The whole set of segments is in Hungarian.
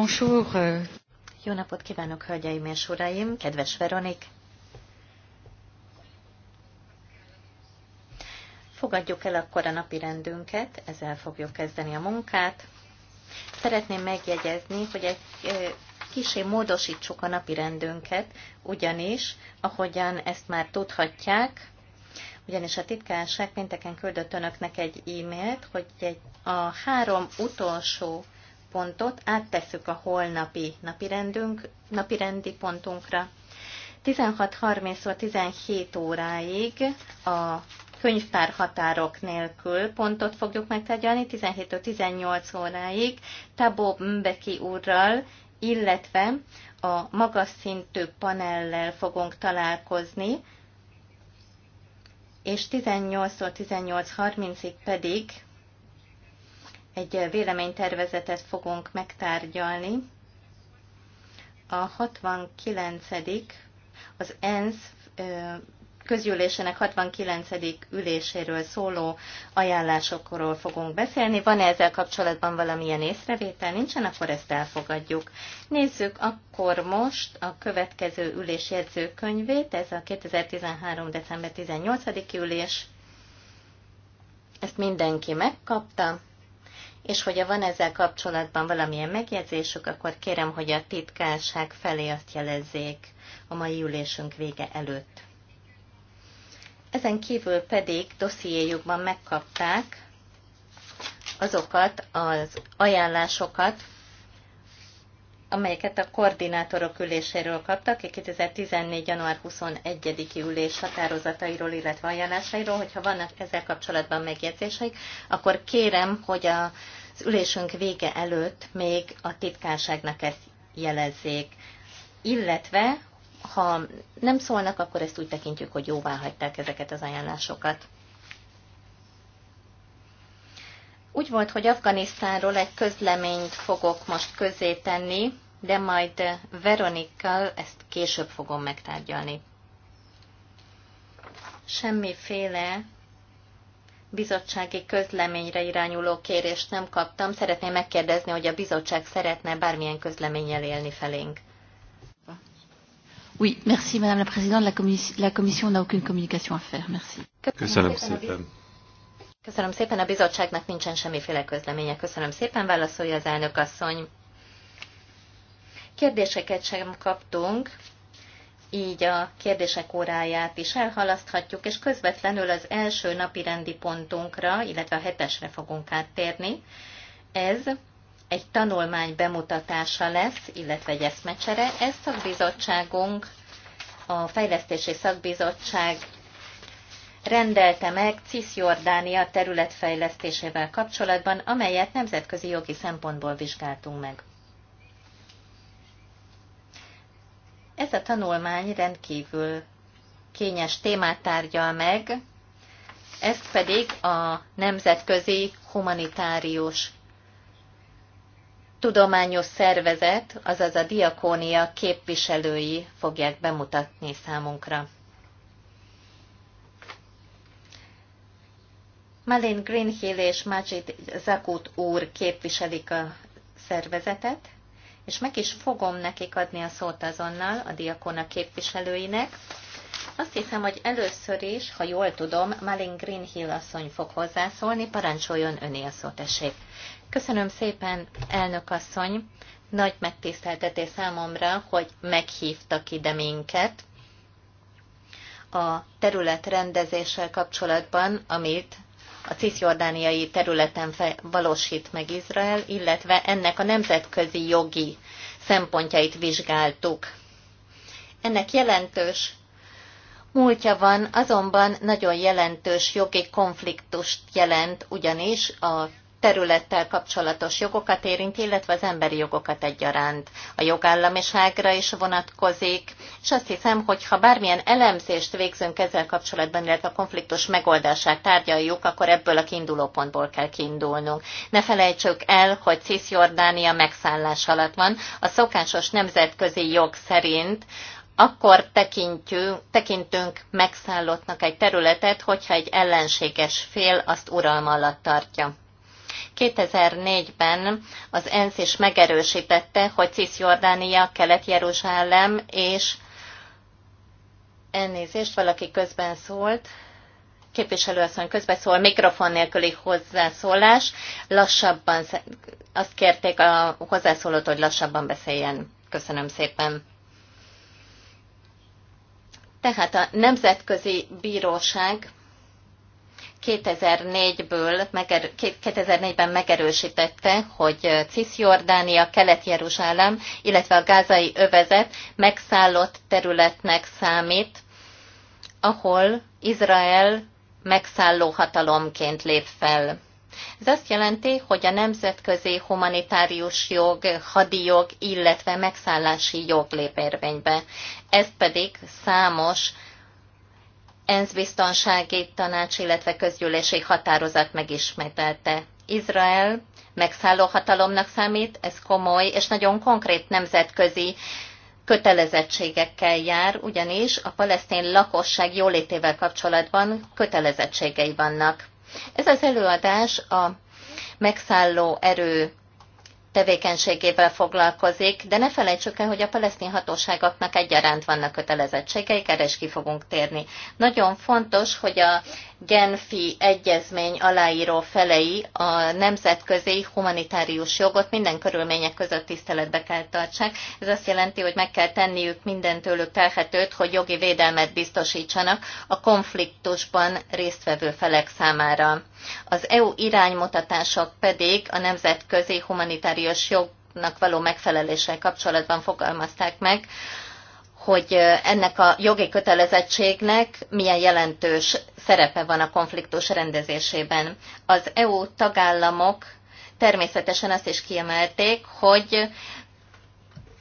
Bonjour. Jó napot kívánok, hölgyeim és uraim, kedves Veronik! Fogadjuk el akkor a napi rendünket, ezzel fogjuk kezdeni a munkát. Szeretném megjegyezni, hogy egy kisé módosítsuk a napi rendünket, ugyanis, ahogyan ezt már tudhatják, ugyanis a titkárság pénteken küldött önöknek egy e-mailt, hogy egy, a három utolsó pontot áttesszük a holnapi napirendünk, napirendi pontunkra. 16.30-tól 17 óráig a könyvtár határok nélkül pontot fogjuk megtegyelni, 17-től 18 óráig Tabó Mbeki úrral, illetve a magas szintű panellel fogunk találkozni, és 18-tól 18.30-ig pedig egy véleménytervezetet fogunk megtárgyalni. A 69. az ENSZ közgyűlésének 69. üléséről szóló ajánlásokról fogunk beszélni. Van-e ezzel kapcsolatban valamilyen észrevétel? Nincsen, akkor ezt elfogadjuk. Nézzük akkor most a következő ülés jegyzőkönyvét, ez a 2013. december 18. ülés. Ezt mindenki megkapta és hogyha van ezzel kapcsolatban valamilyen megjegyzésük, akkor kérem, hogy a titkárság felé azt jelezzék a mai ülésünk vége előtt. Ezen kívül pedig dossziéjukban megkapták azokat az ajánlásokat, amelyeket a koordinátorok üléséről kaptak, egy 2014. január 21-i ülés határozatairól, illetve ajánlásairól, hogyha vannak ezzel kapcsolatban megjegyzéseik, akkor kérem, hogy a, az ülésünk vége előtt még a titkárságnak ezt jelezzék. Illetve, ha nem szólnak, akkor ezt úgy tekintjük, hogy jóvá hagyták ezeket az ajánlásokat. Úgy volt, hogy Afganisztánról egy közleményt fogok most tenni de majd eh, Veronikkal ezt később fogom megtárgyalni. Semmiféle bizottsági közleményre irányuló kérést nem kaptam. Szeretném megkérdezni, hogy a bizottság szeretne bármilyen közleménnyel élni felénk. Oui, merci Madame la Présidente. La, commis la Commission n'a aucune communication à faire. Merci. Köszönöm szépen. Köszönöm szépen, a bizottságnak nincsen semmiféle közleménye. Köszönöm szépen, válaszolja az elnök asszony. Kérdéseket sem kaptunk, így a kérdések óráját is elhalaszthatjuk, és közvetlenül az első napi rendi pontunkra, illetve a hetesre fogunk áttérni. Ez egy tanulmány bemutatása lesz, illetve egy eszmecsere. Ez szakbizottságunk, a Fejlesztési Szakbizottság rendelte meg Jordánia területfejlesztésével kapcsolatban, amelyet nemzetközi jogi szempontból vizsgáltunk meg. Ez a tanulmány rendkívül kényes témát tárgyal meg, ezt pedig a nemzetközi humanitárius tudományos szervezet, azaz a diakónia képviselői fogják bemutatni számunkra. Malin Greenhill és Majid Zakut úr képviselik a szervezetet, és meg is fogom nekik adni a szót azonnal a diakona képviselőinek. Azt hiszem, hogy először is, ha jól tudom, Malin Greenhill asszony fog hozzászólni, parancsoljon öné a szót, tessék. Köszönöm szépen, elnök asszony. Nagy megtiszteltetés számomra, hogy meghívtak ide minket a területrendezéssel kapcsolatban, amit a cisjordániai területen valósít meg Izrael, illetve ennek a nemzetközi jogi szempontjait vizsgáltuk. Ennek jelentős múltja van, azonban nagyon jelentős jogi konfliktust jelent, ugyanis a területtel kapcsolatos jogokat érint, illetve az emberi jogokat egyaránt. A jogállamiságra is vonatkozik, és azt hiszem, hogy ha bármilyen elemzést végzünk ezzel kapcsolatban, illetve a konfliktus megoldását tárgyaljuk, akkor ebből a pontból kell kiindulnunk. Ne felejtsük el, hogy Cisjordánia megszállás alatt van. A szokásos nemzetközi jog szerint akkor tekintjük, tekintünk megszállottnak egy területet, hogyha egy ellenséges fél azt uralma alatt tartja. 2004-ben az ENSZ is megerősítette, hogy Cisjordánia, Kelet-Jeruzsálem és elnézést, valaki közben szólt, képviselőasszony szól, mikrofon nélküli hozzászólás, lassabban, azt kérték a hozzászólót, hogy lassabban beszéljen. Köszönöm szépen. Tehát a Nemzetközi Bíróság 2004-ből, 2004-ben megerősítette, hogy Cisjordánia, Kelet-Jeruzsálem, illetve a gázai övezet megszállott területnek számít, ahol Izrael megszálló hatalomként lép fel. Ez azt jelenti, hogy a nemzetközi humanitárius jog, hadi jog, illetve megszállási jog lép érvénybe. Ez pedig számos ENSZ biztonsági tanács, illetve közgyűlési határozat megismételte. Izrael megszálló hatalomnak számít, ez komoly és nagyon konkrét nemzetközi kötelezettségekkel jár, ugyanis a palesztin lakosság jólétével kapcsolatban kötelezettségei vannak. Ez az előadás a megszálló erő tevékenységével foglalkozik, de ne felejtsük el, hogy a palesztin hatóságoknak egyaránt vannak kötelezettségeik, erre is ki fogunk térni. Nagyon fontos, hogy a Genfi egyezmény aláíró felei a nemzetközi humanitárius jogot minden körülmények között tiszteletbe kell tartsák. Ez azt jelenti, hogy meg kell tenniük mindentőlük telhetőt, hogy jogi védelmet biztosítsanak a konfliktusban résztvevő felek számára. Az EU iránymutatások pedig a nemzetközi humanitárius jognak való megfeleléssel kapcsolatban fogalmazták meg, hogy ennek a jogi kötelezettségnek milyen jelentős szerepe van a konfliktus rendezésében. Az EU tagállamok természetesen azt is kiemelték, hogy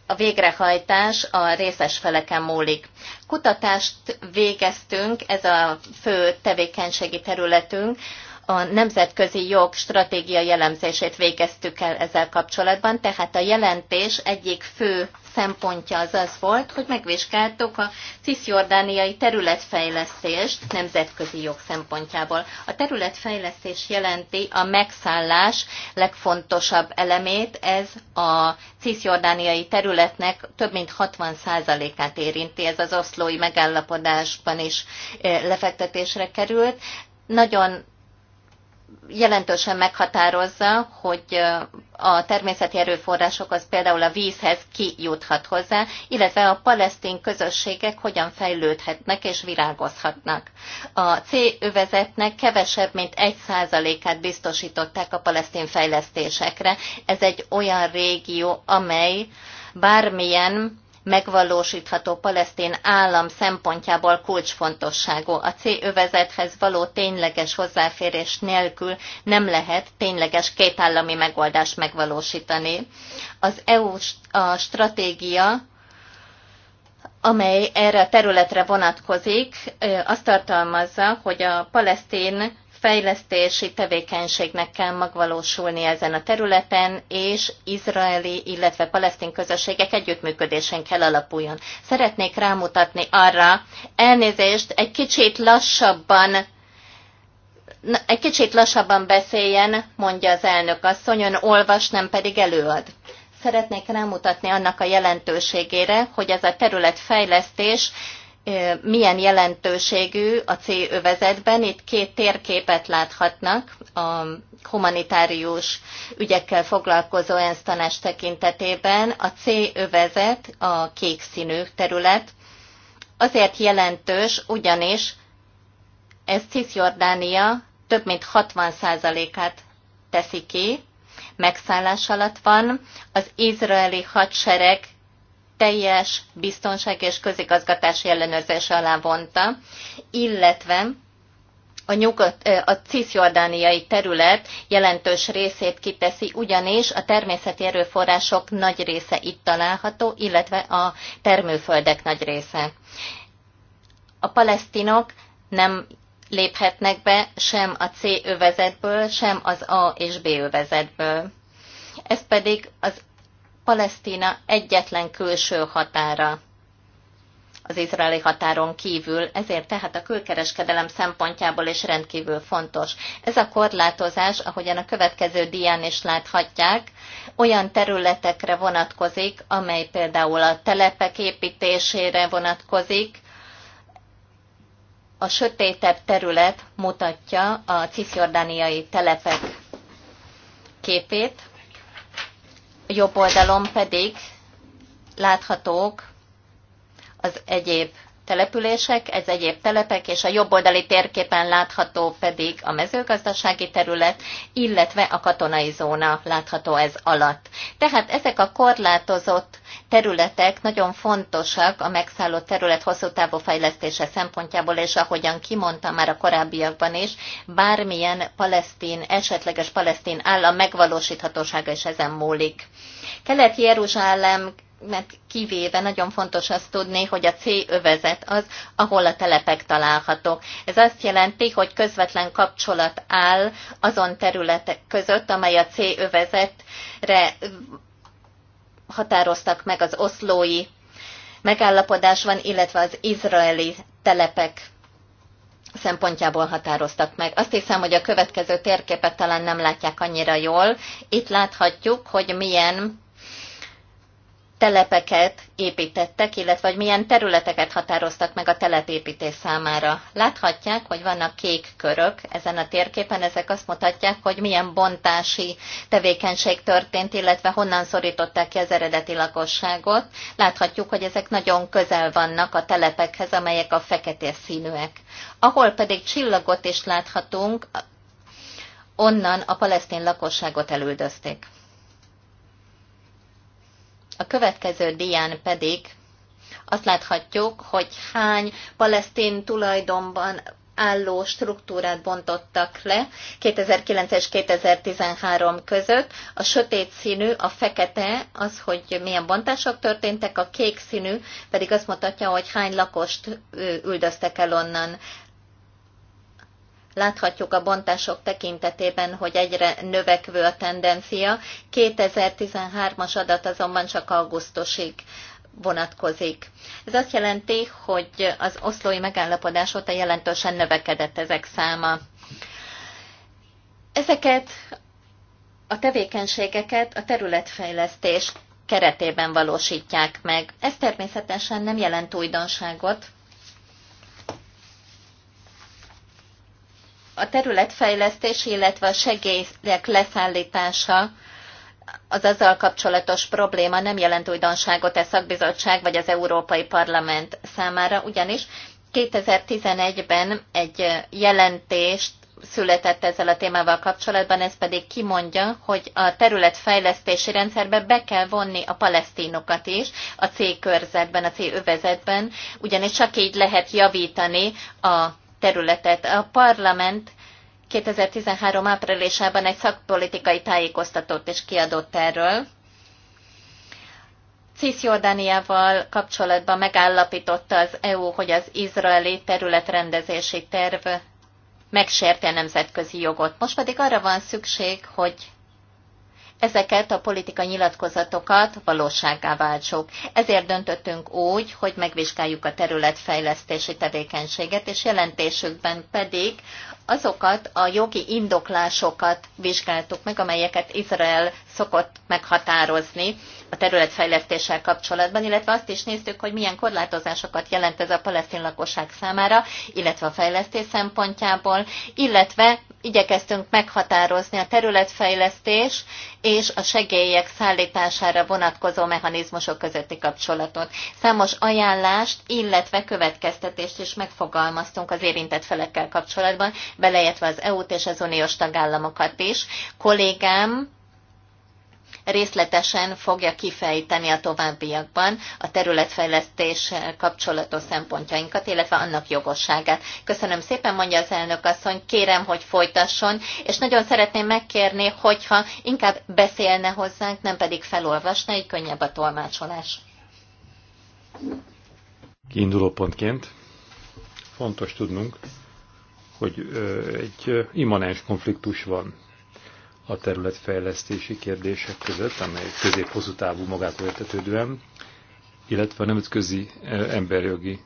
a végrehajtás a részes feleken múlik. Kutatást végeztünk, ez a fő tevékenységi területünk, a nemzetközi jog stratégia jellemzését végeztük el ezzel kapcsolatban, tehát a jelentés egyik fő szempontja az az volt, hogy megvizsgáltok a cisjordániai területfejlesztést nemzetközi jog szempontjából. A területfejlesztés jelenti a megszállás legfontosabb elemét, ez a cisjordániai területnek több mint 60%-át érinti, ez az oszlói megállapodásban is eh, lefektetésre került. Nagyon jelentősen meghatározza, hogy a természeti erőforrások az például a vízhez ki juthat hozzá, illetve a palesztin közösségek hogyan fejlődhetnek és virágozhatnak. A C övezetnek kevesebb, mint egy százalékát biztosították a palesztin fejlesztésekre. Ez egy olyan régió, amely bármilyen megvalósítható palesztin állam szempontjából kulcsfontosságú. A C-övezethez való tényleges hozzáférés nélkül nem lehet tényleges kétállami megoldást megvalósítani. Az EU a stratégia amely erre a területre vonatkozik, azt tartalmazza, hogy a palesztin fejlesztési tevékenységnek kell megvalósulni ezen a területen, és izraeli, illetve palesztin közösségek együttműködésén kell alapuljon. Szeretnék rámutatni arra, elnézést, egy kicsit lassabban Na, egy kicsit lassabban beszéljen, mondja az elnök asszony, ön olvas, nem pedig előad. Szeretnék rámutatni annak a jelentőségére, hogy ez a területfejlesztés milyen jelentőségű a C övezetben. Itt két térképet láthatnak a humanitárius ügyekkel foglalkozó ENSZ tanás tekintetében. A C övezet, a kék színű terület, azért jelentős, ugyanis ez Cisjordánia több mint 60%-át teszi ki, megszállás alatt van, az izraeli hadsereg teljes biztonság és közigazgatási ellenőrzés alá vonta, illetve a, nyugat, a cisjordániai terület jelentős részét kiteszi, ugyanis a természeti erőforrások nagy része itt található, illetve a termőföldek nagy része. A palesztinok nem léphetnek be sem a C övezetből, sem az A és B övezetből. Ez pedig az Palesztina egyetlen külső határa az izraeli határon kívül, ezért tehát a külkereskedelem szempontjából is rendkívül fontos. Ez a korlátozás, ahogyan a következő dián is láthatják, olyan területekre vonatkozik, amely például a telepek építésére vonatkozik, a sötétebb terület mutatja a cisjordániai telepek képét, jobb oldalon pedig láthatók az egyéb települések, ez egyéb telepek, és a jobboldali térképen látható pedig a mezőgazdasági terület, illetve a katonai zóna látható ez alatt. Tehát ezek a korlátozott területek nagyon fontosak a megszállott terület hosszú távú fejlesztése szempontjából, és ahogyan kimondtam már a korábbiakban is, bármilyen palesztin, esetleges palesztin állam megvalósíthatósága is ezen múlik. Kelet-Jeruzsálem mert kivéve nagyon fontos azt tudni, hogy a C övezet az, ahol a telepek találhatók. Ez azt jelenti, hogy közvetlen kapcsolat áll azon területek között, amely a C övezetre határoztak meg az oszlói megállapodásban, illetve az izraeli telepek szempontjából határoztak meg. Azt hiszem, hogy a következő térképet talán nem látják annyira jól. Itt láthatjuk, hogy milyen telepeket építettek, illetve hogy milyen területeket határoztak meg a telepépítés számára. Láthatják, hogy vannak kék körök ezen a térképen, ezek azt mutatják, hogy milyen bontási tevékenység történt, illetve honnan szorították ki az eredeti lakosságot. Láthatjuk, hogy ezek nagyon közel vannak a telepekhez, amelyek a fekete színűek. Ahol pedig csillagot is láthatunk, onnan a palesztin lakosságot elüldözték. A következő dián pedig azt láthatjuk, hogy hány palesztin tulajdonban álló struktúrát bontottak le 2009 és 2013 között. A sötét színű, a fekete az, hogy milyen bontások történtek, a kék színű pedig azt mutatja, hogy hány lakost üldöztek el onnan. Láthatjuk a bontások tekintetében, hogy egyre növekvő a tendencia. 2013-as adat azonban csak augusztusig vonatkozik. Ez azt jelenti, hogy az oszlói megállapodás óta jelentősen növekedett ezek száma. Ezeket a tevékenységeket a területfejlesztés keretében valósítják meg. Ez természetesen nem jelent újdonságot, a területfejlesztés, illetve a segélyek leszállítása az azzal kapcsolatos probléma nem jelent újdonságot e szakbizottság vagy az Európai Parlament számára, ugyanis 2011-ben egy jelentést született ezzel a témával kapcsolatban, ez pedig kimondja, hogy a területfejlesztési rendszerbe be kell vonni a palesztinokat is a C körzetben, a C övezetben, ugyanis csak így lehet javítani a területet. A parlament 2013 áprilisában egy szakpolitikai tájékoztatót is kiadott erről. Cisjordániával kapcsolatban megállapította az EU, hogy az izraeli területrendezési terv megsérti a nemzetközi jogot. Most pedig arra van szükség, hogy ezeket a politikai nyilatkozatokat valósággá váltsuk. Ezért döntöttünk úgy, hogy megvizsgáljuk a területfejlesztési tevékenységet, és jelentésükben pedig azokat a jogi indoklásokat vizsgáltuk meg, amelyeket Izrael szokott meghatározni a területfejlesztéssel kapcsolatban, illetve azt is néztük, hogy milyen korlátozásokat jelent ez a palesztin lakosság számára, illetve a fejlesztés szempontjából, illetve igyekeztünk meghatározni a területfejlesztés és a segélyek szállítására vonatkozó mechanizmusok közötti kapcsolatot. Számos ajánlást, illetve következtetést is megfogalmaztunk az érintett felekkel kapcsolatban, beleértve az EU-t és az uniós tagállamokat is. Kollégám részletesen fogja kifejteni a továbbiakban a területfejlesztés kapcsolatos szempontjainkat, illetve annak jogosságát. Köszönöm szépen, mondja az elnök asszony, kérem, hogy folytasson, és nagyon szeretném megkérni, hogyha inkább beszélne hozzánk, nem pedig felolvasna, így könnyebb a tolmácsolás. Kiinduló pontként fontos tudnunk, hogy egy immanens konfliktus van a területfejlesztési kérdések között, amely közép-hosszú távú magától értetődően, illetve a nemzetközi e, emberjogi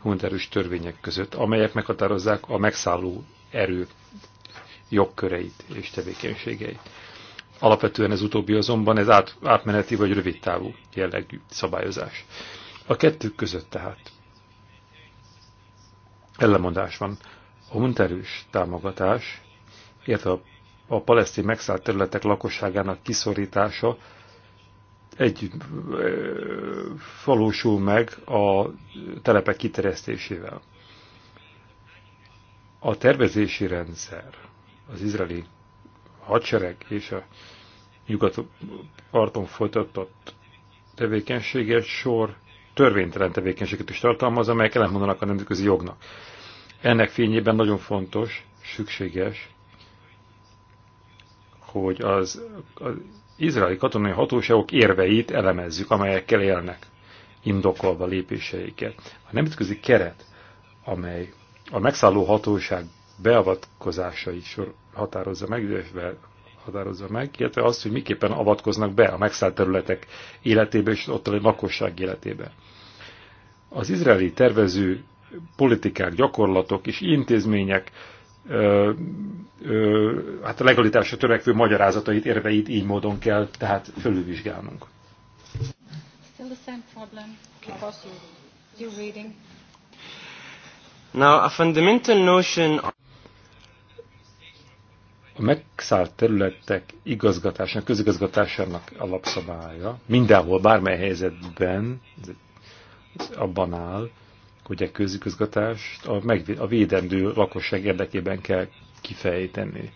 humanitárius törvények között, amelyek meghatározzák a megszálló erő jogköreit és tevékenységeit. Alapvetően ez utóbbi azonban ez át, átmeneti vagy rövidtávú jellegű szabályozás. A kettő között tehát ellemondás van. A humanitárius támogatás, illetve a a palesztin megszállt területek lakosságának kiszorítása egy valósul meg a telepek kiterjesztésével. A tervezési rendszer, az izraeli hadsereg és a nyugat parton folytatott tevékenységet sor törvénytelen tevékenységet is tartalmaz, amelyek ellentmondanak a nemzetközi jognak. Ennek fényében nagyon fontos, szükséges, hogy az, az izraeli katonai hatóságok érveit elemezzük, amelyekkel élnek, indokolva lépéseiket. A nemzetközi keret, amely a megszálló hatóság beavatkozásai sor határozza meg, illetve határozza meg, illetve azt, hogy miképpen avatkoznak be a megszállt területek életébe és ott a lakosság életébe. Az izraeli tervező politikák, gyakorlatok és intézmények ö, ö, hát a legalitásra törekvő magyarázatait, érveit így módon kell tehát fölülvizsgálnunk. Still the same problem. Okay. reading? Now, a fundamental notion a megszállt területek igazgatásának, közigazgatásának alapszabálya mindenhol, bármely helyzetben abban áll, hogy a közigazgatást a, a védendő lakosság érdekében kell kifejteni.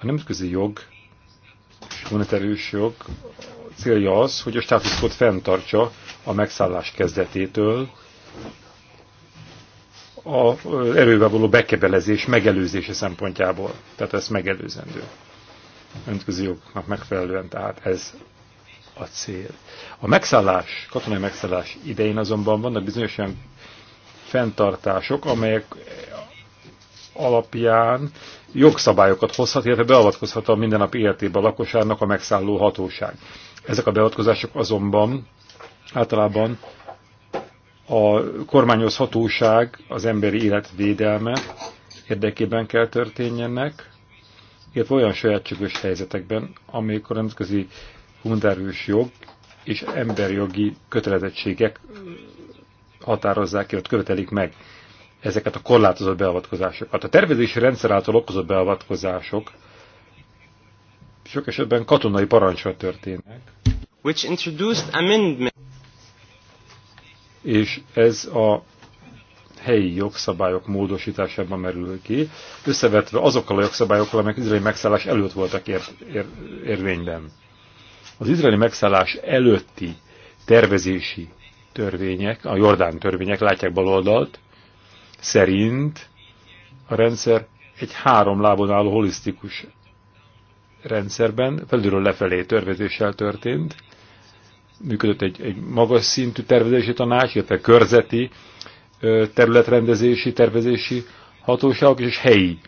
A nemzetközi jog és monetárius jog célja az, hogy a státuszkot fenntartsa a megszállás kezdetétől, a erővel való bekebelezés megelőzése szempontjából. Tehát ez megelőzendő. Öntközi jognak megfelelően, tehát ez a cél. A megszállás, katonai megszállás idején azonban vannak bizonyos olyan fenntartások, amelyek alapján jogszabályokat hozhat, illetve beavatkozhat a mindennap életében a lakosának a megszálló hatóság. Ezek a beavatkozások azonban általában a kormányozhatóság, az emberi élet védelme érdekében kell történjenek, illetve olyan sajátságos helyzetekben, amikor nemzetközi humanitárius jog és emberjogi kötelezettségek határozzák ki, ott követelik meg ezeket a korlátozott beavatkozásokat. A tervezési rendszer által okozott beavatkozások sok esetben katonai parancsra történnek. Which introduced amendment. És ez a helyi jogszabályok módosításában merül ki, összevetve azokkal a jogszabályokkal, amelyek izraeli megszállás előtt voltak ér, ér, érvényben. Az izraeli megszállás előtti tervezési törvények, a Jordán törvények, látják baloldalt, szerint a rendszer egy három lábon álló holisztikus rendszerben, felülről lefelé tervezéssel történt, működött egy, egy magas szintű tervezési tanács, illetve körzeti területrendezési, tervezési hatóságok és helyi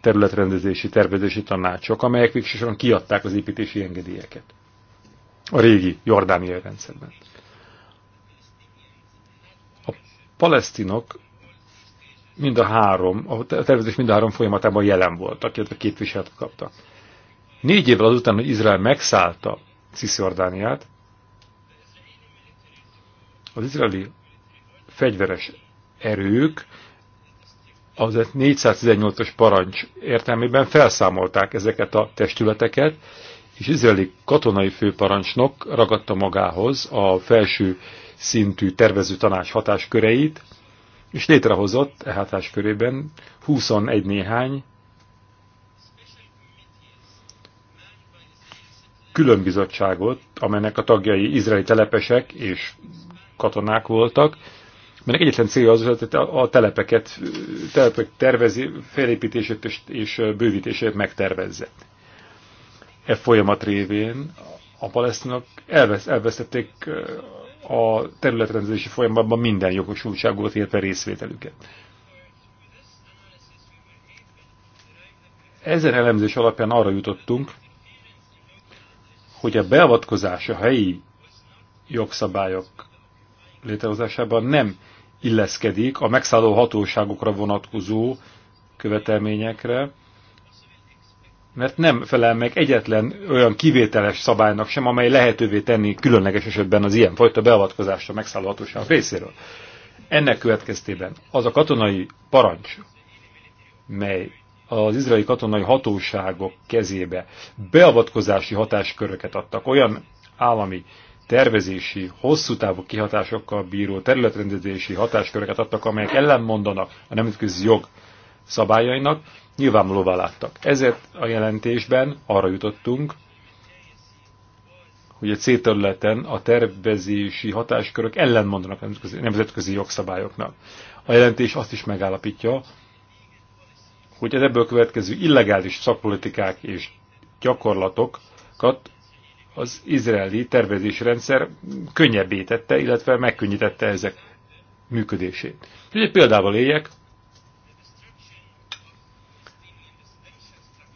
területrendezési, tervezési tanácsok, amelyek végsősorban kiadták az építési engedélyeket a régi jordániai rendszerben palesztinok mind a három, a tervezés mind a három folyamatában jelen voltak, illetve képviselt kapta. Négy évvel azután, hogy Izrael megszállta Cisziordániát, az izraeli fegyveres erők az 418-as parancs értelmében felszámolták ezeket a testületeket, és izraeli katonai főparancsnok ragadta magához a felső szintű tervező tanács hatásköreit, és létrehozott e hatáskörében 21 néhány külön bizottságot, amelynek a tagjai izraeli telepesek és katonák voltak, mert egyetlen célja az, hogy a telepeket, telepek tervezi, felépítését és bővítését megtervezze. E folyamat révén a palesztinok elvesz, elvesztették a területrendezési folyamatban minden jogosultságot, illetve részvételüket. Ezen elemzés alapján arra jutottunk, hogy a beavatkozás a helyi jogszabályok létrehozásában nem illeszkedik a megszálló hatóságokra vonatkozó követelményekre, mert nem felel meg egyetlen olyan kivételes szabálynak sem, amely lehetővé tenni különleges esetben az ilyenfajta beavatkozásra megszállhatóság részéről. Ennek következtében az a katonai parancs, mely az izraeli katonai hatóságok kezébe beavatkozási hatásköröket adtak olyan állami tervezési, hosszú távú kihatásokkal bíró területrendezési hatásköröket adtak, amelyek ellenmondanak a nemzetközi jog szabályainak nyilvánvalóvá láttak. Ezért a jelentésben arra jutottunk, hogy a C területen a tervezési hatáskörök ellenmondanak nemzetközi, nemzetközi jogszabályoknak. A jelentés azt is megállapítja, hogy az ebből következő illegális szakpolitikák és gyakorlatokat az izraeli tervezési rendszer könnyebbé tette, illetve megkönnyítette ezek működését. egy példával éljek,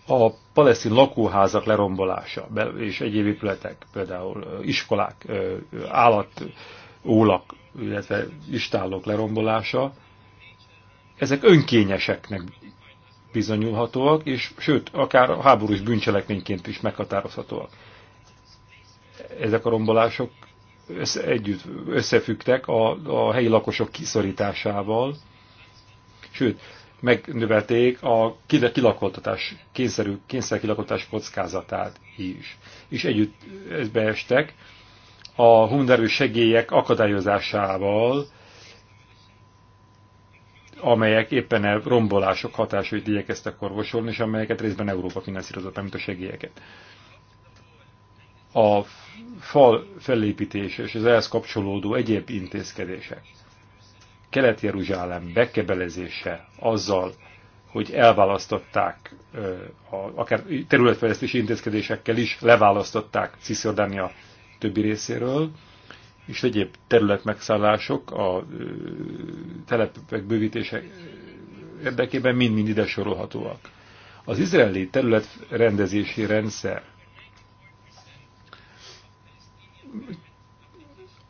a palesztin lakóházak lerombolása és egyéb épületek, például iskolák, állat, ólak, illetve istállók lerombolása, ezek önkényeseknek bizonyulhatóak, és sőt, akár a háborús bűncselekményként is meghatározhatóak. Ezek a rombolások össze, együtt összefügtek a, a helyi lakosok kiszorításával, sőt, megnövelték a kilakoltatás, kényszerű, kényszerkilakoltatás kockázatát is. És együtt beestek a hunderő segélyek akadályozásával, amelyek éppen a rombolások hatásait igyekeztek orvosolni, és amelyeket részben Európa finanszírozott, mint a segélyeket. A fal felépítése és az ehhez kapcsolódó egyéb intézkedések Kelet-Jeruzsálem bekebelezése azzal, hogy elválasztották, akár területfejlesztési intézkedésekkel is leválasztották Cisjordánia többi részéről, és egyéb területmegszállások, a telepek bővítése érdekében mind-mind ide sorolhatóak. Az izraeli területrendezési rendszer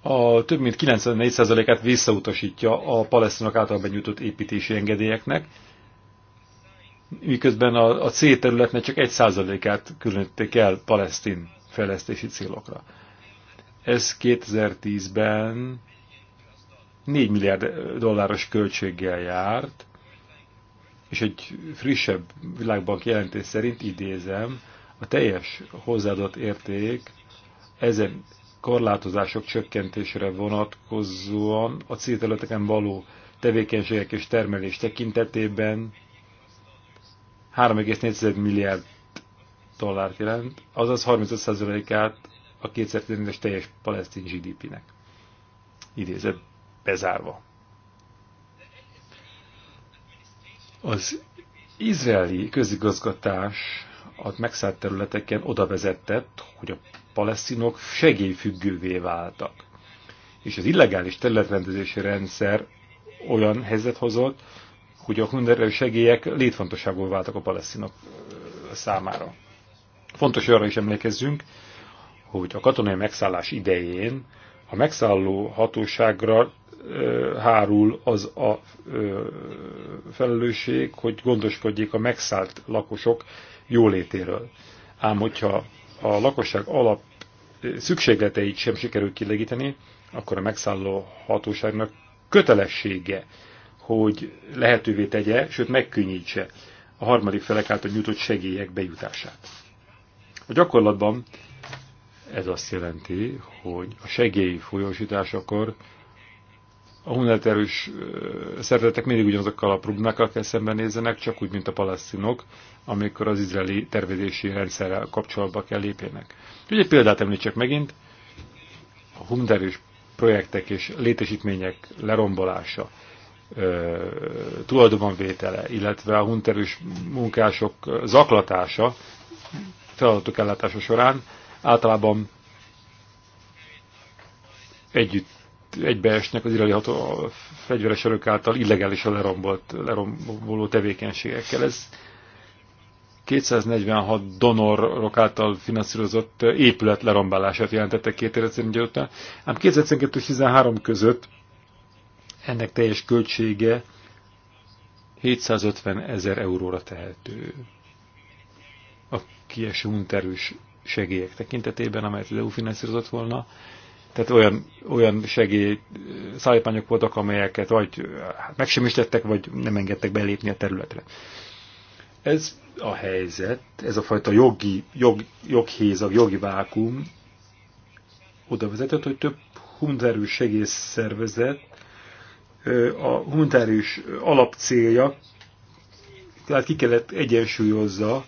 a több mint 94%-át visszautasítja a palesztinok által benyújtott építési engedélyeknek, miközben a, a C területnek csak 1%-át különítették el palesztin fejlesztési célokra. Ez 2010-ben 4 milliárd dolláros költséggel járt, és egy frissebb világbank jelentés szerint idézem, a teljes hozzáadott érték ezen korlátozások csökkentésére vonatkozóan a célterületeken való tevékenységek és termelés tekintetében 3,4 milliárd dollárt jelent, azaz 35%-át a 2015 teljes palesztin GDP-nek. Idézett bezárva. Az izraeli közigazgatás a megszállt területeken oda vezetett, hogy a palesztinok segélyfüggővé váltak. És az illegális területrendezési rendszer olyan helyzet hozott, hogy a hunderő segélyek létfontosságú váltak a palesztinok számára. Fontos, hogy arra is emlékezzünk, hogy a katonai megszállás idején a megszálló hatóságra hárul az a felelősség, hogy gondoskodjék a megszállt lakosok jólétéről. Ám hogyha a lakosság alap szükségleteit sem sikerül kilegíteni, akkor a megszálló hatóságnak kötelessége, hogy lehetővé tegye, sőt megkönnyítse a harmadik felek által nyújtott segélyek bejutását. A gyakorlatban ez azt jelenti, hogy a segély folyósításakor a erős szervezetek mindig ugyanazokkal a problémákkal kell szembenézzenek, csak úgy, mint a palesztinok, amikor az izraeli tervezési rendszerrel kapcsolatba kell lépjenek. Ugye példát említsek megint, a humanitárius projektek és létesítmények lerombolása, tulajdonvétele, illetve a humanitárius munkások zaklatása feladatok ellátása során általában együtt egybeesnek az a fegyveres erők által illegálisan lerombolt, leromboló tevékenységekkel. Ez 246 donorok által finanszírozott épület lerombolását jelentette 2011 után, ám 2012 és 13 között ennek teljes költsége 750 ezer euróra tehető a kieső unterős segélyek tekintetében, amelyet az EU finanszírozott volna, tehát olyan, olyan segély szállítmányok voltak, amelyeket vagy hát megsemmisítettek, vagy nem engedtek belépni a területre. Ez a helyzet, ez a fajta jogi, jog, joghézag, jogi vákum oda vezetett, hogy több humanitárius segélyszervezet a humanitárius alapcélja, tehát ki kellett egyensúlyozza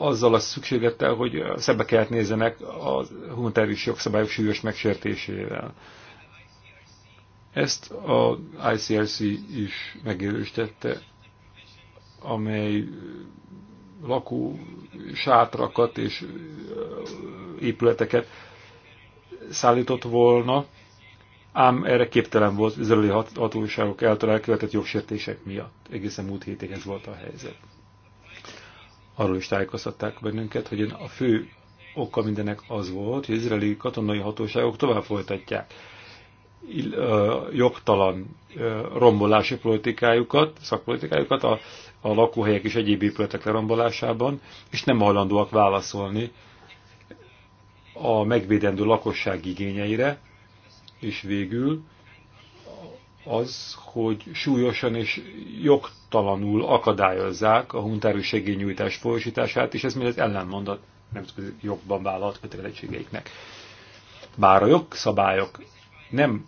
azzal a szükségettel, hogy szebbe kellett nézzenek a humanitárius jogszabályok súlyos megsértésével. Ezt a ICRC is megerősítette, amely lakó sátrakat és épületeket szállított volna, ám erre képtelen volt az hatóságok által elkövetett jogsértések miatt. Egészen múlt hétig ez volt a helyzet arról is tájékoztatták bennünket, hogy a fő oka mindenek az volt, hogy izraeli katonai hatóságok tovább folytatják jogtalan rombolási politikájukat, szakpolitikájukat a, a lakóhelyek és egyéb épületek lerombolásában, és nem hajlandóak válaszolni a megvédendő lakosság igényeire, és végül az, hogy súlyosan és jogtalanul akadályozzák a huntárű segélynyújtás folyosítását, és ez mindez ellenmond a nemzetközi jogban vállalt kötelezettségeiknek. Bár a jogszabályok nem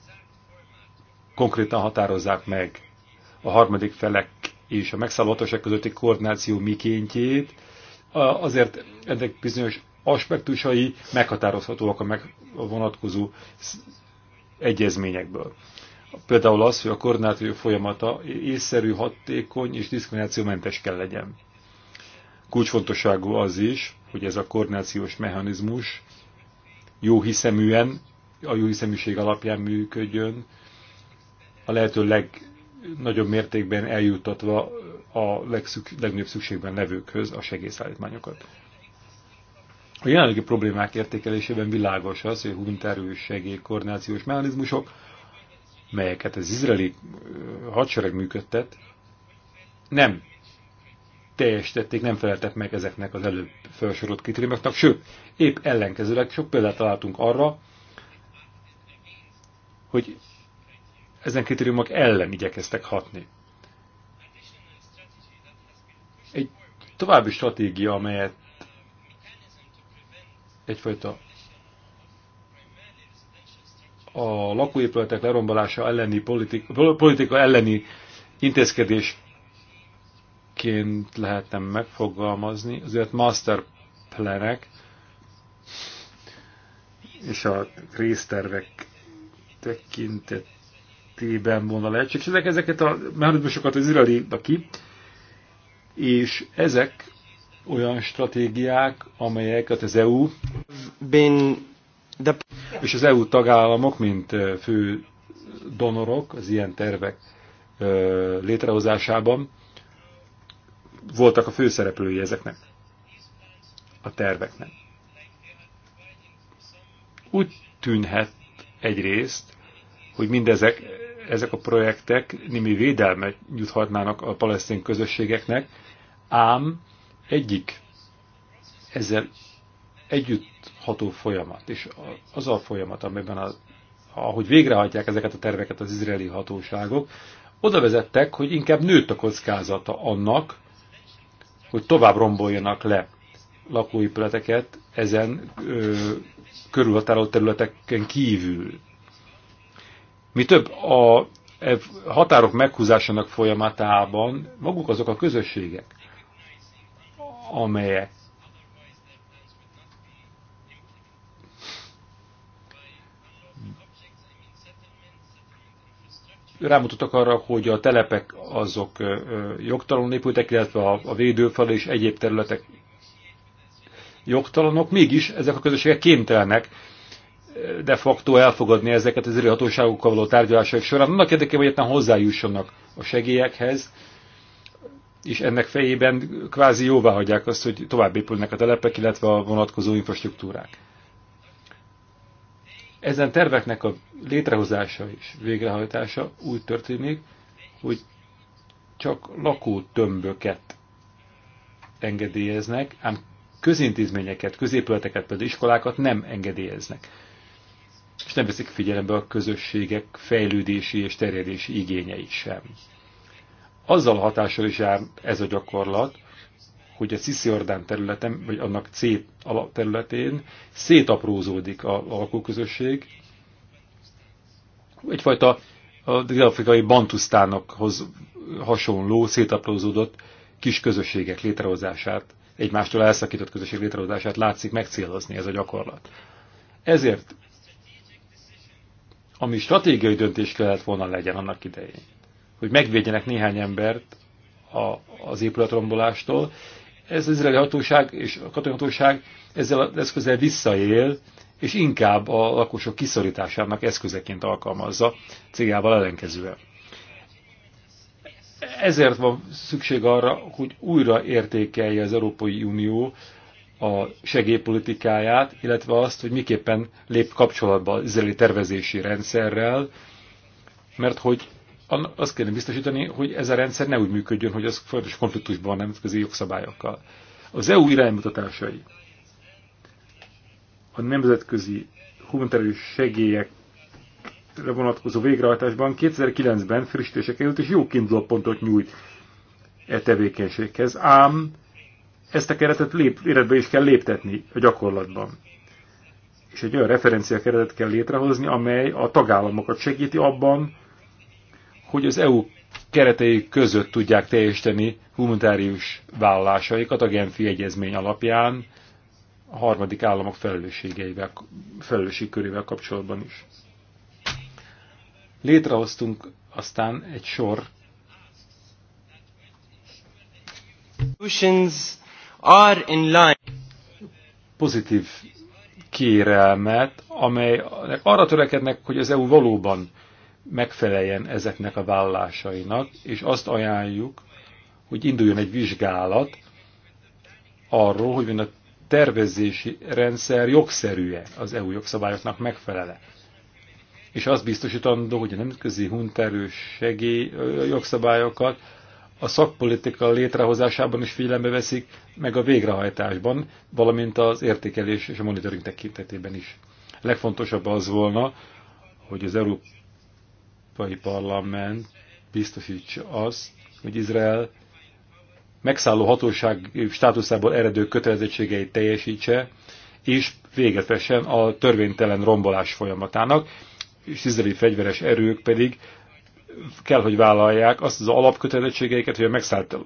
konkrétan határozzák meg a harmadik felek és a megszállhatóság közötti koordináció mikéntjét, azért ennek bizonyos aspektusai meghatározhatóak a, meg, a vonatkozó egyezményekből. Például az, hogy a koordináció folyamata észszerű, hatékony és diszkriminációmentes kell legyen. Kulcsfontosságú az is, hogy ez a koordinációs mechanizmus jó hiszeműen, a jó hiszeműség alapján működjön, a lehető legnagyobb mértékben eljutatva a legszük, legnagyobb szükségben levőkhöz a segélyszállítmányokat. A jelenlegi problémák értékelésében világos az, hogy a humanitárius segélykoordinációs mechanizmusok melyeket az izraeli hadsereg működtet, nem teljesítették, nem feleltek meg ezeknek az előbb felsorolt kritériumoknak, sőt, épp ellenkezőleg sok példát találtunk arra, hogy ezen kritériumok ellen igyekeztek hatni. Egy további stratégia, amelyet egyfajta a lakóépületek lerombolása elleni politika, politika elleni intézkedésként lehetne megfogalmazni, azért master plenek és a résztervek tekintetében volna ezek, Ezeket a mechanizmusokat az izraeli ki, és ezek olyan stratégiák, amelyeket az EU Been és az EU tagállamok, mint fő donorok az ilyen tervek létrehozásában voltak a főszereplői ezeknek, a terveknek. Úgy tűnhet egyrészt, hogy mindezek ezek a projektek némi védelmet juthatnának a palesztin közösségeknek, ám egyik ezzel együtt ható folyamat, és az a folyamat, amiben az, ahogy végrehajtják ezeket a terveket az izraeli hatóságok, oda vezettek, hogy inkább nőtt a kockázata annak, hogy tovább romboljanak le lakóépületeket ezen ö, körülhatárolt területeken kívül. Mi több, a e, határok meghúzásának folyamatában maguk azok a közösségek, amelyek rámutattak arra, hogy a telepek azok jogtalanul épültek, illetve a, védőfal és egyéb területek jogtalanok, mégis ezek a közösségek kénytelenek de facto elfogadni ezeket az hatóságokkal való tárgyalások során, annak érdekében, hogy egyetlen hozzájussanak a segélyekhez, és ennek fejében kvázi jóvá hagyják azt, hogy tovább épülnek a telepek, illetve a vonatkozó infrastruktúrák. Ezen terveknek a létrehozása és végrehajtása úgy történik, hogy csak lakó tömböket engedélyeznek, ám közintézményeket, középületeket, például iskolákat nem engedélyeznek. És nem veszik figyelembe a közösségek fejlődési és terjedési igényeit sem. Azzal a hatással is jár ez a gyakorlat, hogy a Cisziordán területen, vagy annak C területén szétaprózódik a lakóközösség. Egyfajta a dél-afrikai bantusztánokhoz hasonló, szétaprózódott kis közösségek létrehozását, egymástól elszakított közösség létrehozását látszik megcélozni ez a gyakorlat. Ezért, ami stratégiai döntés kellett volna legyen annak idején, hogy megvédjenek néhány embert a, az épületrombolástól, ez az izraeli hatóság és a katonai hatóság ezzel az eszközzel visszaél, és inkább a lakosok kiszorításának eszközeként alkalmazza céljával ellenkezően. Ezért van szükség arra, hogy újra értékelje az Európai Unió a segélypolitikáját, illetve azt, hogy miképpen lép kapcsolatba az izraeli tervezési rendszerrel, mert hogy azt kéne biztosítani, hogy ez a rendszer ne úgy működjön, hogy az folyamatos konfliktusban van nemzetközi jogszabályokkal. Az EU iránymutatásai a nemzetközi humanitárius segélyekre vonatkozó végrehajtásban 2009-ben frissítése került, és jó kiinduló pontot nyújt e tevékenységhez, ám ezt a keretet lép, életbe is kell léptetni a gyakorlatban. És egy olyan referencia keretet kell létrehozni, amely a tagállamokat segíti abban, hogy az EU keretei között tudják teljesíteni humanitárius vállalásaikat a Genfi Egyezmény alapján a harmadik államok felelősségeivel, felelősség körével kapcsolatban is. Létrehoztunk aztán egy sor are in line. pozitív kérelmet, amely arra törekednek, hogy az EU valóban megfeleljen ezeknek a vállásainak, és azt ajánljuk, hogy induljon egy vizsgálat arról, hogy a tervezési rendszer jogszerűe az EU jogszabályoknak megfelele. És azt biztosítandó, hogy a nemzetközi hunterős segély jogszabályokat a szakpolitika létrehozásában is figyelembe veszik, meg a végrehajtásban, valamint az értékelés és a monitoring tekintetében is. Legfontosabb az volna, hogy az Európai Európai Parlament biztosítsa azt, hogy Izrael megszálló hatóság státuszából eredő kötelezettségeit teljesítse, és véget vessen a törvénytelen rombolás folyamatának, és izraeli fegyveres erők pedig kell, hogy vállalják azt az alapkötelezettségeiket, hogy a megszállt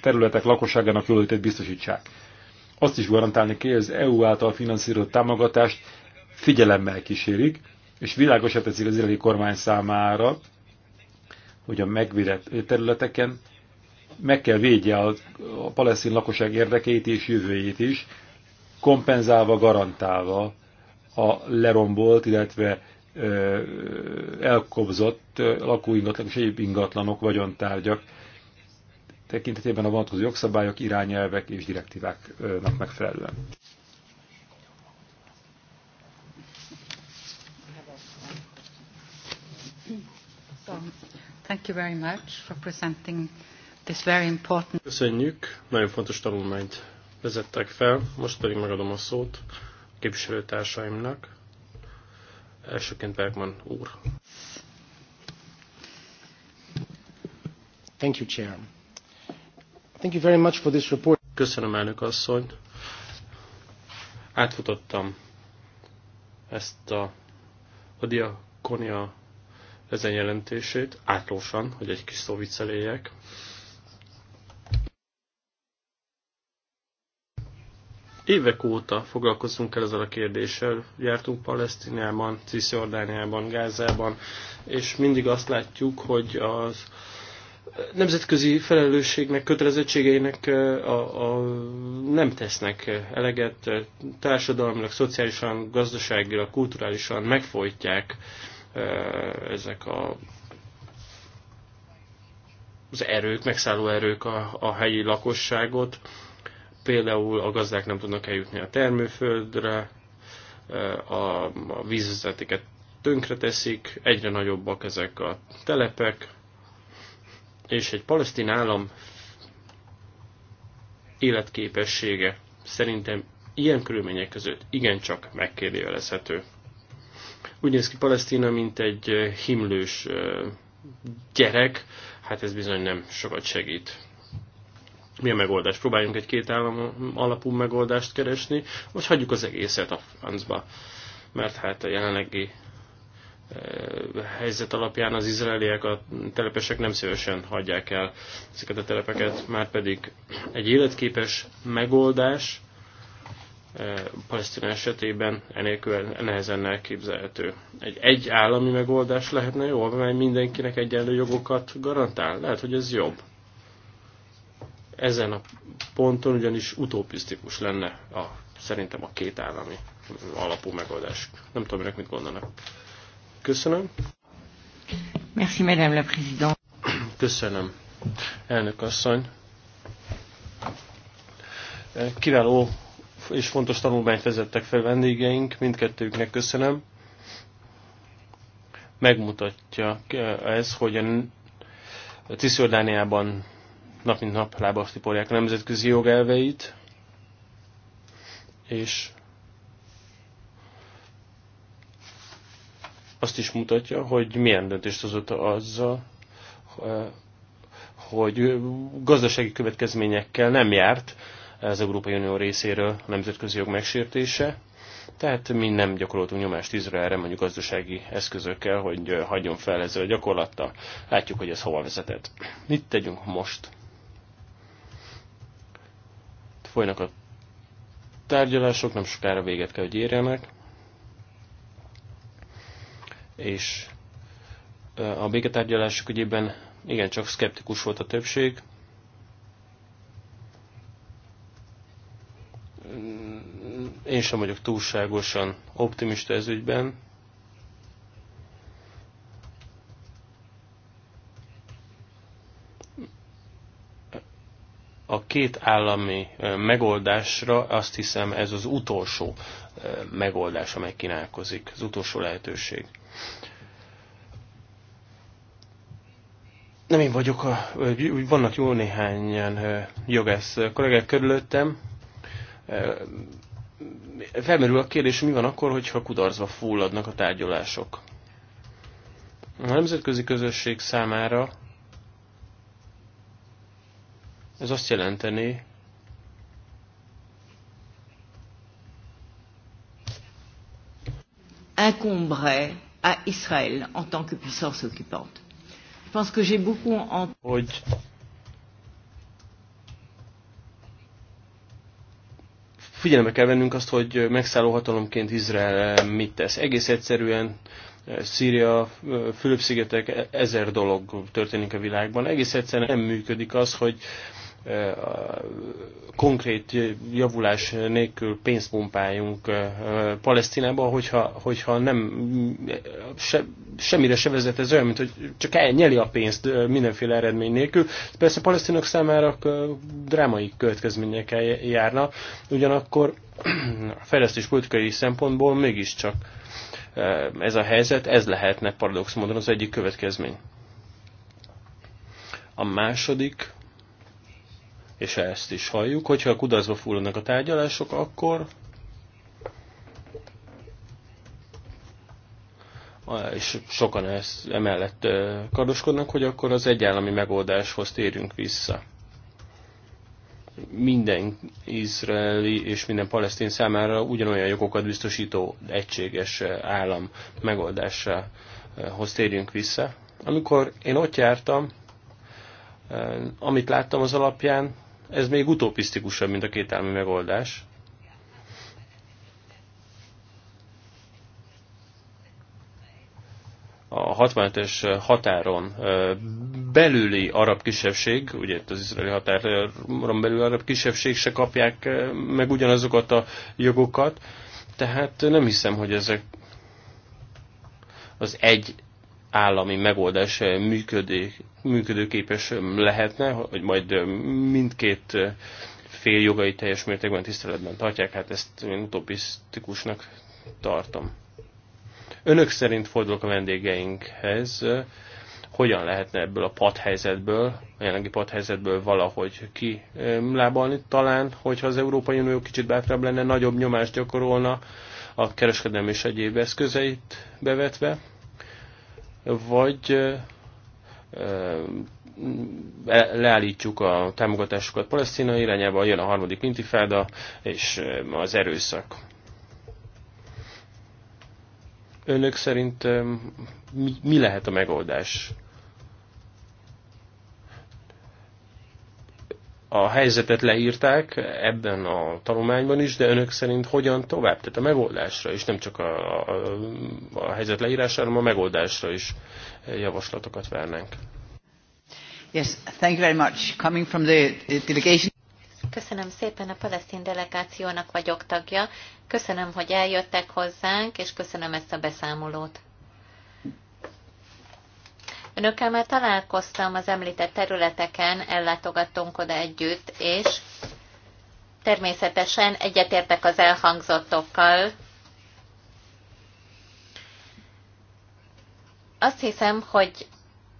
területek lakosságának jólétét biztosítsák. Azt is garantálni kell, hogy az EU által finanszírozott támogatást figyelemmel kísérik, és világosat teszik az izraeli kormány számára, hogy a megvédett területeken meg kell védje a, a palesztin lakosság érdekeit és jövőjét is, kompenzálva, garantálva a lerombolt, illetve ö, elkobzott lakóingatlanok és egyéb ingatlanok, vagyontárgyak tekintetében a vonatkozó jogszabályok, irányelvek és direktíváknak megfelelően. Köszönjük, nagyon fontos tanulmányt vezettek fel, most pedig megadom a szót a képviselőtársaimnak. Elsőként Bergman úr. Thank you, Chair. Thank you very much for this report. Köszönöm, elnök asszony. Átfutottam ezt a Odia Konia ezen jelentését, átlósan, hogy egy kis szó vicceléjek. Évek óta foglalkozunk el ezzel a kérdéssel, jártunk Palesztinában, Cisziordániában, Gázában, és mindig azt látjuk, hogy az nemzetközi felelősségnek, kötelezettségeinek a, a, nem tesznek eleget, társadalmilag, szociálisan, gazdaságilag, kulturálisan megfojtják ezek a az erők, megszálló erők a, a helyi lakosságot. Például a gazdák nem tudnak eljutni a termőföldre, a, a vízvezetéket tönkreteszik, egyre nagyobbak ezek a telepek, és egy palesztin állam életképessége szerintem ilyen körülmények között igencsak megkérdőjelezhető. Úgy néz ki Palesztina, mint egy himlős gyerek, hát ez bizony nem sokat segít. Mi a megoldás? Próbáljunk egy két állam alapú megoldást keresni, vagy hagyjuk az egészet a francba. Mert hát a jelenlegi helyzet alapján az izraeliek, a telepesek nem szívesen hagyják el ezeket a telepeket, már pedig egy életképes megoldás Palesztina esetében enélkül nehezen elképzelhető. Egy egy állami megoldás lehetne jó, amely mindenkinek egyenlő jogokat garantál. Lehet, hogy ez jobb. Ezen a ponton ugyanis utopisztikus lenne a, szerintem a két állami alapú megoldás. Nem tudom, minek mit gondolnak. Köszönöm. Merci, Madame la Présidente. Köszönöm, elnök asszony. Kiváló és fontos tanulmányt vezettek fel vendégeink, mindkettőknek köszönöm. Megmutatja ez, hogy a Cisjordániában nap mint nap lábastiporják a nemzetközi jogelveit, és azt is mutatja, hogy milyen döntést hozott azzal, hogy gazdasági következményekkel nem járt, az Európai Unió részéről a nemzetközi jog megsértése. Tehát mi nem gyakoroltunk nyomást Izraelre mondjuk gazdasági eszközökkel, hogy hagyjon fel ezzel a gyakorlattal. Látjuk, hogy ez hova vezetett. Mit tegyünk most? Folynak a tárgyalások, nem sokára véget kell, hogy érjenek. És a béketárgyalások ügyében igencsak szkeptikus volt a többség, Én sem vagyok túlságosan optimista ez ügyben. A két állami megoldásra azt hiszem ez az utolsó megoldás, amely kínálkozik, az utolsó lehetőség. nem én vagyok, a, vannak jó néhányan jogász kollégák körülöttem, felmerül a kérdés, mi van akkor, hogyha kudarcba fulladnak a tárgyalások. A nemzetközi közösség számára ez azt jelenteni, à Israël en tant que puissance occupante. Je pense que j'ai beaucoup en... hogy figyelembe kell vennünk azt, hogy megszálló hatalomként Izrael eh, mit tesz. Egész egyszerűen eh, Szíria, eh, Fülöp-szigetek, e-, ezer dolog történik a világban. Egész egyszerűen nem működik az, hogy konkrét javulás nélkül pénzt pumpáljunk Palesztinába, hogyha, hogyha nem se, semmire se vezet ez olyan, mint hogy csak elnyeli a pénzt mindenféle eredmény nélkül. Persze a palesztinok számára drámai következményekkel járna, ugyanakkor a fejlesztés politikai szempontból mégiscsak ez a helyzet, ez lehetne paradox módon az egyik következmény. A második és ezt is halljuk, hogyha a kudarcba fúlnak a tárgyalások, akkor és sokan ezt emellett kardoskodnak, hogy akkor az egyállami megoldáshoz térünk vissza. Minden izraeli és minden palesztin számára ugyanolyan jogokat biztosító egységes állam megoldásához térjünk vissza. Amikor én ott jártam, amit láttam az alapján, ez még utopisztikusabb, mint a kétálmi megoldás. a 65-ös határon belüli arab kisebbség, ugye itt az izraeli határon belüli arab kisebbség se kapják meg ugyanazokat a jogokat, tehát nem hiszem, hogy ezek az egy állami megoldás eh, működő, működőképes eh, lehetne, hogy majd eh, mindkét fél jogai teljes mértékben tiszteletben tartják, hát ezt én utopisztikusnak tartom. Önök szerint fordulok a vendégeinkhez, hogyan lehetne ebből a padhelyzetből, a jelenlegi padhelyzetből valahogy kilábalni, talán, hogyha az Európai Unió kicsit bátrabb lenne, nagyobb nyomást gyakorolna a kereskedelmi és egyéb eszközeit bevetve, vagy leállítjuk a támogatásokat Palesztina irányába, jön a harmadik intifáda és az erőszak. Önök szerint mi, mi lehet a megoldás? a helyzetet leírták ebben a tanulmányban is, de önök szerint hogyan tovább? Tehát a megoldásra is, nem csak a, a, a helyzet leírására, hanem a megoldásra is javaslatokat várnánk. Yes, thank you very much. Coming from the delegation. Köszönöm szépen, a palesztin delegációnak vagyok tagja. Köszönöm, hogy eljöttek hozzánk, és köszönöm ezt a beszámolót. Önökkel már találkoztam az említett területeken, ellátogattunk oda együtt, és természetesen egyetértek az elhangzottokkal. Azt hiszem, hogy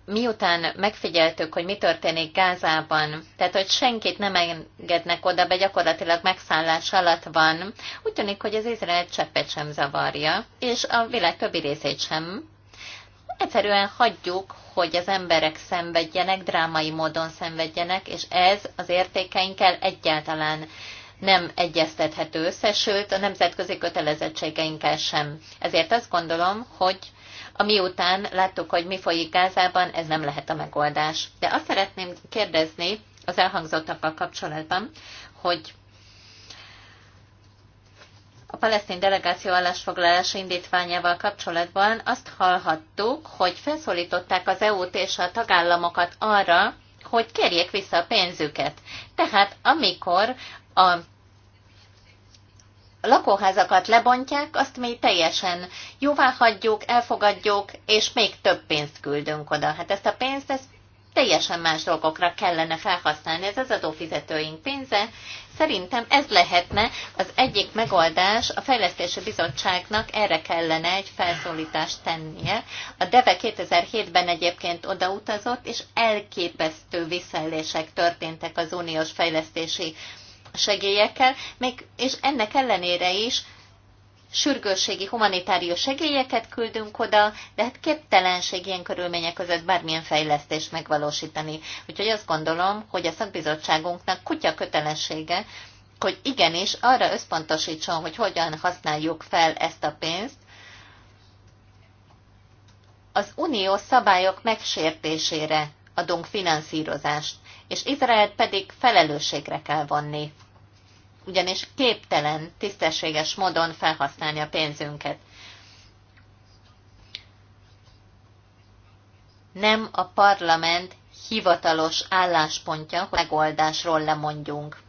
miután megfigyeltük, hogy mi történik Gázában, tehát hogy senkit nem engednek oda, be gyakorlatilag megszállás alatt van, úgy tűnik, hogy az Izrael cseppet sem zavarja, és a világ többi részét sem egyszerűen hagyjuk, hogy az emberek szenvedjenek, drámai módon szenvedjenek, és ez az értékeinkkel egyáltalán nem egyeztethető össze, sőt a nemzetközi kötelezettségeinkkel sem. Ezért azt gondolom, hogy amiután láttuk, hogy mi folyik Gázában, ez nem lehet a megoldás. De azt szeretném kérdezni az elhangzottakkal kapcsolatban, hogy a palesztin delegáció állásfoglalása indítványával kapcsolatban azt hallhattuk, hogy felszólították az EU-t és a tagállamokat arra, hogy kérjék vissza a pénzüket. Tehát amikor a lakóházakat lebontják, azt mi teljesen jóvá hagyjuk, elfogadjuk, és még több pénzt küldünk oda. Hát ezt a pénzt ezt teljesen más dolgokra kellene felhasználni ez az adófizetőink pénze. Szerintem ez lehetne az egyik megoldás, a Fejlesztési Bizottságnak erre kellene egy felszólítást tennie. A DEVE 2007-ben egyébként odautazott, és elképesztő visszaélések történtek az uniós fejlesztési segélyekkel, még, és ennek ellenére is sürgősségi humanitárius segélyeket küldünk oda, de hát képtelenség ilyen körülmények között bármilyen fejlesztést megvalósítani. Úgyhogy azt gondolom, hogy a szakbizottságunknak kutya kötelessége, hogy igenis arra összpontosítson, hogy hogyan használjuk fel ezt a pénzt, az unió szabályok megsértésére adunk finanszírozást, és Izraelt pedig felelősségre kell vonni ugyanis képtelen tisztességes módon felhasználni a pénzünket. Nem a parlament hivatalos álláspontja, hogy megoldásról lemondjunk.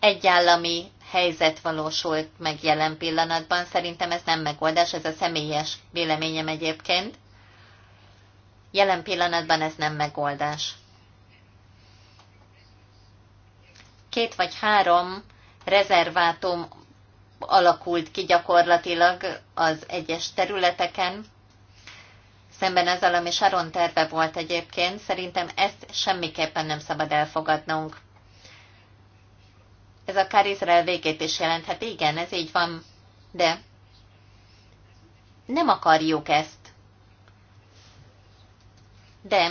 Egy állami helyzet valósult meg jelen pillanatban, szerintem ez nem megoldás, ez a személyes véleményem egyébként. Jelen pillanatban ez nem megoldás. két vagy három rezervátum alakult ki gyakorlatilag az egyes területeken, szemben ezzel, ami Sharon terve volt egyébként, szerintem ezt semmiképpen nem szabad elfogadnunk. Ez akár Izrael végét is jelenthet. Igen, ez így van, de nem akarjuk ezt. De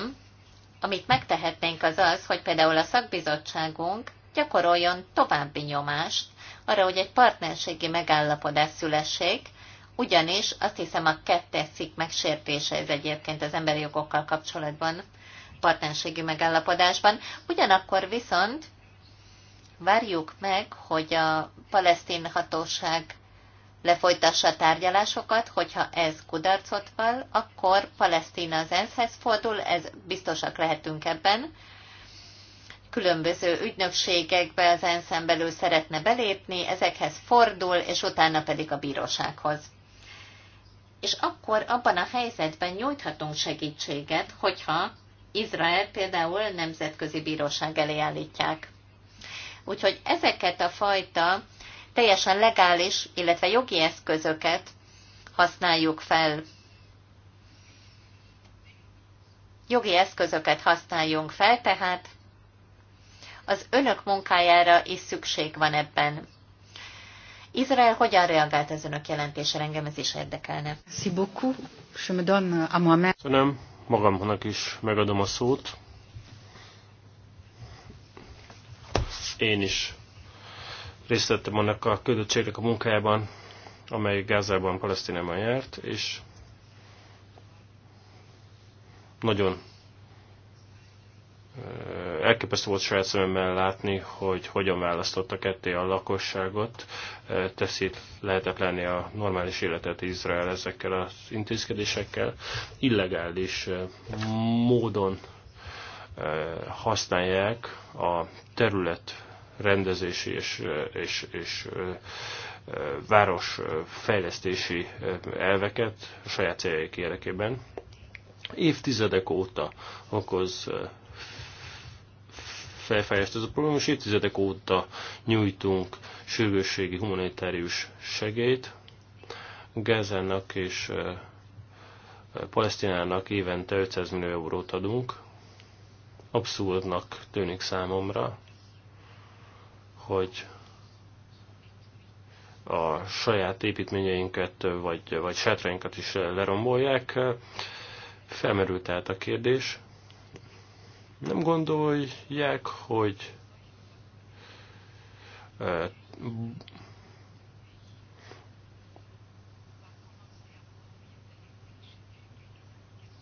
amit megtehetnénk az az, hogy például a szakbizottságunk gyakoroljon további nyomást arra, hogy egy partnerségi megállapodás szülessék, ugyanis azt hiszem a kettes cikk megsértése ez egyébként az emberi jogokkal kapcsolatban partnerségi megállapodásban. Ugyanakkor viszont várjuk meg, hogy a palesztin hatóság lefolytassa a tárgyalásokat, hogyha ez kudarcot val, akkor Palesztina az ENSZ-hez fordul, ez biztosak lehetünk ebben, különböző ügynökségekbe az ensz belül szeretne belépni, ezekhez fordul, és utána pedig a bírósághoz. És akkor abban a helyzetben nyújthatunk segítséget, hogyha Izrael például nemzetközi bíróság elé állítják. Úgyhogy ezeket a fajta teljesen legális, illetve jogi eszközöket használjuk fel. Jogi eszközöket használjunk fel, tehát az önök munkájára is szükség van ebben. Izrael hogyan reagált az önök jelentésre? Engem ez is érdekelne. Köszönöm, magamnak is megadom a szót. Én is részt vettem annak a ködöttségnek a munkájában, amely Gázában, Palesztinában járt, és nagyon elképesztő volt saját szememmel látni, hogy hogyan választotta ketté a lakosságot, teszi lehetetlenné a normális életet Izrael ezekkel az intézkedésekkel, illegális módon használják a terület rendezési és, és, és város fejlesztési elveket a saját céljaik érdekében. Évtizedek óta okoz felfájást ez a probléma, és évtizedek óta nyújtunk sürgősségi humanitárius segélyt Gázának és Palesztinának évente 500 millió eurót adunk. Abszurdnak tűnik számomra, hogy a saját építményeinket vagy, vagy sátrainkat is lerombolják. Felmerült tehát a kérdés, nem gondolják, hogy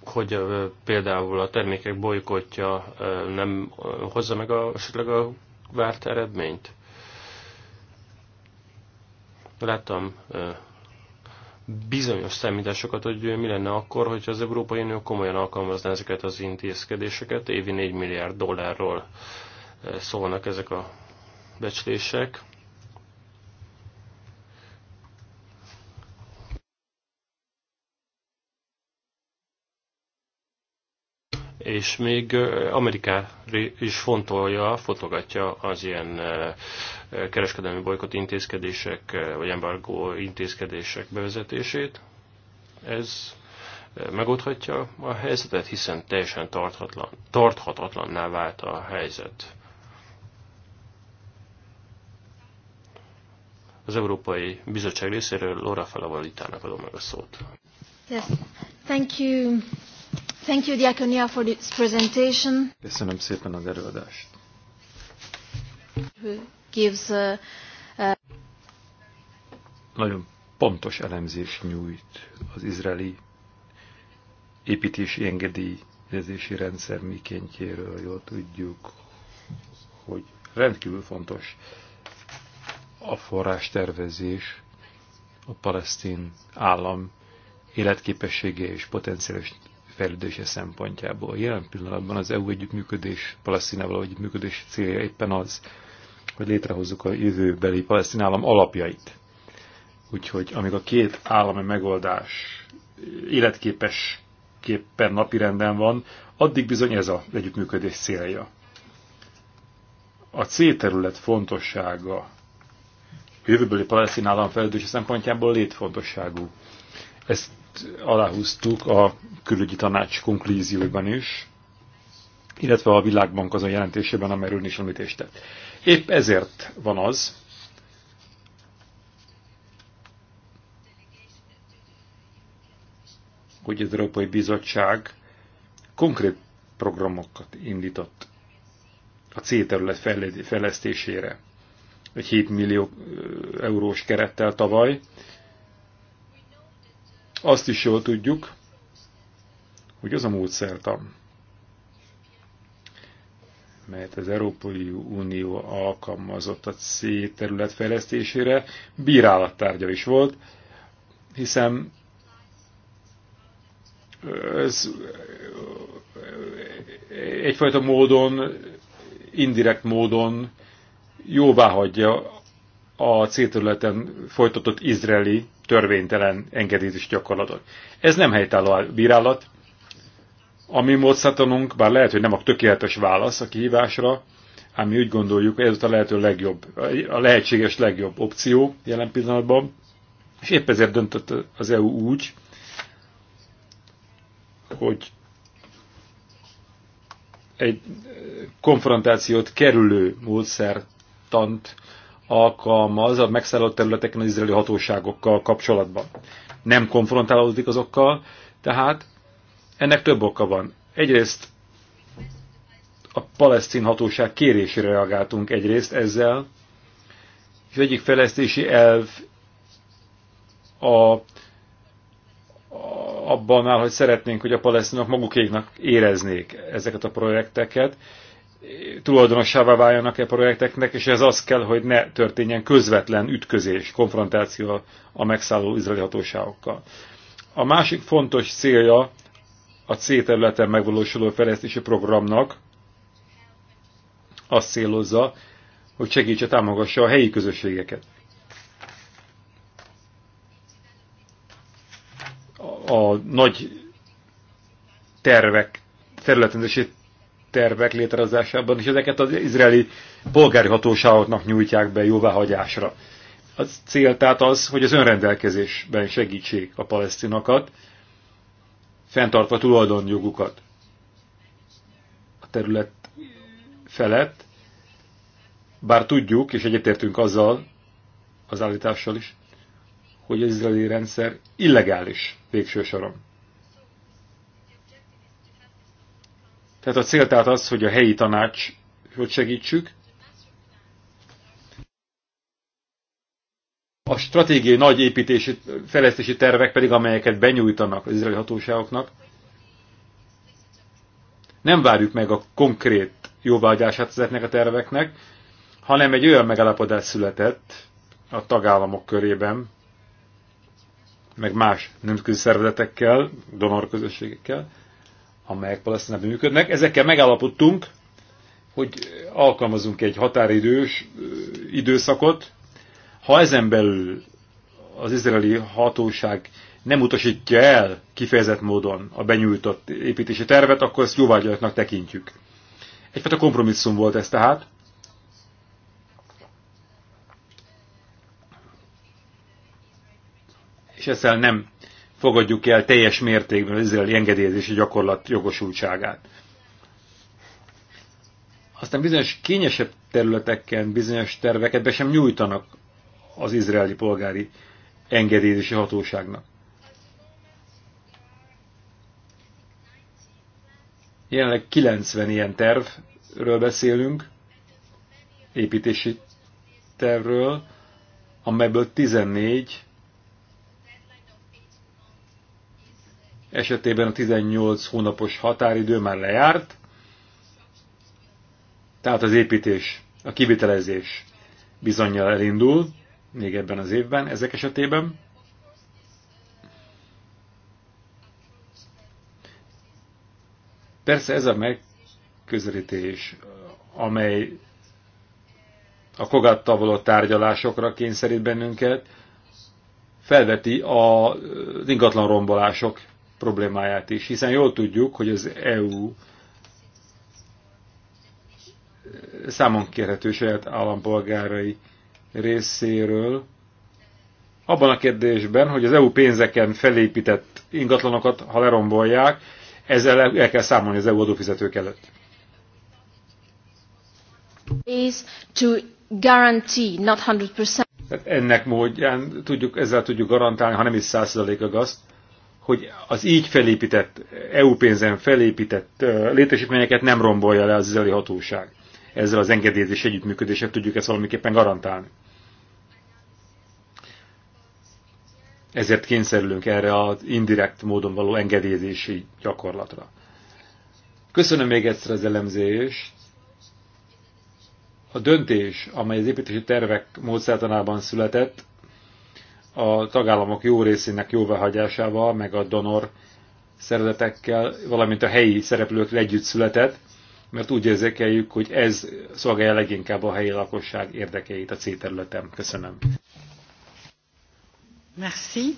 hogy például a termékek bolykotja nem hozza meg a, esetleg a várt eredményt? Láttam bizonyos számításokat, hogy mi lenne akkor, hogyha az Európai Unió komolyan alkalmazná ezeket az intézkedéseket. Évi 4 milliárd dollárról eh, szólnak ezek a becslések. és még Ameriká is fontolja, fotogatja az ilyen kereskedelmi bolykot intézkedések, vagy embargó intézkedések bevezetését. Ez megoldhatja a helyzetet, hiszen teljesen tarthatlan, tarthatatlanná vált a helyzet. Az Európai Bizottság részéről Laura Falavalitának adom meg a szót. Yes. Thank you. Thank you, Diakonia, for this presentation. Köszönöm szépen az előadást. gives a, uh, a... Uh, Nagyon pontos elemzés nyújt az izraeli építési engedélyezési rendszer mikéntjéről, jól tudjuk, hogy rendkívül fontos a forrástervezés a palesztin állam életképessége és potenciális fejlődése szempontjából. Jelen pillanatban az EU együttműködés, Palesztinával együttműködés célja éppen az, hogy létrehozzuk a jövőbeli palesztin állam alapjait. Úgyhogy amíg a két állami megoldás életképes képpen napirenden van, addig bizony ez az együttműködés célja. A C terület fontossága a jövőbeli palesztin állam fejlődése szempontjából létfontosságú. Ezt aláhúztuk a külügyi tanács konklúzióiban is, illetve a Világbank azon jelentésében, amelyről is említést tett. Épp ezért van az, hogy az Európai Bizottság konkrét programokat indított a C terület fejlesztésére. Egy 7 millió eurós kerettel tavaly, azt is jól tudjuk, hogy az a módszertan, mert az Európai Unió alkalmazott a C terület fejlesztésére, bírálattárgya is volt, hiszen ez eh, egyfajta módon, indirekt módon jóvá hagyja a C-területen folytatott izraeli törvénytelen engedélyzés gyakorlatot. Ez nem helytálló bírálat. A mi módszertanunk, bár lehet, hogy nem a tökéletes válasz a kihívásra, ám mi úgy gondoljuk, hogy ez a lehető legjobb, a lehetséges legjobb opció jelen pillanatban, és épp ezért döntött az EU úgy, hogy egy konfrontációt kerülő módszertant alkalmaz a megszállott területeken az izraeli hatóságokkal kapcsolatban. Nem konfrontálódik azokkal, tehát ennek több oka van. Egyrészt a palesztin hatóság kérésére reagáltunk egyrészt ezzel, és egyik fejlesztési elv a, a, abban áll, hogy szeretnénk, hogy a palesztinok magukéknak éreznék ezeket a projekteket, tulajdonossává váljanak-e projekteknek, és ez az kell, hogy ne történjen közvetlen ütközés, konfrontáció a megszálló izraeli hatóságokkal. A másik fontos célja a C területen megvalósuló fejlesztési programnak azt célozza, hogy segítse, támogassa a helyi közösségeket. A nagy tervek területrendezését tervek létrehozásában, és ezeket az izraeli polgári hatóságoknak nyújtják be jóváhagyásra. A cél tehát az, hogy az önrendelkezésben segítsék a palesztinokat, fenntartva tulajdonjogukat a terület felett, bár tudjuk, és egyetértünk azzal az állítással is, hogy az izraeli rendszer illegális végső soron. Tehát a cél tehát az, hogy a helyi tanács, hogy segítsük. A stratégiai nagy építési, fejlesztési tervek pedig, amelyeket benyújtanak az izraeli hatóságoknak, nem várjuk meg a konkrét jóvágyását ezeknek a terveknek, hanem egy olyan megállapodás született a tagállamok körében, meg más nemzetközi szervezetekkel, donorközösségekkel, amelyek Palesztinában működnek. Ezekkel megállapodtunk, hogy alkalmazunk egy határidős időszakot. Ha ezen belül az izraeli hatóság nem utasítja el kifejezett módon a benyújtott építési tervet, akkor ezt jóvágyalatnak tekintjük. Egyfajta kompromisszum volt ez tehát. És ezzel nem fogadjuk el teljes mértékben az izraeli engedélyezési gyakorlat jogosultságát. Aztán bizonyos kényesebb területeken bizonyos terveket be sem nyújtanak az izraeli polgári engedélyezési hatóságnak. Jelenleg 90 ilyen tervről beszélünk, építési tervről, amelyből 14 esetében a 18 hónapos határidő már lejárt, tehát az építés, a kivitelezés bizonyal elindul, még ebben az évben, ezek esetében. Persze ez a megközelítés, amely a kogattal való tárgyalásokra kényszerít bennünket, felveti az ingatlan rombolások problémáját is, hiszen jól tudjuk, hogy az EU számon kérhető saját állampolgárai részéről abban a kérdésben, hogy az EU pénzeken felépített ingatlanokat, ha lerombolják, ezzel el kell számolni az EU adófizetők előtt. Is to guarantee, not 100%. Ennek módján tudjuk, ezzel tudjuk garantálni, ha nem is a gazt hogy az így felépített, EU pénzen felépített létesítményeket nem rombolja le az izraeli hatóság. Ezzel az engedélyezés együttműködéssel tudjuk ezt valamiképpen garantálni. Ezért kényszerülünk erre az indirekt módon való engedélyezési gyakorlatra. Köszönöm még egyszer az elemzést. A döntés, amely az építési tervek módszertanában született, a tagállamok jó részének jóváhagyásával, meg a donor szervezetekkel, valamint a helyi szereplők együtt született, mert úgy érzékeljük, hogy ez szolgálja leginkább a helyi lakosság érdekeit a C területen. Köszönöm. Merci.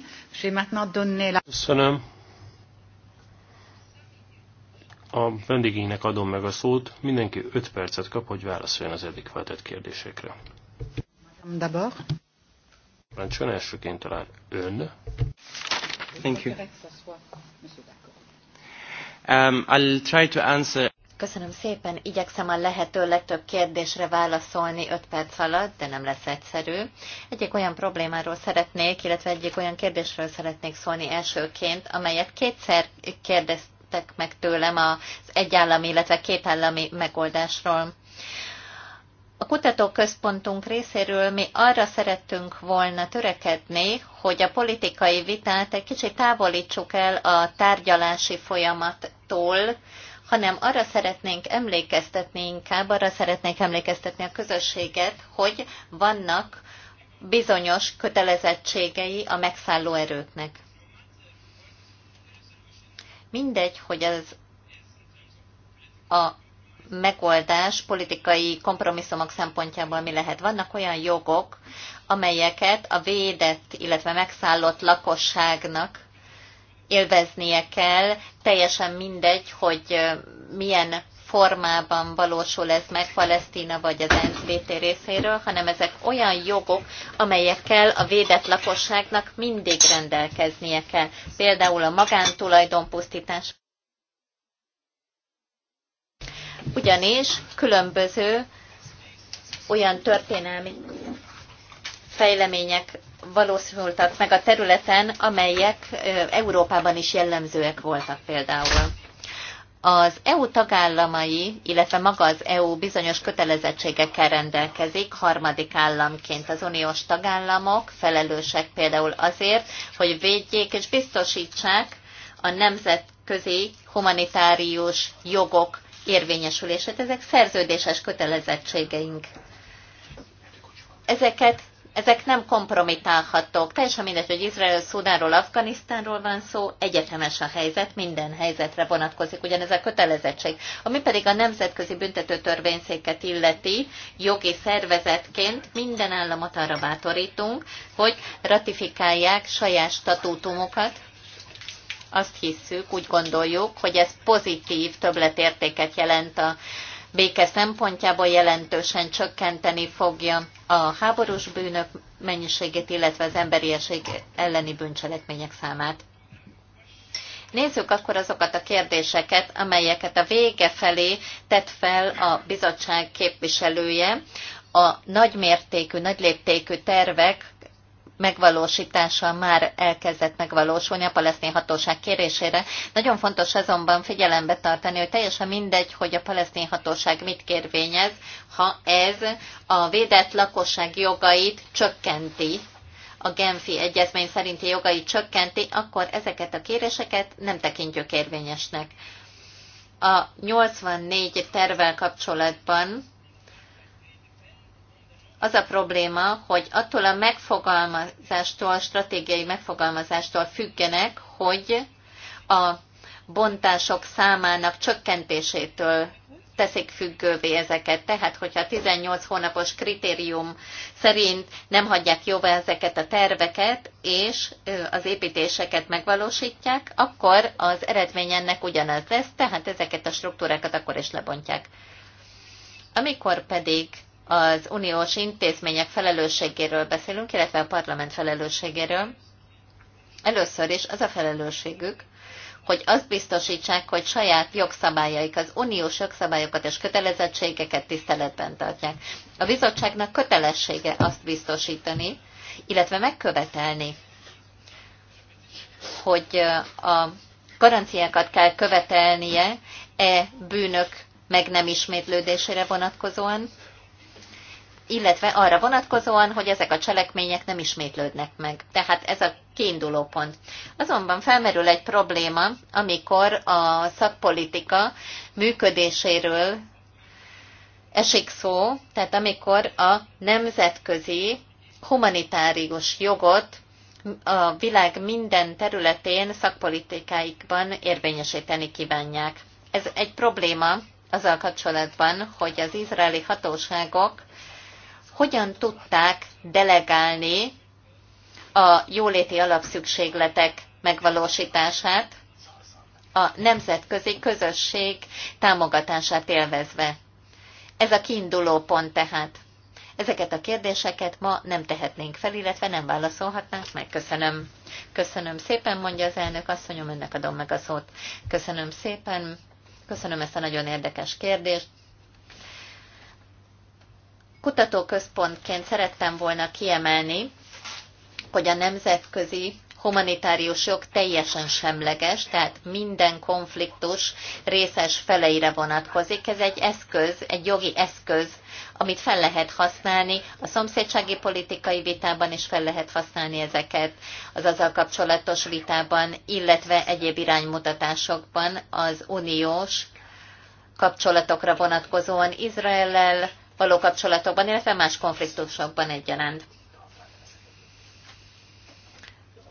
Köszönöm. A vendégének adom meg a szót, mindenki 5 percet kap, hogy válaszoljon az eddig feltett kérdésekre. D'abord. Parancsoljon elsőként talán ön. Thank you. Um, I'll try to answer. Köszönöm szépen. Igyekszem a lehető legtöbb kérdésre válaszolni 5 perc alatt, de nem lesz egyszerű. Egyik olyan problémáról szeretnék, illetve egyik olyan kérdésről szeretnék szólni elsőként, amelyet kétszer kérdeztek meg tőlem az egyállami, illetve kétállami megoldásról. A kutatóközpontunk részéről mi arra szerettünk volna törekedni, hogy a politikai vitát egy kicsit távolítsuk el a tárgyalási folyamattól, hanem arra szeretnénk emlékeztetni inkább, arra szeretnénk emlékeztetni a közösséget, hogy vannak bizonyos kötelezettségei a megszálló erőknek. Mindegy, hogy az a megoldás politikai kompromisszumok szempontjából mi lehet. Vannak olyan jogok, amelyeket a védett, illetve megszállott lakosságnak élveznie kell, teljesen mindegy, hogy milyen formában valósul ez meg Palesztina vagy az NSBT részéről, hanem ezek olyan jogok, amelyekkel a védett lakosságnak mindig rendelkeznie kell. Például a magántulajdon pusztítás ugyanis különböző olyan történelmi fejlemények valósultak meg a területen, amelyek Európában is jellemzőek voltak például. Az EU tagállamai, illetve maga az EU bizonyos kötelezettségekkel rendelkezik harmadik államként. Az uniós tagállamok felelősek például azért, hogy védjék és biztosítsák a nemzetközi humanitárius jogok érvényesülését. Hát ezek szerződéses kötelezettségeink. Ezeket ezek nem kompromitálhatók. Teljesen mindegy, hogy Izrael, Szudánról, Afganisztánról van szó, egyetemes a helyzet, minden helyzetre vonatkozik ugyanez a kötelezettség. Ami pedig a Nemzetközi Büntető Törvényszéket illeti, jogi szervezetként minden államot arra bátorítunk, hogy ratifikálják saját statútumokat, azt hiszük, úgy gondoljuk, hogy ez pozitív többletértéket jelent a béke szempontjából jelentősen csökkenteni fogja a háborús bűnök mennyiségét, illetve az emberiesség elleni bűncselekmények számát. Nézzük akkor azokat a kérdéseket, amelyeket a vége felé tett fel a bizottság képviselője. A nagymértékű, nagyléptékű tervek megvalósítása már elkezdett megvalósulni a palesztin hatóság kérésére. Nagyon fontos azonban figyelembe tartani, hogy teljesen mindegy, hogy a palesztin hatóság mit kérvényez, ha ez a védett lakosság jogait csökkenti, a Genfi egyezmény szerinti jogai csökkenti, akkor ezeket a kéréseket nem tekintjük érvényesnek. A 84 tervvel kapcsolatban az a probléma, hogy attól a megfogalmazástól, a stratégiai megfogalmazástól függenek, hogy a bontások számának csökkentésétől teszik függővé ezeket. Tehát, hogyha 18 hónapos kritérium szerint nem hagyják jóvá ezeket a terveket, és az építéseket megvalósítják, akkor az eredmény ennek ugyanaz lesz, tehát ezeket a struktúrákat akkor is lebontják. Amikor pedig az uniós intézmények felelősségéről beszélünk, illetve a parlament felelősségéről. Először is az a felelősségük, hogy azt biztosítsák, hogy saját jogszabályaik, az uniós jogszabályokat és kötelezettségeket tiszteletben tartják. A bizottságnak kötelessége azt biztosítani, illetve megkövetelni, hogy a garanciákat kell követelnie e bűnök meg nem ismétlődésére vonatkozóan, illetve arra vonatkozóan, hogy ezek a cselekmények nem ismétlődnek meg. Tehát ez a kiinduló pont. Azonban felmerül egy probléma, amikor a szakpolitika működéséről esik szó, tehát amikor a nemzetközi humanitárius jogot a világ minden területén szakpolitikáikban érvényesíteni kívánják. Ez egy probléma azzal kapcsolatban, hogy az izraeli hatóságok hogyan tudták delegálni a jóléti alapszükségletek megvalósítását a nemzetközi közösség támogatását élvezve. Ez a kiinduló pont tehát. Ezeket a kérdéseket ma nem tehetnénk fel, illetve nem válaszolhatnánk meg. Köszönöm. Köszönöm szépen, mondja az elnök asszonyom, önnek adom meg a szót. Köszönöm szépen. Köszönöm ezt a nagyon érdekes kérdést kutatóközpontként szerettem volna kiemelni, hogy a nemzetközi humanitárius jog teljesen semleges, tehát minden konfliktus részes feleire vonatkozik. Ez egy eszköz, egy jogi eszköz, amit fel lehet használni, a szomszédsági politikai vitában is fel lehet használni ezeket, az azzal kapcsolatos vitában, illetve egyéb iránymutatásokban az uniós kapcsolatokra vonatkozóan Izraellel, való kapcsolatokban, illetve más konfliktusokban egyaránt.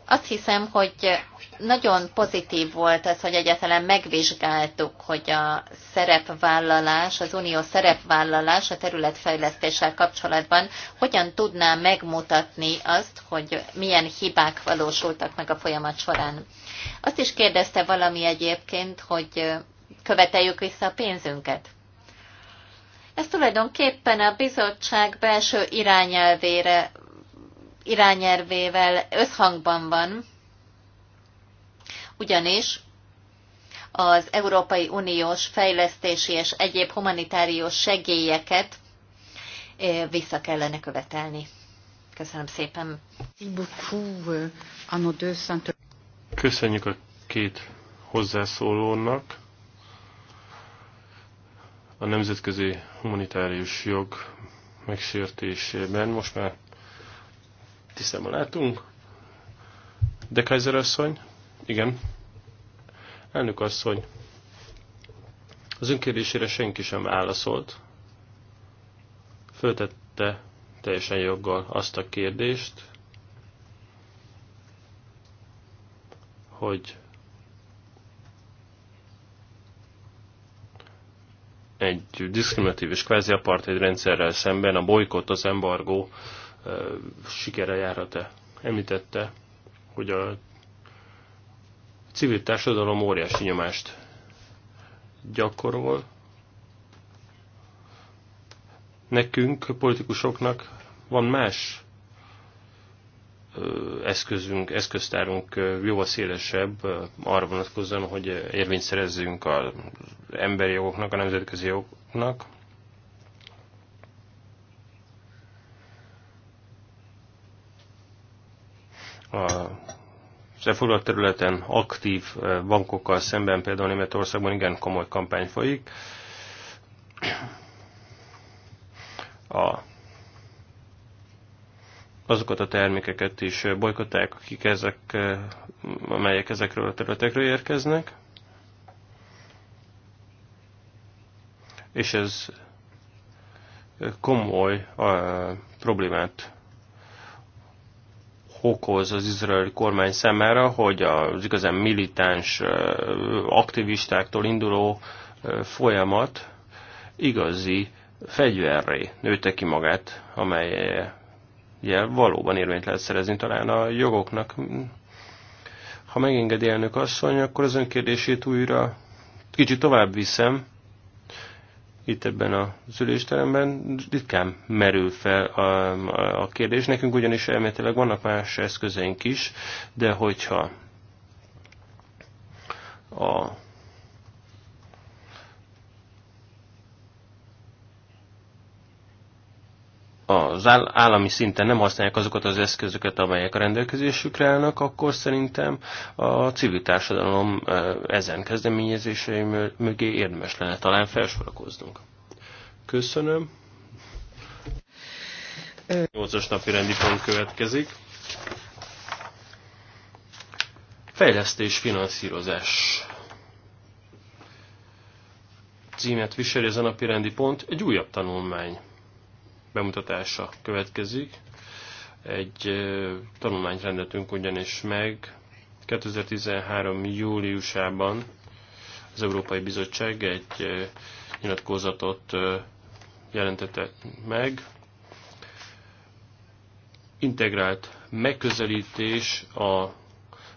Azt hiszem, hogy nagyon pozitív volt ez, hogy egyáltalán megvizsgáltuk, hogy a szerepvállalás, az unió szerepvállalás a területfejlesztéssel kapcsolatban hogyan tudná megmutatni azt, hogy milyen hibák valósultak meg a folyamat során. Azt is kérdezte valami egyébként, hogy követeljük vissza a pénzünket. Ez tulajdonképpen a bizottság belső irányelvére, irányelvével összhangban van, ugyanis az Európai Uniós fejlesztési és egyéb humanitárius segélyeket vissza kellene követelni. Köszönöm szépen. Euh, Köszönjük a két hozzászólónak a nemzetközi humanitárius jog megsértésében most már tisztában látunk. De Kaiser asszony, igen, elnök asszony, az önkérdésére senki sem válaszolt. Föltette teljesen joggal azt a kérdést, hogy egy diszkriminatív és kvázi apartheid rendszerrel szemben a bolykott, az embargó sikere járhat-e? Említette, hogy a civil társadalom óriási nyomást gyakorol. Nekünk, politikusoknak van más eszközünk, eszköztárunk jóval szélesebb arra vonatkozóan, hogy érvényt szerezzünk az emberi jogoknak, a nemzetközi jogoknak. A az elfoglalt területen aktív bankokkal szemben például Németországban igen komoly kampány folyik. azokat a termékeket is bolykották, akik ezek, eh, amelyek ezekről a területekről érkeznek. És ez eh, komoly uh, problémát okoz az izraeli kormány számára, hogy az igazán militáns aktivistáktól induló folyamat igazi fegyverré nőtte ki magát, amely jel valóban érvényt lehet szerezni talán a jogoknak. Ha megengedi elnök asszony, akkor az önkérdését újra kicsit tovább viszem, itt ebben az ülésteremben ritkán merül fel a, a, a kérdés. Nekünk ugyanis elméletileg vannak más eszközeink is, de hogyha a az állami szinten nem használják azokat az eszközöket, amelyek a rendelkezésükre állnak, akkor szerintem a civil társadalom ezen kezdeményezései mögé érdemes lenne talán felsorakoznunk. Köszönöm. 8-as napi rendi pont következik. Fejlesztés finanszírozás címet viseli ez a napi rendi pont, egy újabb tanulmány bemutatása következik. Egy tanulmányt rendeltünk ugyanis meg 2013. júliusában az Európai Bizottság egy nyilatkozatot jelentette meg. Integrált megközelítés a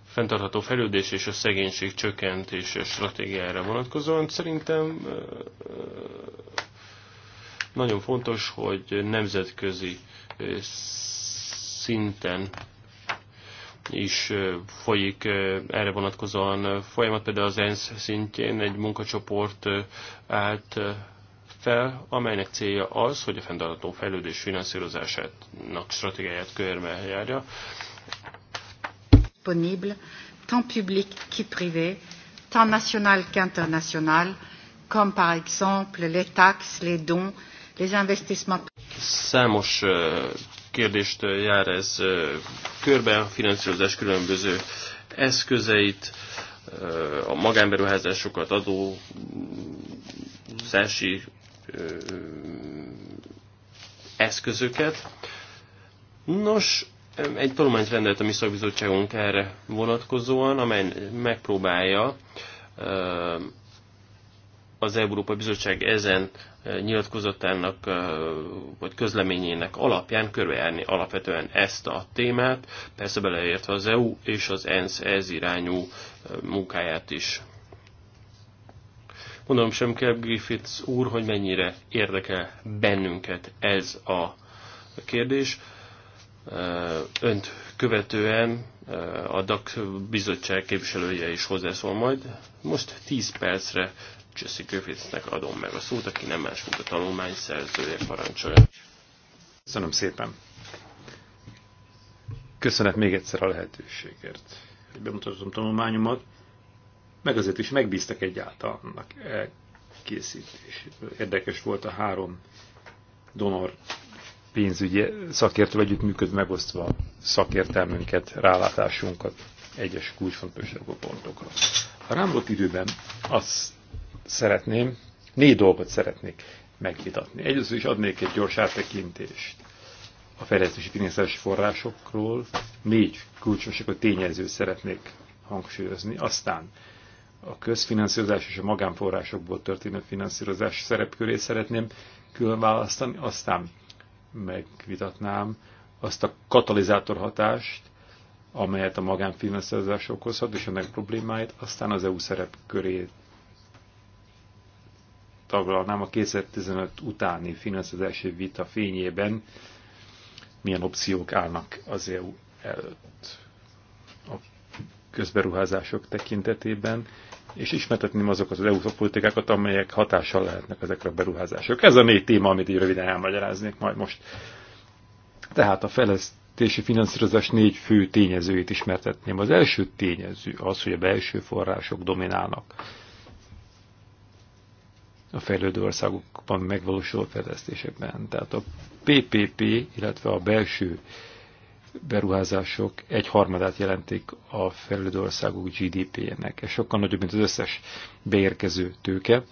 fenntartható fejlődés és a szegénység csökkentése stratégiára vonatkozóan. Szerintem nagyon fontos, hogy nemzetközi szinten is folyik erre vonatkozóan folyamat, például az ENSZ szintjén egy munkacsoport állt fel, amelynek célja az, hogy a fenntartható fejlődés finanszírozásának stratégiáját körbe járja. Disponible, tant public que privé, tant national qu'international, comme par exemple les taxes, les dons, Számos kérdést jár ez körbe, a finanszírozás különböző eszközeit, a magánberuházásokat, zási eszközöket. Nos, egy tanulmányt rendelt a mi szakbizottságunk erre vonatkozóan, amely megpróbálja az Európai Bizottság ezen eh, nyilatkozatának eh, vagy közleményének alapján körbejárni alapvetően ezt a témát, persze beleértve az EU és az ENSZ ez irányú eh, munkáját is. Mondom sem kell Griffiths úr, hogy mennyire érdekel bennünket ez a kérdés. Önt követően a DAC bizottság képviselője is hozzászól majd. Most 10 percre Jesse Griffithsnek adom meg a szót, aki nem más, mint a tanulmány szerzője parancsolja. Köszönöm szépen. Köszönet még egyszer a lehetőségért, hogy a tanulmányomat, meg azért is megbíztak egyáltalán annak elkészítés. Érdekes volt a három donor pénzügyi szakértő együttműködve megosztva szakértelmünket, rálátásunkat egyes kulcsfontosabb pontokra. A rámlott időben azt szeretném, négy dolgot szeretnék megvitatni. Egyrészt is adnék egy gyors áttekintést a fejlesztési finanszírozási forrásokról. Négy a tényezőt szeretnék hangsúlyozni. Aztán a közfinanszírozás és a magánforrásokból történő finanszírozás szerepkörét szeretném külön választani, aztán megvitatnám azt a katalizátor hatást, amelyet a magánfinanszírozás okozhat, és ennek problémáit, aztán az EU szerepkörét taglalnám a 2015 utáni finanszírozási vita fényében, milyen opciók állnak az EU előtt a közberuházások tekintetében, és ismertetném azokat az EU politikákat, amelyek hatással lehetnek ezekre a beruházások. Ez a négy téma, amit így röviden elmagyaráznék majd most. Tehát a fejlesztési finanszírozás négy fő tényezőjét ismertetném. Az első tényező az, hogy a belső források dominálnak a fejlődő országokban megvalósuló fejlesztésekben. Tehát a PPP, illetve a belső beruházások egy harmadát jelentik a fejlődő országok GDP-nek. Ez sokkal nagyobb, mint az összes beérkező tőke,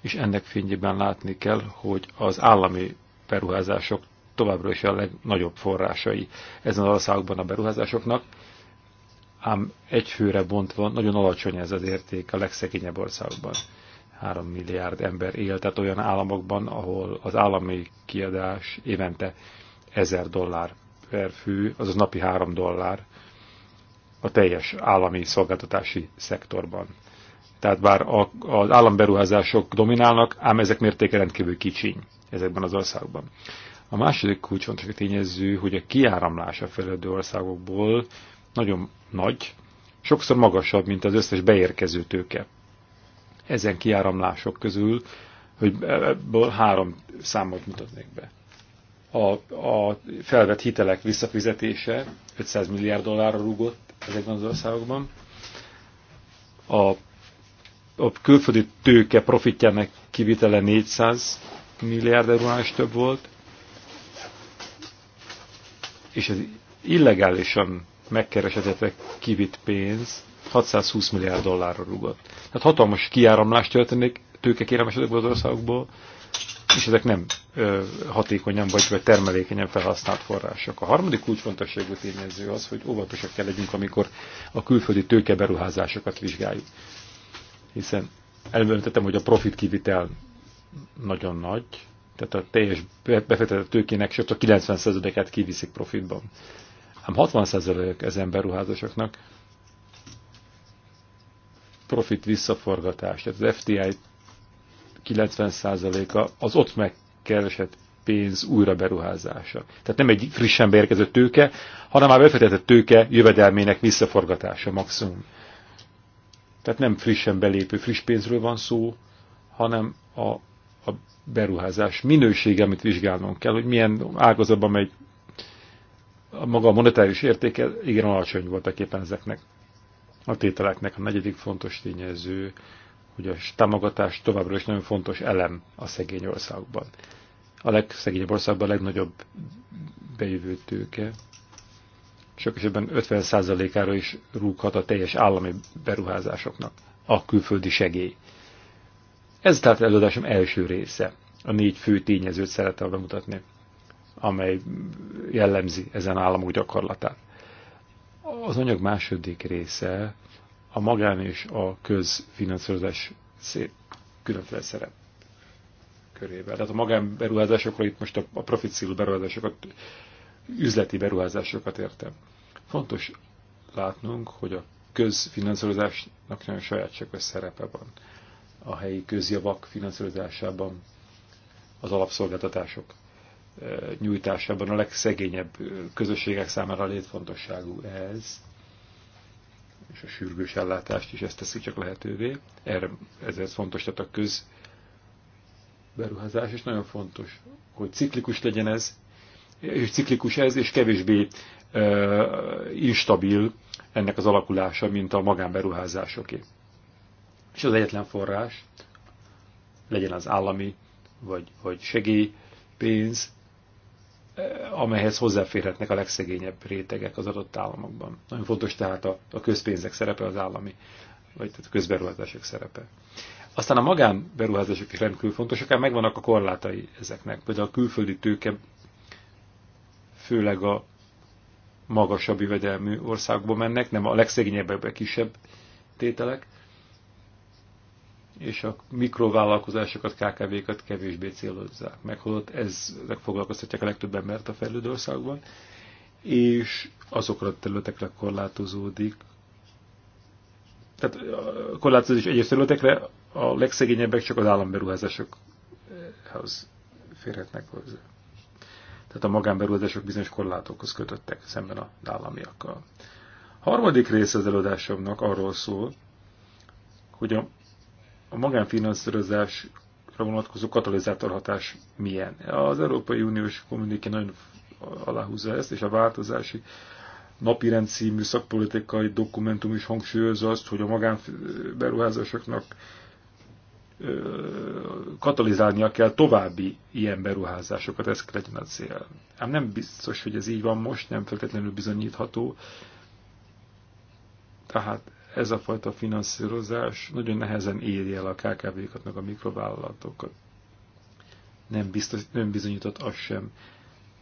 és ennek fényében látni kell, hogy az állami beruházások továbbra is a legnagyobb forrásai ezen az országokban a beruházásoknak, ám egy főre bontva nagyon alacsony ez az érték a legszegényebb országban. 3 milliárd ember él, tehát olyan államokban, ahol az állami kiadás évente 1000 dollár per fő, azaz napi 3 dollár a teljes állami szolgáltatási szektorban. Tehát bár a, az államberuházások dominálnak, ám ezek mértéke rendkívül kicsiny ezekben az országokban. A második kulcsfontosság tényező, hogy a kiáramlás a fejlődő országokból nagyon nagy, sokszor magasabb, mint az összes beérkező tőke ezen kiáramlások közül, hogy ebből három számot mutatnék be. A, a felvett hitelek visszafizetése 500 milliárd dollárra rúgott ezekben az országokban. A, a külföldi tőke profitjának kivitele 400 milliárd eurónál is több volt, és az illegálisan megkeresetetre kivitt pénz 620 milliárd dollárra rugott. Tehát hatalmas kiáramlást történik tőkekérelmes ezekből az országokból, és ezek nem ö, hatékonyan vagy, vagy termelékenyen felhasznált források. A harmadik kulcsfontosságú tényező az, hogy óvatosak kell legyünk, amikor a külföldi tőkeberuházásokat vizsgáljuk. Hiszen elmondtam, hogy a profit kivitel nagyon nagy, tehát a teljes befektetett tőkének csak a 90 et kiviszik profitban ám 60% ezen beruházásoknak profit visszaforgatás, tehát az FTI 90%-a az ott megkeresett pénz újra beruházása. Tehát nem egy frissen beérkező tőke, hanem már befektetett tőke jövedelmének visszaforgatása maximum. Tehát nem frissen belépő friss pénzről van szó, hanem a, a beruházás minősége, amit vizsgálnunk kell, hogy milyen ágazatban megy a maga a monetáris értéke igen alacsony voltak éppen ezeknek a tételeknek. A negyedik fontos tényező, hogy a támogatás továbbra is nagyon fontos elem a szegény országban. A legszegényebb országban a legnagyobb bejövő tőke, sok esetben 50%-ára is rúghat a teljes állami beruházásoknak a külföldi segély. Ez tehát előadásom első része. A négy fő tényezőt szerettem bemutatni, amely jellemzi ezen államok gyakorlatát. Az anyag második része a magán és a közfinanszírozás szép különféle szerep körével. Tehát a beruházásokról itt most a profit célú beruházásokat, üzleti beruházásokat értem. Fontos látnunk, hogy a közfinanszírozásnak nagyon sajátságos szerepe van a helyi közjavak finanszírozásában, az alapszolgáltatások nyújtásában a legszegényebb közösségek számára létfontosságú ez, és a sürgős ellátást is ezt teszik csak lehetővé. Erre, ezért fontos, tehát a köz beruházás, és nagyon fontos, hogy ciklikus legyen ez, és ciklikus ez, és kevésbé ö, instabil ennek az alakulása, mint a magánberuházásoké. És az egyetlen forrás, legyen az állami, vagy, vagy segély, pénz, Eh, amelyhez hozzáférhetnek a legszegényebb rétegek az adott államokban. Nagyon fontos tehát a, a közpénzek szerepe, az állami, vagy tehát a közberuházások szerepe. Aztán a magánberuházások is rendkívül fontosak, akár megvannak a korlátai ezeknek. Például a külföldi tőke, főleg a magasabb jövedelmű országba mennek, nem a legszegényebbek, kisebb tételek és a mikrovállalkozásokat, KKV-kat kevésbé célozzák meg, holott ezek foglalkoztatják a legtöbb embert a fejlődő országban, és azokra a területekre korlátozódik. Tehát a korlátozás egyes területekre a legszegényebbek csak az államberuházásokhoz férhetnek hozzá. Tehát a magánberuházások bizonyos korlátokhoz kötöttek szemben az államiakkal. A harmadik része az előadásomnak arról szól, hogy a a magánfinanszírozásra vonatkozó katalizátorhatás milyen. Az Európai Uniós kommuniké nagyon aláhúzza ezt, és a változási napirend című szakpolitikai dokumentum is hangsúlyozza azt, hogy a magánberuházásoknak katalizálnia kell további ilyen beruházásokat, ez legyen a cél. Ám nem biztos, hogy ez így van most, nem feltétlenül bizonyítható. Tehát ez a fajta finanszírozás nagyon nehezen éri el a KKV-kat, meg a mikrovállalatokat. Nem, biztos, nem bizonyított az sem,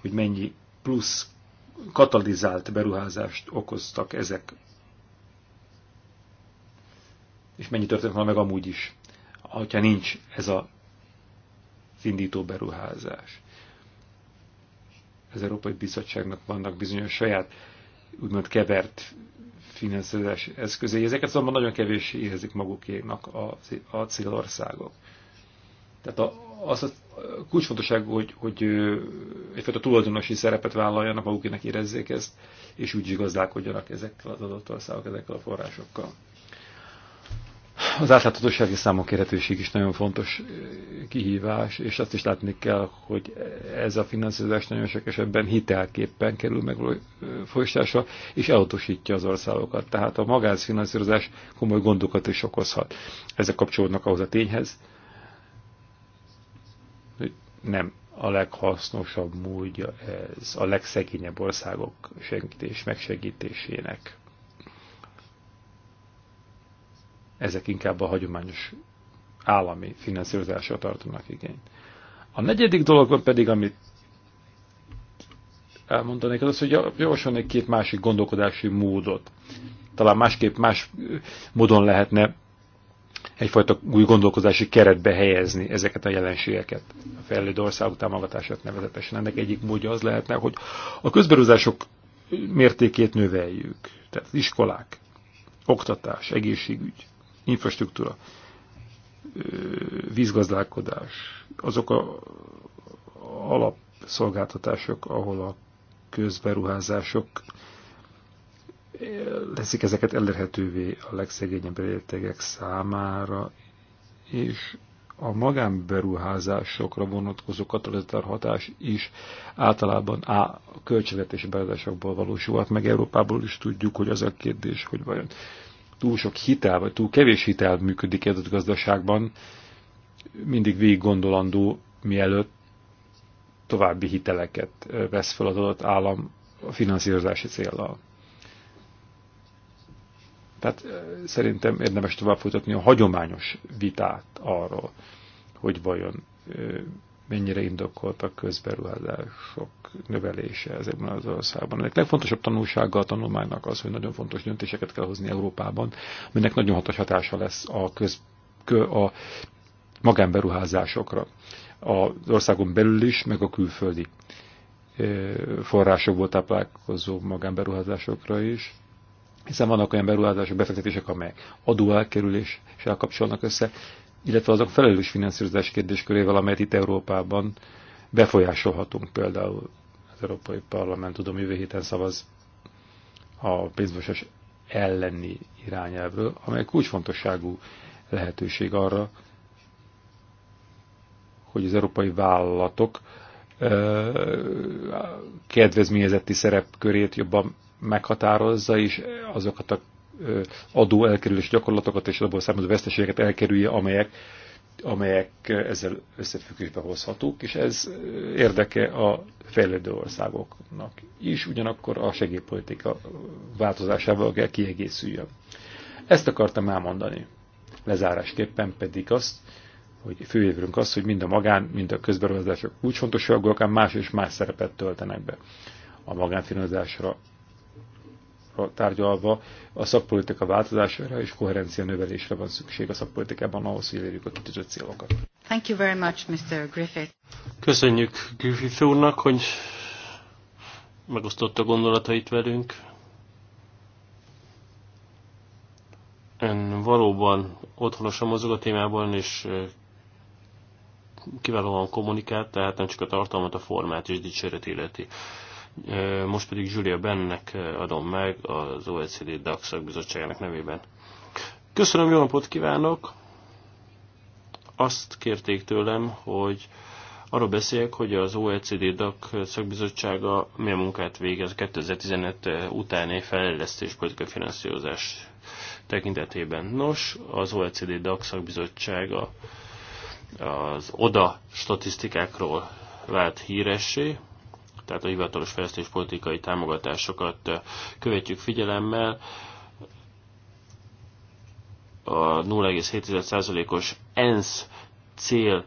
hogy mennyi plusz katalizált beruházást okoztak ezek. És mennyi történt volna meg amúgy is, ha nincs ez a indító beruházás. Az Európai Bizottságnak vannak bizonyos saját úgymond kevert finanszírozás eszközei. Ezeket azonban nagyon kevés érzik magukénak a, a célországok. Tehát a, az a kulcsfontosság, hogy, hogy egyfajta tulajdonosi szerepet vállaljanak, magukének érezzék ezt, és úgy gazdálkodjanak ezekkel az adott országok, ezekkel a forrásokkal az átláthatósági számok érhetőség is nagyon fontos eh, kihívás, és azt is látni kell, hogy ez a finanszírozás nagyon sok esetben hitelképpen kerül meg eh, folyosításra, és elutasítja az országokat. Tehát a magánfinanszírozás komoly gondokat is okozhat. Ezek kapcsolódnak ahhoz a tényhez, hogy nem a leghasznosabb módja ez a legszegényebb országok segítés megsegítésének. ezek inkább a hagyományos állami finanszírozásra tartanak igényt. A negyedik dolog pedig, amit elmondanék, az, hogy javasolnék két másik gondolkodási módot. Talán másképp, más módon lehetne egyfajta új gondolkodási keretbe helyezni ezeket a jelenségeket. A fejlődő országok támogatását nevezetesen. Ennek egyik módja az lehetne, hogy a közberúzások mértékét növeljük. Tehát iskolák, oktatás, egészségügy, infrastruktúra, vízgazdálkodás, azok a alapszolgáltatások, ahol a közberuházások leszik ezeket elérhetővé a legszegényebb rétegek számára, és a magánberuházásokra vonatkozó katalizátor hatás is általában a költségvetési beadásokból valósulhat, meg Európából is tudjuk, hogy az a kérdés, hogy vajon túl sok hitel, vagy túl kevés hitel működik ez a gazdaságban, mindig végig gondolandó, mielőtt további hiteleket vesz fel az adott állam a finanszírozási céllal. Tehát eh, szerintem érdemes tovább folytatni a hagyományos vitát arról, hogy vajon eh, mennyire indokoltak közberuházások növelése ezekben az országban. Ennek legfontosabb tanulsága a tanulmánynak az, hogy nagyon fontos döntéseket kell hozni Európában, aminek nagyon hatos hatása lesz a, köz, kö, a magánberuházásokra. Az országon belül is, meg a külföldi forrásokból táplálkozó magánberuházásokra is, hiszen vannak olyan beruházások, befektetések, amelyek adóelkerüléssel kapcsolnak össze, illetve azok felelős finanszírozás kérdéskörével, amelyet itt Európában befolyásolhatunk. Például az Európai Parlament, tudom, jövő héten szavaz a pénzmosás elleni irányelvről, amely kulcsfontosságú lehetőség arra, hogy az európai vállalatok kedvezményezetti szerepkörét jobban meghatározza, és azokat a adó elkerülés gyakorlatokat és abból származó veszteségeket elkerülje, amelyek, amelyek ezzel összefüggésbe hozhatók, és ez érdeke a fejlődő országoknak is, ugyanakkor a segélypolitika változásával kell kiegészüljön. Ezt akartam elmondani. Lezárásképpen pedig azt, hogy főjövünk az, hogy mind a magán, mind a közberuházások kulcsfontosságúak, más és más szerepet töltenek be. A magánfinanszírozásra tárgyalva a szakpolitika változására és koherencia növelésre van szükség a szakpolitikában ahhoz, hogy elérjük a kitűzött célokat. Thank you very much, Mr. Griffith. Köszönjük Griffith úrnak, hogy megosztotta gondolatait velünk. Ön valóban otthonosan mozog a témában, és kiválóan kommunikált, tehát nem csak a tartalmat, a formát is dicséret illeti. Most pedig Julia Bennek adom meg az OECD DAX szakbizottságának nevében. Köszönöm, jó napot kívánok! Azt kérték tőlem, hogy arról beszéljek, hogy az OECD DAC szakbizottsága milyen munkát végez 2015 utáni fejlesztés politikai finanszírozás tekintetében. Nos, az OECD DAC szakbizottsága az ODA statisztikákról vált híressé, tehát a hivatalos politikai támogatásokat eh, követjük figyelemmel. A 0,7%-os ENSZ cél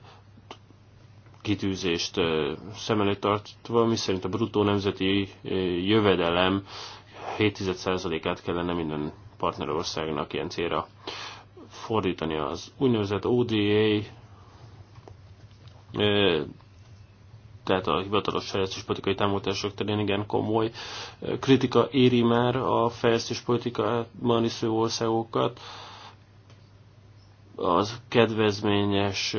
kitűzést eh, szem előtt tartva, miszerint a bruttó nemzeti eh, jövedelem 7%-át kellene minden partnerországnak ilyen célra fordítani az úgynevezett ODA tehát a hivatalos politikai támogatások terén igen komoly kritika éri már a politikában is országokat. Az kedvezményes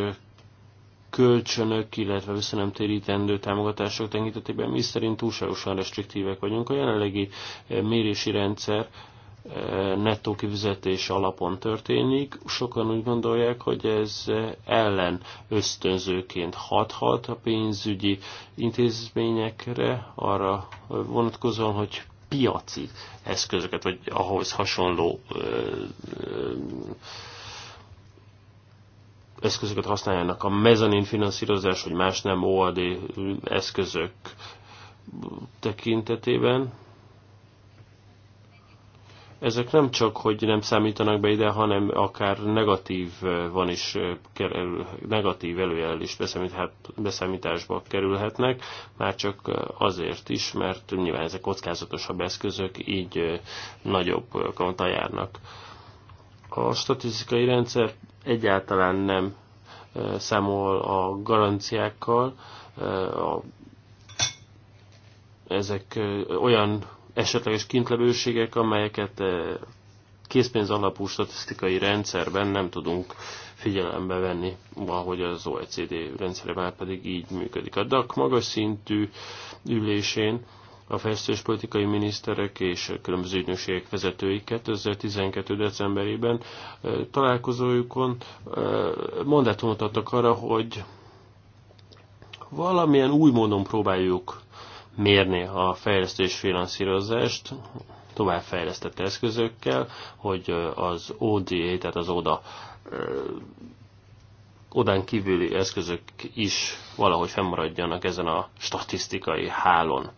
kölcsönök, illetve visszanemtérítendő támogatások tekintetében mi szerint túlságosan restriktívek vagyunk. A jelenlegi mérési rendszer nettó kifizetés alapon történik. Sokan úgy gondolják, hogy ez ellen ösztönzőként hathat a pénzügyi intézményekre, arra vonatkozóan, hogy piaci eszközöket, vagy ahhoz hasonló eszközöket használjanak. A mezanin finanszírozás, vagy más nem OAD eszközök tekintetében ezek nem csak, hogy nem számítanak be ide, hanem akár negatív eh, van is, eh, kerül, negatív előjel is beszámításba kerülhetnek, már csak eh, azért is, mert nyilván ezek kockázatosabb eszközök, így nagyobb konta járnak. A statisztikai rendszer egyáltalán nem számol a garanciákkal, a, ezek olyan esetleges kintlevőségek, amelyeket eh, készpénz alapú statisztikai rendszerben nem tudunk figyelembe venni, ahogy az OECD rendszere már pedig így működik. A DAC magas szintű ülésén a fejlesztős politikai miniszterek és különböző ügynökségek vezetői 2012. decemberében eh, találkozójukon eh, mondatot adtak arra, hogy valamilyen új módon próbáljuk mérni a fejlesztés finanszírozást továbbfejlesztett eszközökkel, hogy az ODA, tehát az ODA odán kívüli eszközök is valahogy fennmaradjanak ezen a statisztikai hálon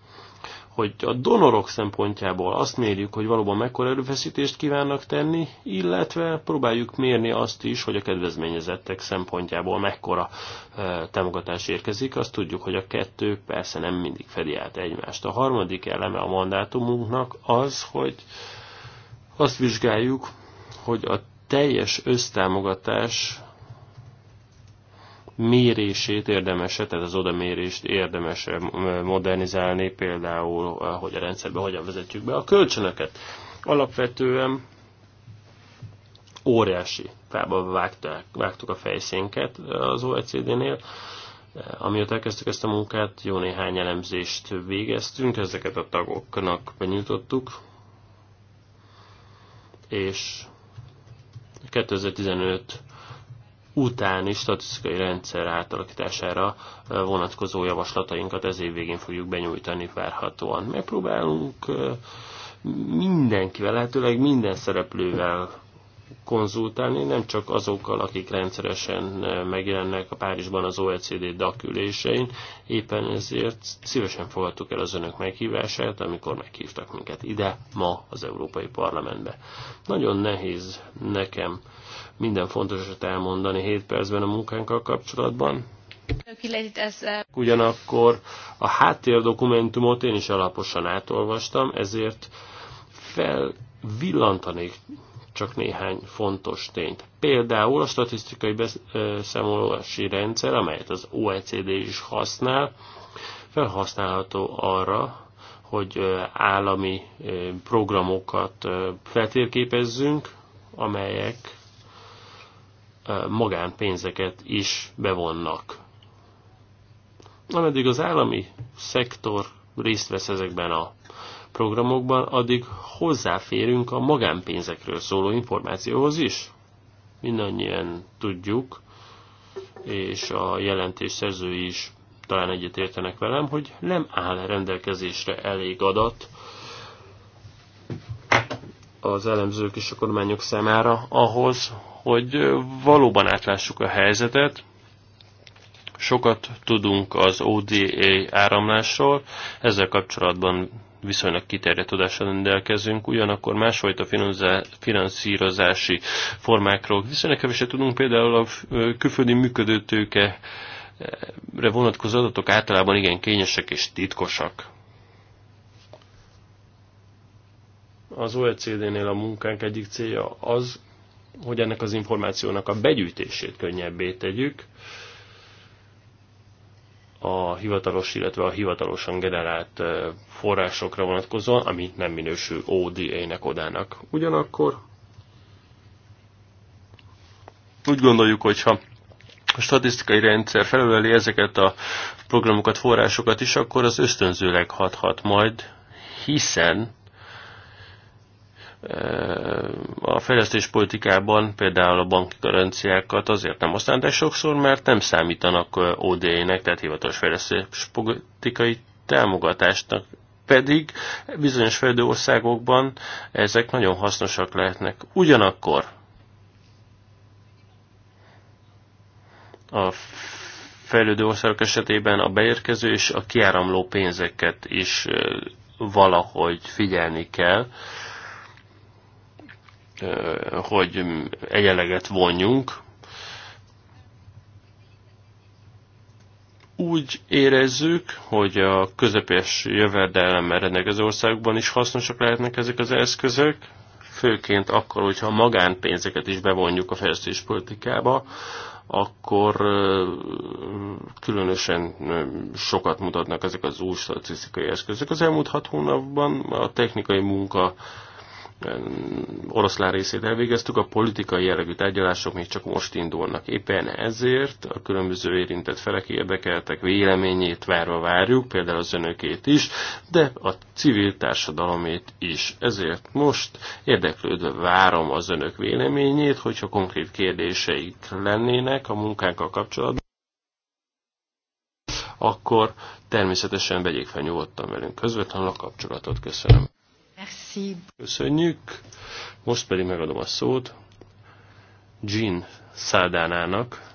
hogy a donorok szempontjából azt mérjük, hogy valóban mekkora erőfeszítést kívánnak tenni, illetve próbáljuk mérni azt is, hogy a kedvezményezettek szempontjából mekkora e, támogatás érkezik. Azt tudjuk, hogy a kettő persze nem mindig fedi át egymást. A harmadik eleme a mandátumunknak az, hogy azt vizsgáljuk, hogy a teljes össztámogatás mérését érdemese, tehát az odamérést érdemes modernizálni, például, eh, hogy a rendszerbe hogyan vezetjük be a kölcsönöket. Alapvetően óriási fába vágták, vágtuk a fejszénket eh, az OECD-nél, eh, Amióta elkezdtük ezt a munkát, jó néhány elemzést végeztünk, ezeket a tagoknak benyújtottuk, és 2015 utáni statisztikai rendszer átalakítására vonatkozó javaslatainkat ez év végén fogjuk benyújtani várhatóan. Megpróbálunk mindenkivel, lehetőleg minden szereplővel konzultálni, nem csak azokkal, akik rendszeresen eh, megjelennek a Párizsban az OECD DAC ülésein. Éppen ezért szívesen fogadtuk el az önök meghívását, amikor meghívtak minket ide, ma az Európai Parlamentbe. Nagyon nehéz nekem minden fontosat elmondani 7 percben a munkánkkal kapcsolatban. Ugyanakkor a háttérdokumentumot én is alaposan átolvastam, ezért felvillantanék csak néhány fontos tényt. Például a statisztikai beszámolási rendszer, amelyet az OECD is használ, felhasználható arra, hogy állami programokat feltérképezzünk, amelyek magánpénzeket is bevonnak. Ameddig az állami szektor részt vesz ezekben a programokban, addig hozzáférünk a magánpénzekről szóló információhoz is. Mindannyian tudjuk, és a jelentés szerzői is talán egyetértenek velem, hogy nem áll rendelkezésre elég adat az elemzők és a kormányok számára ahhoz, hogy valóban átlássuk a helyzetet, sokat tudunk az ODA áramlásról, ezzel kapcsolatban viszonylag kiterjedt tudással rendelkezünk, ugyanakkor másfajta finanszírozási formákról viszonylag keveset tudunk, például a külföldi működőtőke vonatkozó adatok általában igen kényesek és titkosak. Az OECD-nél a munkánk egyik célja az, hogy ennek az információnak a begyűjtését könnyebbé tegyük, a hivatalos, illetve a hivatalosan generált forrásokra vonatkozóan, ami nem minősül ODA-nek, odának. Ugyanakkor úgy gondoljuk, hogyha a statisztikai rendszer felüleli ezeket a programokat, forrásokat is, akkor az ösztönzőleg hathat majd, hiszen a fejlesztéspolitikában például a banki garanciákat azért nem használták sokszor, mert nem számítanak ODA-nek, tehát hivatalos fejlesztéspolitikai támogatásnak pedig bizonyos fejlődő országokban ezek nagyon hasznosak lehetnek. Ugyanakkor a fejlődő országok esetében a beérkező és a kiáramló pénzeket is valahogy figyelni kell hogy egyeleget vonjunk. Úgy érezzük, hogy a közepes jövedelemmel rendelkező országokban is hasznosak lehetnek ezek az eszközök, főként akkor, hogyha a magánpénzeket is bevonjuk a fejlesztéspolitikába, akkor különösen sokat mutatnak ezek az új statisztikai eszközök. Az elmúlt hat hónapban a technikai munka oroszlán részét elvégeztük, a politikai jellegű tárgyalások még csak most indulnak. Éppen ezért a különböző érintett felek érdekeltek véleményét várva várjuk, például az önökét is, de a civil társadalomét is. Ezért most érdeklődve várom az önök véleményét, hogyha konkrét kérdéseik lennének a munkánkkal kapcsolatban, akkor természetesen vegyék fel nyugodtan velünk közvetlenül a kapcsolatot. Köszönöm. Merci. Köszönjük. Most pedig megadom a szót Jean Szádánának.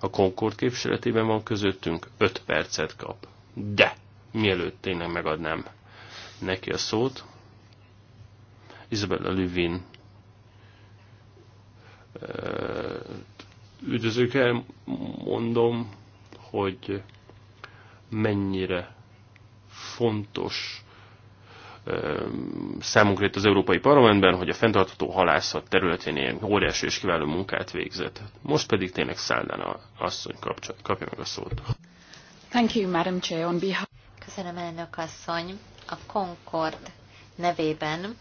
A Concord képviseletében van közöttünk, 5 percet kap. De mielőtt tényleg megadnám neki a szót, Isabella Lüvin eh, üdvözőkkel mondom, hogy mennyire fontos számunkra itt az Európai Parlamentben, hogy a fenntartható halászat területén ilyen óriási és kiváló munkát végzett. Most pedig tényleg Száldán a asszony kapja meg a szót. Thank you, Madam Chair, on behalf... Köszönöm, elnök asszony. A Concord nevében,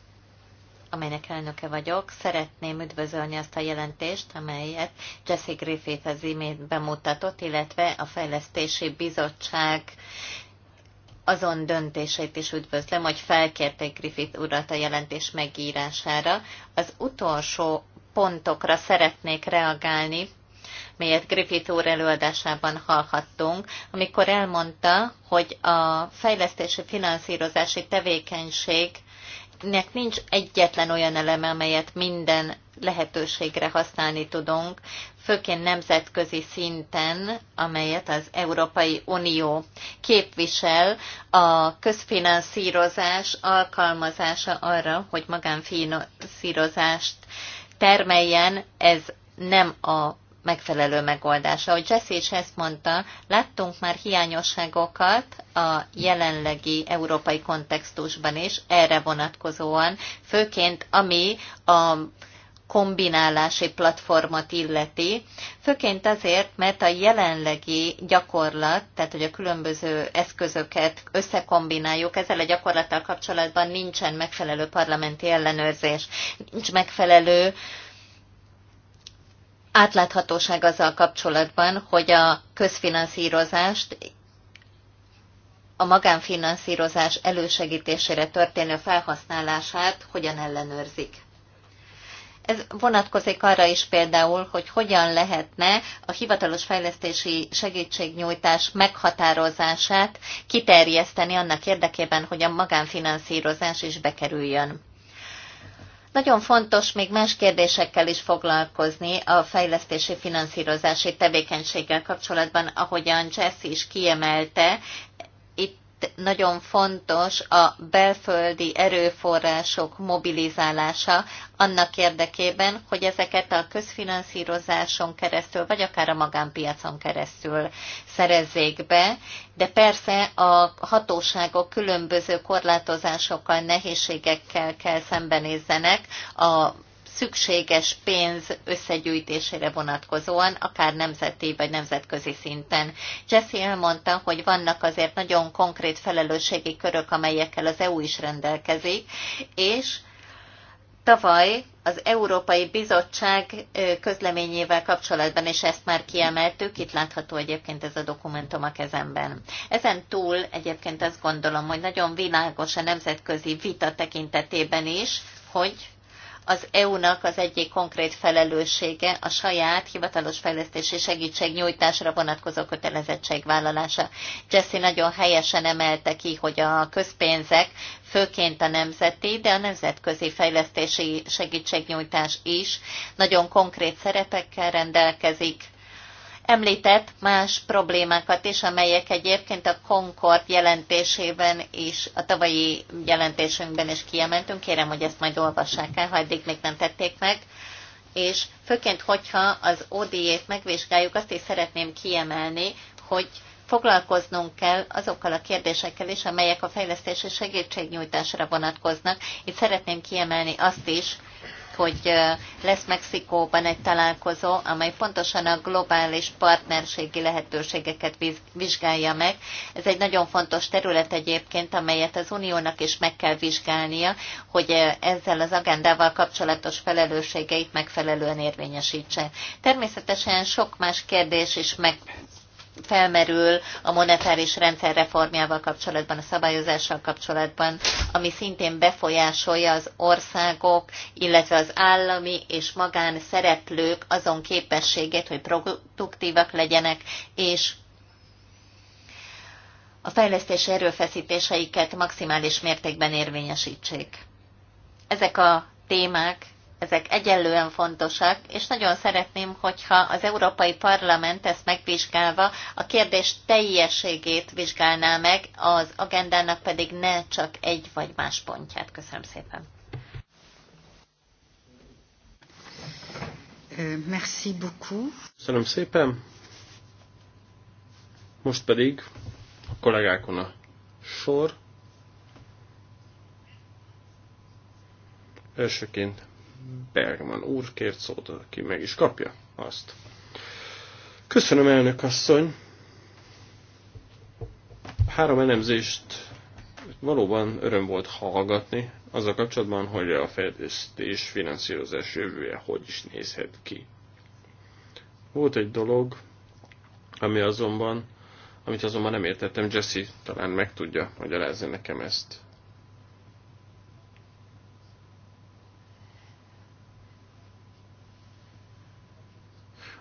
amelynek elnöke vagyok, szeretném üdvözölni azt a jelentést, amelyet Jesse Griffith az imént bemutatott, illetve a Fejlesztési Bizottság azon döntését is üdvözlöm, hogy felkérték Griffith urat a jelentés megírására. Az utolsó pontokra szeretnék reagálni, melyet Griffith úr előadásában hallhattunk, amikor elmondta, hogy a fejlesztési finanszírozási tevékenység nek nincs egyetlen olyan eleme, amelyet minden lehetőségre használni tudunk főként nemzetközi szinten, amelyet az Európai Unió képvisel, a közfinanszírozás alkalmazása arra, hogy magánfinanszírozást termeljen, ez nem a megfelelő megoldása. Ahogy Jesse is ezt mondta, láttunk már hiányosságokat a jelenlegi európai kontextusban is, erre vonatkozóan, főként ami a kombinálási platformot illeti, főként azért, mert a jelenlegi gyakorlat, tehát hogy a különböző eszközöket összekombináljuk, ezzel a gyakorlattal kapcsolatban nincsen megfelelő parlamenti ellenőrzés, nincs megfelelő átláthatóság azzal kapcsolatban, hogy a közfinanszírozást a magánfinanszírozás elősegítésére történő felhasználását hogyan ellenőrzik. Ez vonatkozik arra is például, hogy hogyan lehetne a hivatalos fejlesztési segítségnyújtás meghatározását kiterjeszteni annak érdekében, hogy a magánfinanszírozás is bekerüljön. Nagyon fontos még más kérdésekkel is foglalkozni a fejlesztési finanszírozási tevékenységgel kapcsolatban, ahogyan Jesse is kiemelte, nagyon fontos a belföldi erőforrások mobilizálása annak érdekében, hogy ezeket a közfinanszírozáson keresztül, vagy akár a magánpiacon keresztül szerezzék be, de persze a hatóságok különböző korlátozásokkal, nehézségekkel kell szembenézzenek a szükséges pénz összegyűjtésére vonatkozóan, akár nemzeti vagy nemzetközi szinten. Jesse elmondta, hogy vannak azért nagyon konkrét felelősségi körök, amelyekkel az EU is rendelkezik, és Tavaly az Európai Bizottság közleményével kapcsolatban, és ezt már kiemeltük, itt látható egyébként ez a dokumentum a kezemben. Ezen túl egyébként azt gondolom, hogy nagyon világos a nemzetközi vita tekintetében is, hogy az EU-nak az egyik konkrét felelőssége a saját hivatalos fejlesztési segítségnyújtásra vonatkozó vállalása. Jesse nagyon helyesen emelte ki, hogy a közpénzek főként a nemzeti, de a nemzetközi fejlesztési segítségnyújtás is nagyon konkrét szerepekkel rendelkezik, említett más problémákat is, amelyek egyébként a Concord jelentésében és a tavalyi jelentésünkben is kiemeltünk. Kérem, hogy ezt majd olvassák el, ha eddig még nem tették meg. És főként, hogyha az ODI-t megvizsgáljuk, azt is szeretném kiemelni, hogy foglalkoznunk kell azokkal a kérdésekkel is, amelyek a fejlesztési segítségnyújtásra vonatkoznak. Itt szeretném kiemelni azt is, hogy lesz Mexikóban egy találkozó, amely pontosan a globális partnerségi lehetőségeket vizsgálja meg. Ez egy nagyon fontos terület egyébként, amelyet az Uniónak is meg kell vizsgálnia, hogy ezzel az agendával kapcsolatos felelősségeit megfelelően érvényesítse. Természetesen sok más kérdés is meg felmerül a monetáris rendszer reformjával kapcsolatban, a szabályozással kapcsolatban, ami szintén befolyásolja az országok, illetve az állami és magán szereplők azon képességét, hogy produktívak legyenek, és a fejlesztési erőfeszítéseiket maximális mértékben érvényesítsék. Ezek a témák ezek egyenlően fontosak, és nagyon szeretném, hogyha az Európai Parlament ezt megvizsgálva a kérdés teljességét vizsgálná meg, az agendának pedig ne csak egy vagy más pontját. Köszönöm szépen. Merci beaucoup. Köszönöm szépen. Most pedig a kollégákon a sor. Elsőként Bergman úr kért szót, aki meg is kapja azt. Köszönöm, elnök asszony! Három elemzést valóban öröm volt hallgatni, azzal kapcsolatban, hogy a fejlesztés finanszírozás jövője hogy is nézhet ki. Volt egy dolog, ami azonban, amit azonban nem értettem, Jesse talán meg tudja magyarázni nekem ezt.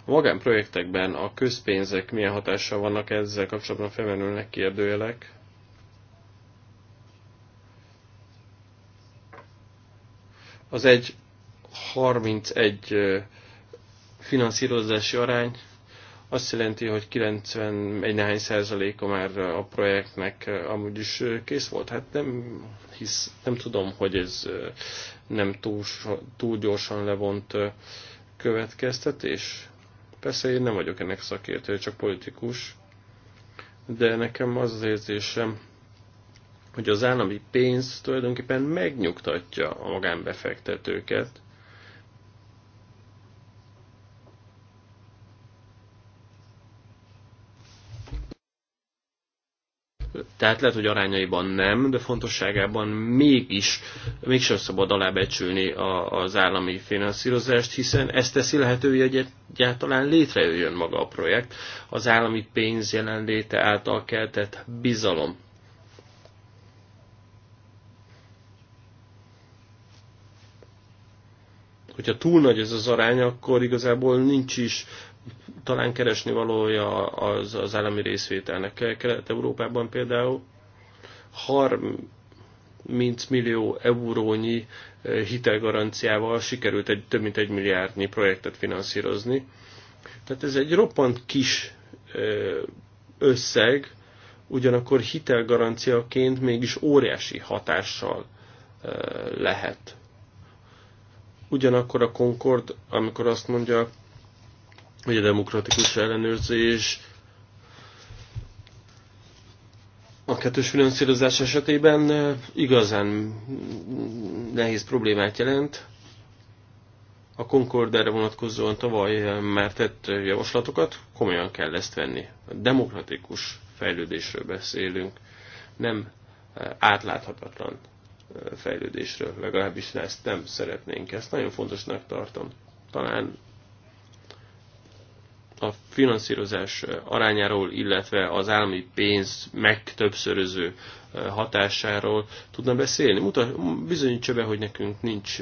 A magánprojektekben a közpénzek milyen hatással vannak ezzel kapcsolatban felmerülnek kérdőjelek. Az egy 31 finanszírozási arány azt jelenti, hogy 91 nehány százaléka már a projektnek amúgy is kész volt. Hát nem hisz, nem tudom, hogy ez nem túl, túl gyorsan levont következtetés. Persze én nem vagyok ennek szakértő, csak politikus, de nekem az az érzésem, hogy az állami pénz tulajdonképpen megnyugtatja a magánbefektetőket, Tehát lehet, hogy arányaiban nem, de fontosságában mégis, mégsem szabad alábecsülni az állami finanszírozást, hiszen ezt teszi lehetővé, hogy egyáltalán létrejöjjön maga a projekt. Az állami pénz jelenléte által keltett bizalom. Hogyha túl nagy ez az arány, akkor igazából nincs is talán keresni valója az, az állami részvételnek. Kelet-Európában például 30 millió eurónyi eh, hitelgaranciával sikerült egy, több mint egy milliárdnyi projektet finanszírozni. Tehát ez egy roppant kis eh, összeg, ugyanakkor hitelgaranciaként mégis óriási hatással eh, lehet. Ugyanakkor a Concord, amikor azt mondja hogy a demokratikus ellenőrzés a kettős finanszírozás esetében igazán nehéz problémát jelent. A Concord erre vonatkozóan tavaly már tett javaslatokat, komolyan kell ezt venni. A demokratikus fejlődésről beszélünk, nem átláthatatlan fejlődésről, legalábbis ezt nem szeretnénk, ezt nagyon fontosnak tartom. Talán a finanszírozás arányáról, illetve az állami pénz megtöbbszöröző hatásáról tudna beszélni. Mutat, bizonyítsa be, hogy nekünk nincs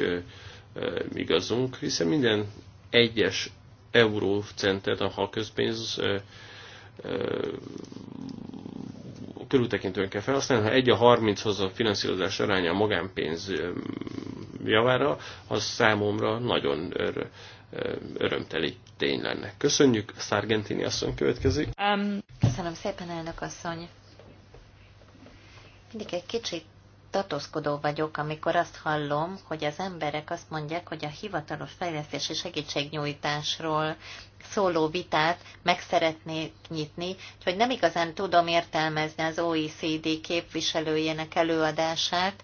igazunk, hiszen minden egyes eurócentet, ha a közpénz körültekintően kell felhasználni. Ha egy a 30-hoz a finanszírozás aránya a magánpénz javára, az számomra nagyon örök örömteli tény lenne. Köszönjük, Szárgentini asszony következik. Um, köszönöm szépen, elnök asszony. Mindig egy kicsit tartózkodó vagyok, amikor azt hallom, hogy az emberek azt mondják, hogy a hivatalos fejlesztési segítségnyújtásról szóló vitát meg szeretnék nyitni, hogy nem igazán tudom értelmezni az OECD képviselőjének előadását,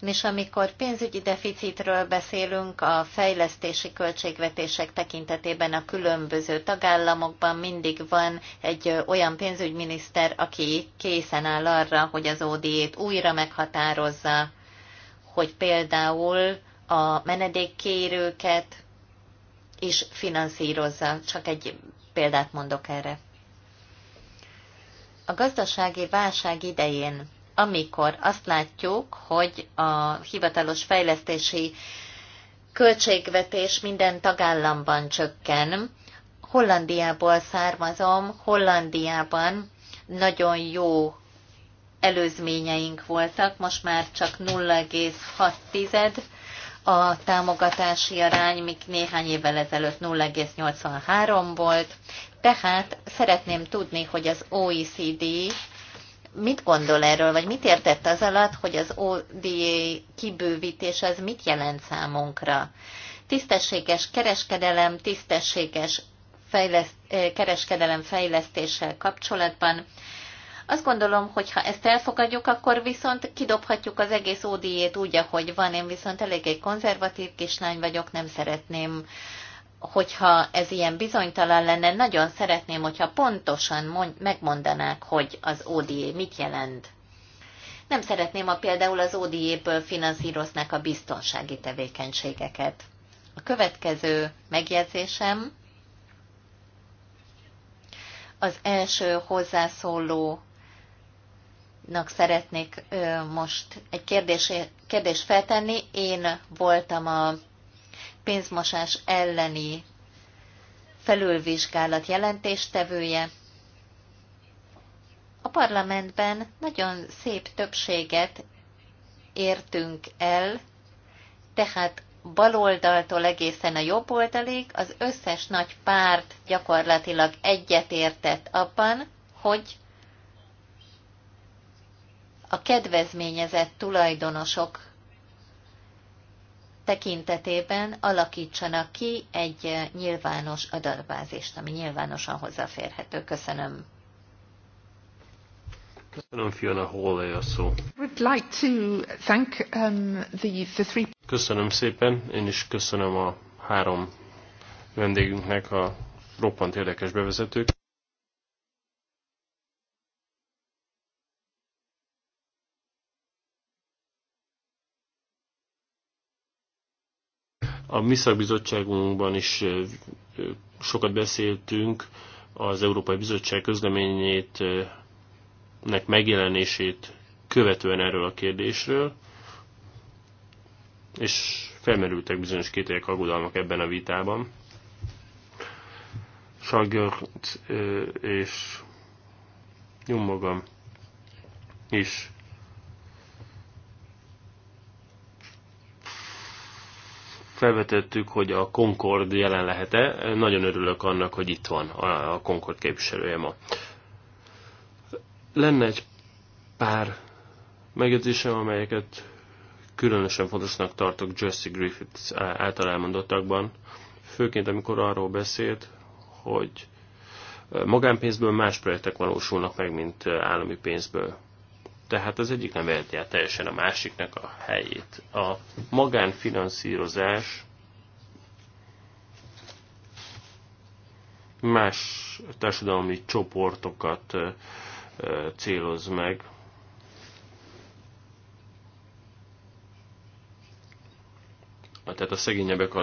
és amikor pénzügyi deficitről beszélünk, a fejlesztési költségvetések tekintetében a különböző tagállamokban mindig van egy olyan pénzügyminiszter, aki készen áll arra, hogy az ODI-t újra meghatározza, hogy például a menedékkérőket is finanszírozza. Csak egy példát mondok erre. A gazdasági válság idején amikor azt látjuk, hogy a hivatalos fejlesztési költségvetés minden tagállamban csökken. Hollandiából származom, Hollandiában nagyon jó előzményeink voltak, most már csak 0,6 a támogatási arány, míg néhány évvel ezelőtt 0,83 volt. Tehát szeretném tudni, hogy az OECD mit gondol erről, vagy mit értett az alatt, hogy az ODA kibővítés az mit jelent számunkra? Tisztességes kereskedelem, tisztességes fejleszt, eh, kereskedelem fejlesztéssel kapcsolatban. Azt gondolom, hogy ha ezt elfogadjuk, akkor viszont kidobhatjuk az egész odi úgy, ahogy van. Én viszont eléggé konzervatív kislány vagyok, nem szeretném hogyha ez ilyen bizonytalan lenne, nagyon szeretném, hogyha pontosan mond, megmondanák, hogy az ODA mit jelent. Nem szeretném, ha például az ODA-ből finanszíroznák a biztonsági tevékenységeket. A következő megjegyzésem az első hozzászóló nak szeretnék most egy kérdés, kérdést feltenni. Én voltam a pénzmosás elleni felülvizsgálat jelentéstevője. A parlamentben nagyon szép többséget értünk el, tehát baloldaltól egészen a jobb oldalig az összes nagy párt gyakorlatilag egyetértett abban, hogy a kedvezményezett tulajdonosok tekintetében alakítsanak ki egy eh, nyilvános adatbázist, ami nyilvánosan hozzáférhető. Köszönöm. Köszönöm, Fiona Halley a szó. Would like to thank, um, the, three... Köszönöm szépen, én is köszönöm a három vendégünknek a roppant érdekes bevezetők. A mi szakbizottságunkban is sokat beszéltünk az Európai Bizottság közleményét nek megjelenését követően erről a kérdésről, és felmerültek bizonyos kételyek aggodalmak ebben a vitában. Sajgört és jó magam is felvetettük, hogy a Concord jelen lehet-e. Nagyon örülök annak, hogy itt van a Concord képviselője ma. Lenne egy pár megjegyzésem, amelyeket különösen fontosnak tartok Jesse Griffiths által elmondottakban, főként amikor arról beszélt, hogy magánpénzből más projektek valósulnak meg, mint állami pénzből. Tehát az egyik nem veheti el teljesen a másiknak a helyét. A magánfinanszírozás más társadalmi csoportokat céloz meg. Tehát a szegényebbek a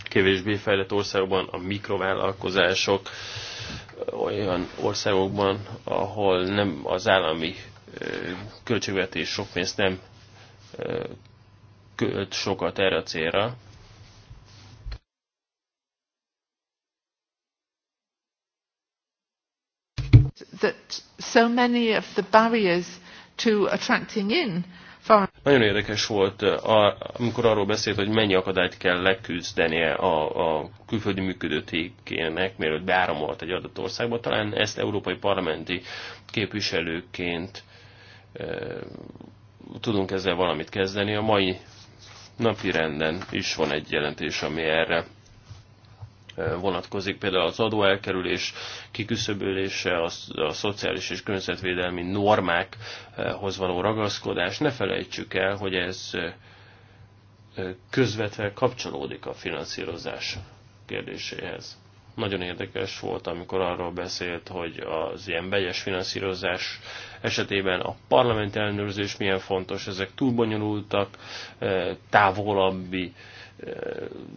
legkevésbé fejlett országokban, a mikrovállalkozások olyan országokban, ahol nem az állami költségvetés sok pénzt nem költ sokat erre a célra. That so many of the barriers to attracting in nagyon érdekes volt, amikor arról beszélt, hogy mennyi akadályt kell leküzdenie a, a külföldi működőtékének, mielőtt beáramolt egy adott országba. Talán ezt európai parlamenti képviselőként tudunk ezzel valamit kezdeni. A mai napi renden is van egy jelentés, ami erre vonatkozik, például az adóelkerülés kiküszöbölése, a, a szociális és környezetvédelmi normákhoz való ragaszkodás. Ne felejtsük el, hogy ez közvetve kapcsolódik a finanszírozás kérdéséhez. Nagyon érdekes volt, amikor arról beszélt, hogy az ilyen vegyes finanszírozás esetében a parlament ellenőrzés milyen fontos, ezek túl bonyolultak, eh, távolabbi, eh,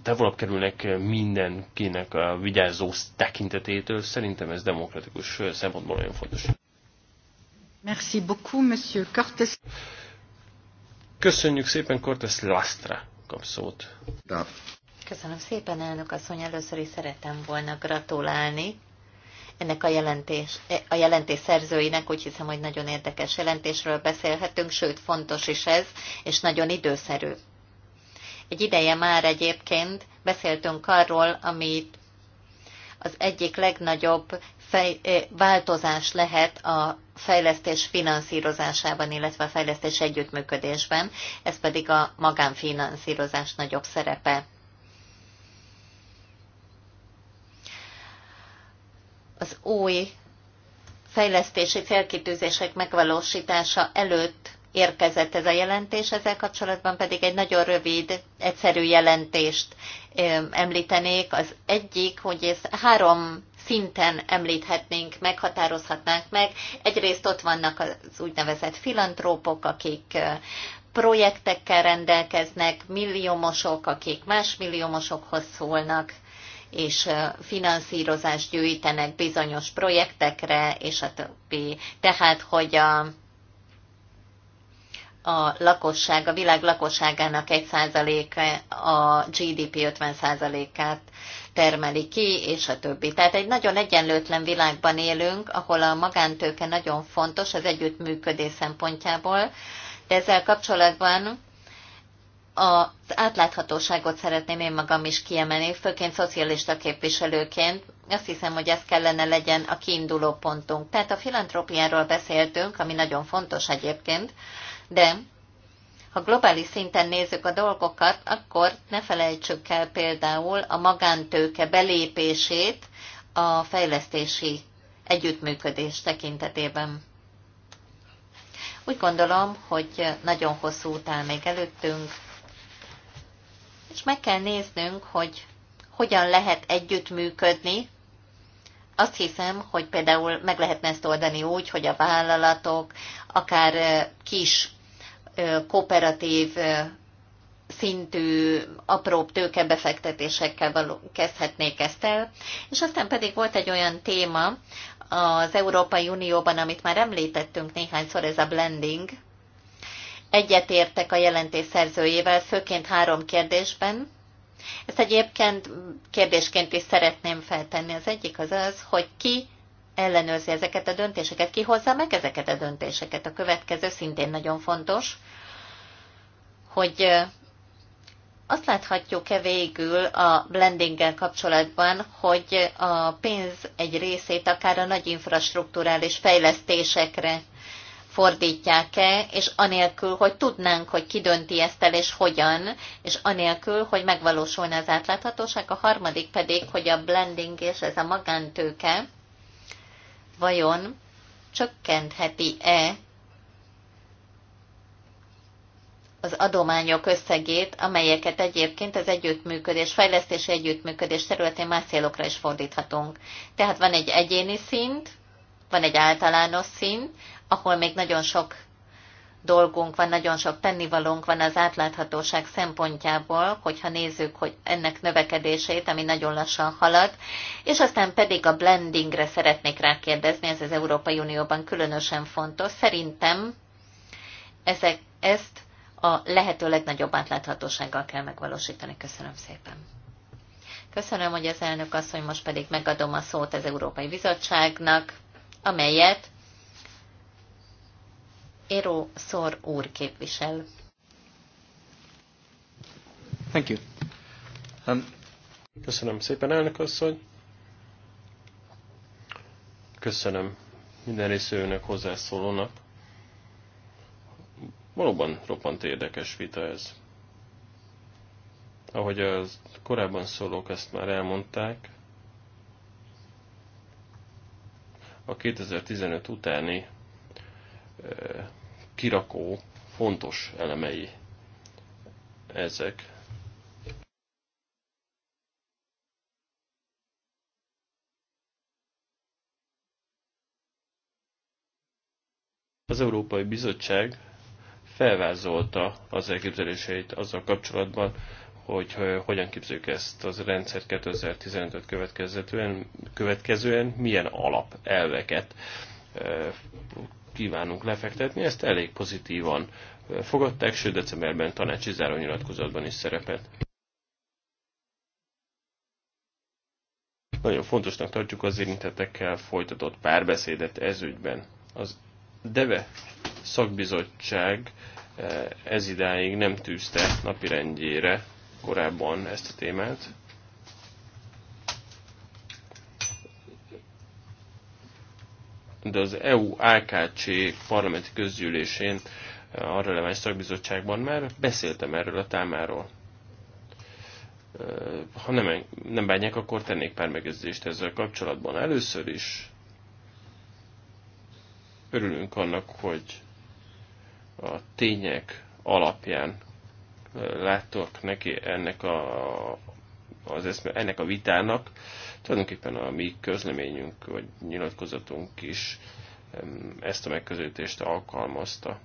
távolabb kerülnek mindenkinek a vigyázó tekintetétől. Szerintem ez demokratikus szempontból nagyon fontos. Merci beaucoup, Monsieur Cortes. Köszönjük szépen, Cortes Lastra kap szót. Köszönöm szépen, elnök asszony. Először is szeretem volna gratulálni ennek a jelentés, a jelentés szerzőinek, úgy hiszem, hogy nagyon érdekes jelentésről beszélhetünk, sőt, fontos is ez, és nagyon időszerű. Egy ideje már egyébként beszéltünk arról, amit az egyik legnagyobb fej, változás lehet a fejlesztés finanszírozásában, illetve a fejlesztés együttműködésben, ez pedig a magánfinanszírozás nagyobb szerepe. az új fejlesztési célkitűzések megvalósítása előtt érkezett ez a jelentés, ezzel kapcsolatban pedig egy nagyon rövid, egyszerű jelentést említenék. Az egyik, hogy ez három szinten említhetnénk, meghatározhatnánk meg. Egyrészt ott vannak az úgynevezett filantrópok, akik projektekkel rendelkeznek, milliómosok, akik más milliómosokhoz szólnak, és finanszírozást gyűjtenek bizonyos projektekre, és a többi. Tehát, hogy a, a lakosság, a világ lakosságának 1%-a a GDP 50%-át termeli ki, és a többi. Tehát egy nagyon egyenlőtlen világban élünk, ahol a magántőke nagyon fontos az együttműködés szempontjából, de ezzel kapcsolatban az átláthatóságot szeretném én magam is kiemelni, főként szocialista képviselőként. Azt hiszem, hogy ez kellene legyen a kiinduló pontunk. Tehát a filantrópiáról beszéltünk, ami nagyon fontos egyébként, de ha globális szinten nézzük a dolgokat, akkor ne felejtsük el például a magántőke belépését a fejlesztési együttműködés tekintetében. Úgy gondolom, hogy nagyon hosszú után még előttünk, és meg kell néznünk, hogy hogyan lehet együttműködni. Azt hiszem, hogy például meg lehetne ezt oldani úgy, hogy a vállalatok, akár kis kooperatív szintű apróbb tőkebefektetésekkel való, kezdhetnék ezt el. És aztán pedig volt egy olyan téma az Európai Unióban, amit már említettünk néhányszor, ez a blending, Egyetértek a jelentés szerzőjével, főként három kérdésben. Ezt egyébként kérdésként is szeretném feltenni. Az egyik az az, hogy ki ellenőrzi ezeket a döntéseket, ki hozza meg ezeket a döntéseket. A következő szintén nagyon fontos, hogy azt láthatjuk-e végül a blendinggel kapcsolatban, hogy a pénz egy részét akár a nagy infrastruktúrális fejlesztésekre fordítják-e, és anélkül, hogy tudnánk, hogy ki dönti ezt el, és hogyan, és anélkül, hogy megvalósulna az átláthatóság. A harmadik pedig, hogy a blending és ez a magántőke vajon csökkentheti-e az adományok összegét, amelyeket egyébként az együttműködés, fejlesztési együttműködés területén más célokra is fordíthatunk. Tehát van egy egyéni szint, van egy általános szint, ahol még nagyon sok dolgunk van, nagyon sok tennivalónk van az átláthatóság szempontjából, hogyha nézzük, hogy ennek növekedését, ami nagyon lassan halad, és aztán pedig a blendingre szeretnék rákérdezni, ez az Európai Unióban különösen fontos. Szerintem ezek, ezt a lehető legnagyobb átláthatósággal kell megvalósítani. Köszönöm szépen. Köszönöm, hogy az elnök asszony most pedig megadom a szót az Európai Bizottságnak, amelyet Ero sor úr képvisel. Thank you. Um, Köszönöm szépen, elnök asszony. Köszönöm minden részőnök hozzászólónak. Valóban roppant érdekes vita ez. Ahogy az korábban szólók ezt már elmondták, a 2015 utáni eh, kirakó fontos elemei ezek. Az Európai Bizottság felvázolta az elképzeléseit azzal kapcsolatban, hogy hogyan képzeljük ezt az rendszert 2015-öt következően, következően milyen alapelveket eh, kívánunk lefektetni, ezt elég pozitívan fogadták, sőt decemberben tanácsi nyilatkozatban is szerepelt. Nagyon fontosnak tartjuk az érintetekkel folytatott párbeszédet ezügyben. Az DEVE szakbizottság ez idáig nem tűzte napirendjére korábban ezt a témát. de az EU-AKC parlamenti közgyűlésén a releváns szakbizottságban már beszéltem erről a támáról. Ha nem, nem bánják, akkor tennék pár megjegyzést ezzel kapcsolatban. Először is örülünk annak, hogy a tények alapján láttok neki ennek a az eszme, ennek a vitának tulajdonképpen a mi közleményünk vagy nyilatkozatunk is ezt a megközelítést alkalmazta.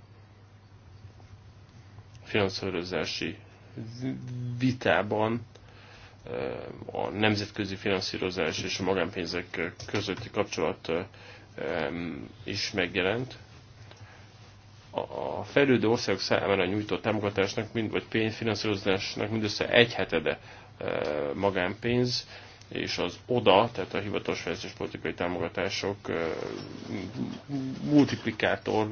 Finanszírozási vitában a nemzetközi finanszírozás és a magánpénzek közötti kapcsolat is megjelent. A fejlődő országok számára nyújtott támogatásnak, mind, vagy pénzfinanszírozásnak mindössze egy hetede magánpénz, és az ODA, tehát a hivatalos fejlesztés politikai támogatások multiplikátor,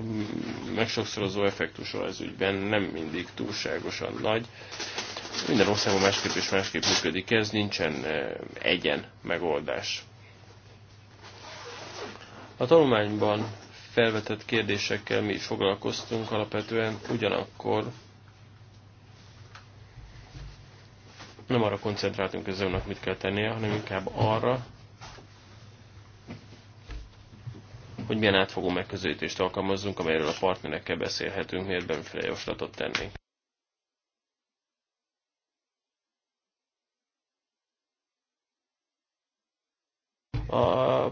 megsokszorozó effektusa ez ügyben nem mindig túlságosan nagy. Minden országban másképp és másképp működik ez, nincsen egyen megoldás. A tanulmányban felvetett kérdésekkel mi is foglalkoztunk alapvetően, ugyanakkor nem arra koncentráltunk az önnek, mit kell tennie, hanem inkább arra, hogy milyen átfogó megközelítést alkalmazzunk, amelyről a partnerekkel beszélhetünk, miért bármiféle javaslatot A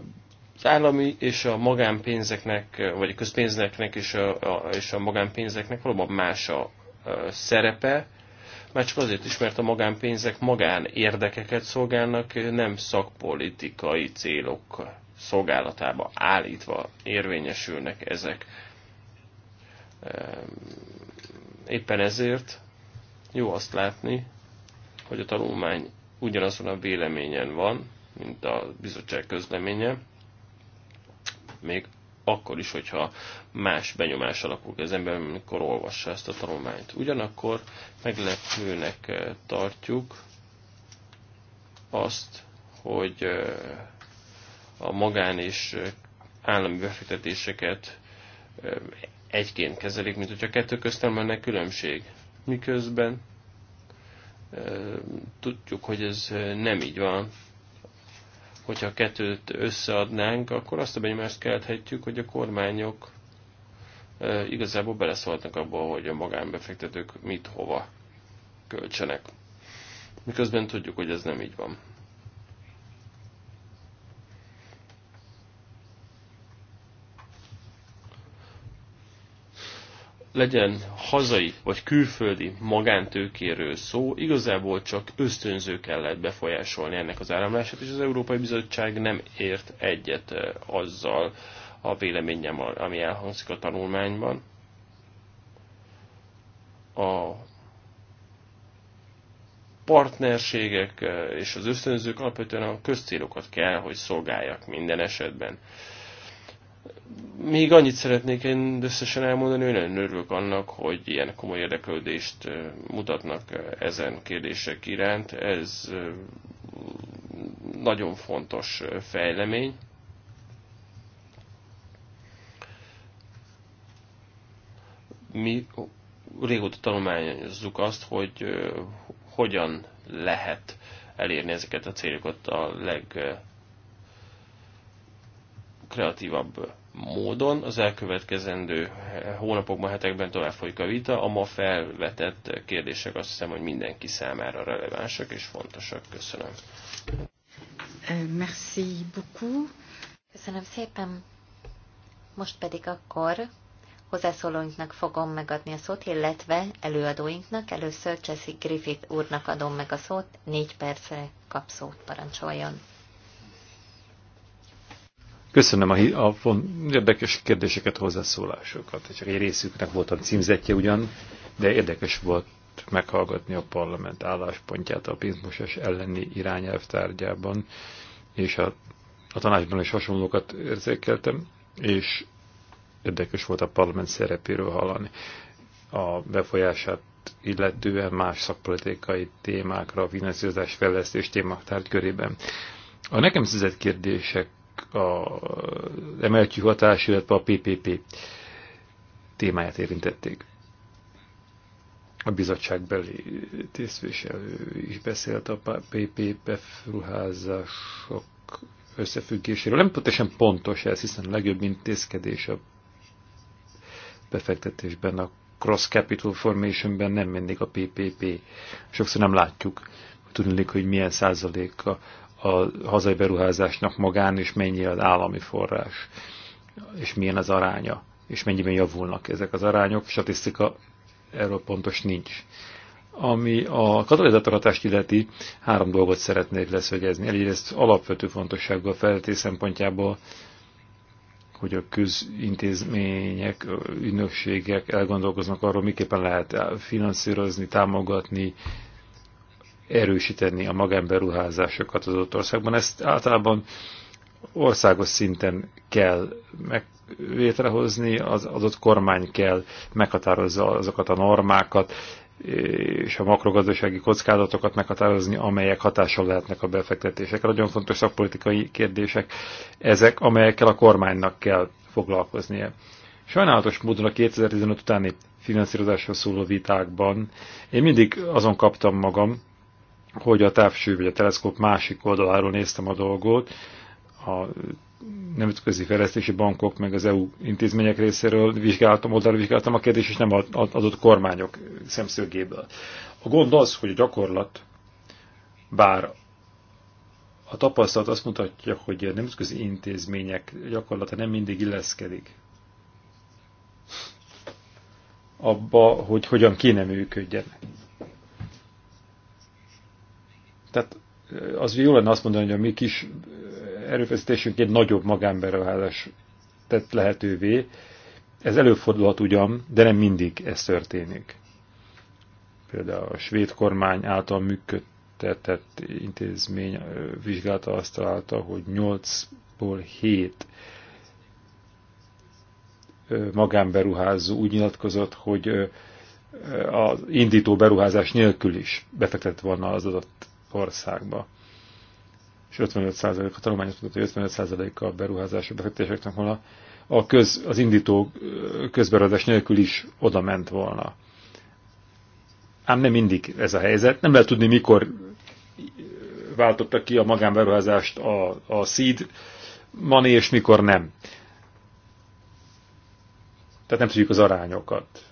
az állami és a magánpénzeknek, vagy a közpénzeknek és a, a, és a magánpénzeknek valóban más a, a szerepe, már csak azért is, mert a magánpénzek magán érdekeket szolgálnak, nem szakpolitikai célok szolgálatába állítva érvényesülnek ezek. Ehm, éppen ezért jó azt látni, hogy a tanulmány ugyanazon a véleményen van, mint a bizottság közleménye, még akkor is, hogyha más benyomás alakul az ember, amikor olvassa ezt a tanulmányt. Ugyanakkor meglepőnek eh, tartjuk azt, hogy eh, a magán és eh, állami befektetéseket egyként kezelik, mint hogyha kettő köztem lenne különbség. Miközben tudjuk, hogy ez nem így van, hogyha a kettőt összeadnánk, akkor azt a benyomást kelthetjük, hogy a kormányok igazából beleszóltak abba, hogy a magánbefektetők mit hova költsenek. Miközben tudjuk, hogy ez nem így van. legyen hazai vagy külföldi magántőkéről szó, igazából csak ösztönzőkkel lehet befolyásolni ennek az áramlását, és az Európai Bizottság nem ért egyet azzal a véleményem, ami elhangzik a tanulmányban. A partnerségek és az ösztönzők alapvetően a közcélokat kell, hogy szolgálják minden esetben. Még annyit szeretnék én összesen elmondani, hogy nagyon örülök annak, hogy ilyen komoly érdeklődést mutatnak ezen kérdések iránt. Ez nagyon fontos fejlemény. Mi régóta tanulmányozzuk azt, hogy hogyan lehet elérni ezeket a célokat a leg kreatívabb módon. Az elkövetkezendő hónapokban, hetekben tovább folyik a vita. A ma felvetett kérdések azt hiszem, hogy mindenki számára relevánsak és fontosak. Köszönöm. Merci beaucoup. Köszönöm szépen. Most pedig akkor hozzászólóinknak fogom megadni a szót, illetve előadóinknak. Először Jesse Griffith úrnak adom meg a szót, négy percre kap szót, parancsoljon. Köszönöm a, a érdekes kérdéseket, hozzászólásokat. Csak egy részüknek voltam címzetje ugyan, de érdekes volt meghallgatni a parlament álláspontját a pénzmosás elleni irányelv tárgyában, és a, a tanácsban is hasonlókat érzékeltem, és érdekes volt a parlament szerepéről hallani. A befolyását illetően más szakpolitikai témákra, a finanszírozás fejlesztés témák tárgykörében. A nekem szüzett kérdések a emeltyű hatás, illetve a PPP témáját érintették. A bizottságbeli tisztviselő is beszélt a PPP ruházások összefüggéséről. Nem teljesen pontos ez, hiszen a legjobb intézkedés a befektetésben, a cross capital formationben nem mindig a PPP. Sokszor nem látjuk, tudnék, hogy milyen százaléka a hazai beruházásnak magán, és mennyi az állami forrás, és milyen az aránya, és mennyiben javulnak ezek az arányok. Statisztika erről pontos nincs. Ami a katalizátor hatást illeti, három dolgot szeretnék leszögezni. Egyrészt alapvető fontossággal feltétel szempontjából, hogy a közintézmények, ügynökségek elgondolkoznak arról, miképpen lehet finanszírozni, támogatni erősíteni a magánberuházásokat az ott országban. Ezt általában országos szinten kell meg létrehozni, az adott kormány kell meghatározza azokat a normákat, és a makrogazdasági kockázatokat meghatározni, amelyek hatással lehetnek a befektetésekre. Nagyon fontos szakpolitikai kérdések ezek, amelyekkel a kormánynak kell foglalkoznia. Sajnálatos módon a 2015 utáni finanszírozásról szóló vitákban én mindig azon kaptam magam, hogy a távcső vagy a teleszkóp másik oldaláról néztem a dolgot, a Nemzetközi Fejlesztési Bankok meg az EU intézmények részéről vizsgáltam, oldalra vizsgáltam a kérdést, és nem adott kormányok szemszögéből. A gond az, hogy a gyakorlat, bár a tapasztalat azt mutatja, hogy a nemzetközi intézmények gyakorlata nem mindig illeszkedik abba, hogy hogyan kéne működjenek tehát az jó lenne azt mondani, hogy a mi kis erőfeszítésünk egy nagyobb magánberuházás tett lehetővé. Ez előfordulhat ugyan, de nem mindig ez történik. Például a svéd kormány által működtetett intézmény vizsgálta azt találta, hogy 8-ból 7 magánberuházó úgy nyilatkozott, hogy az indító beruházás nélkül is befektetett volna az adott országba. És 55% a tanulmányos mutató, hogy 55% a beruházási befektetéseknek volna a köz, az indító közberadás nélkül is oda ment volna. Ám nem mindig ez a helyzet. Nem lehet tudni, mikor váltotta ki a magánberuházást a, a seed money, és mikor nem. Tehát nem tudjuk az arányokat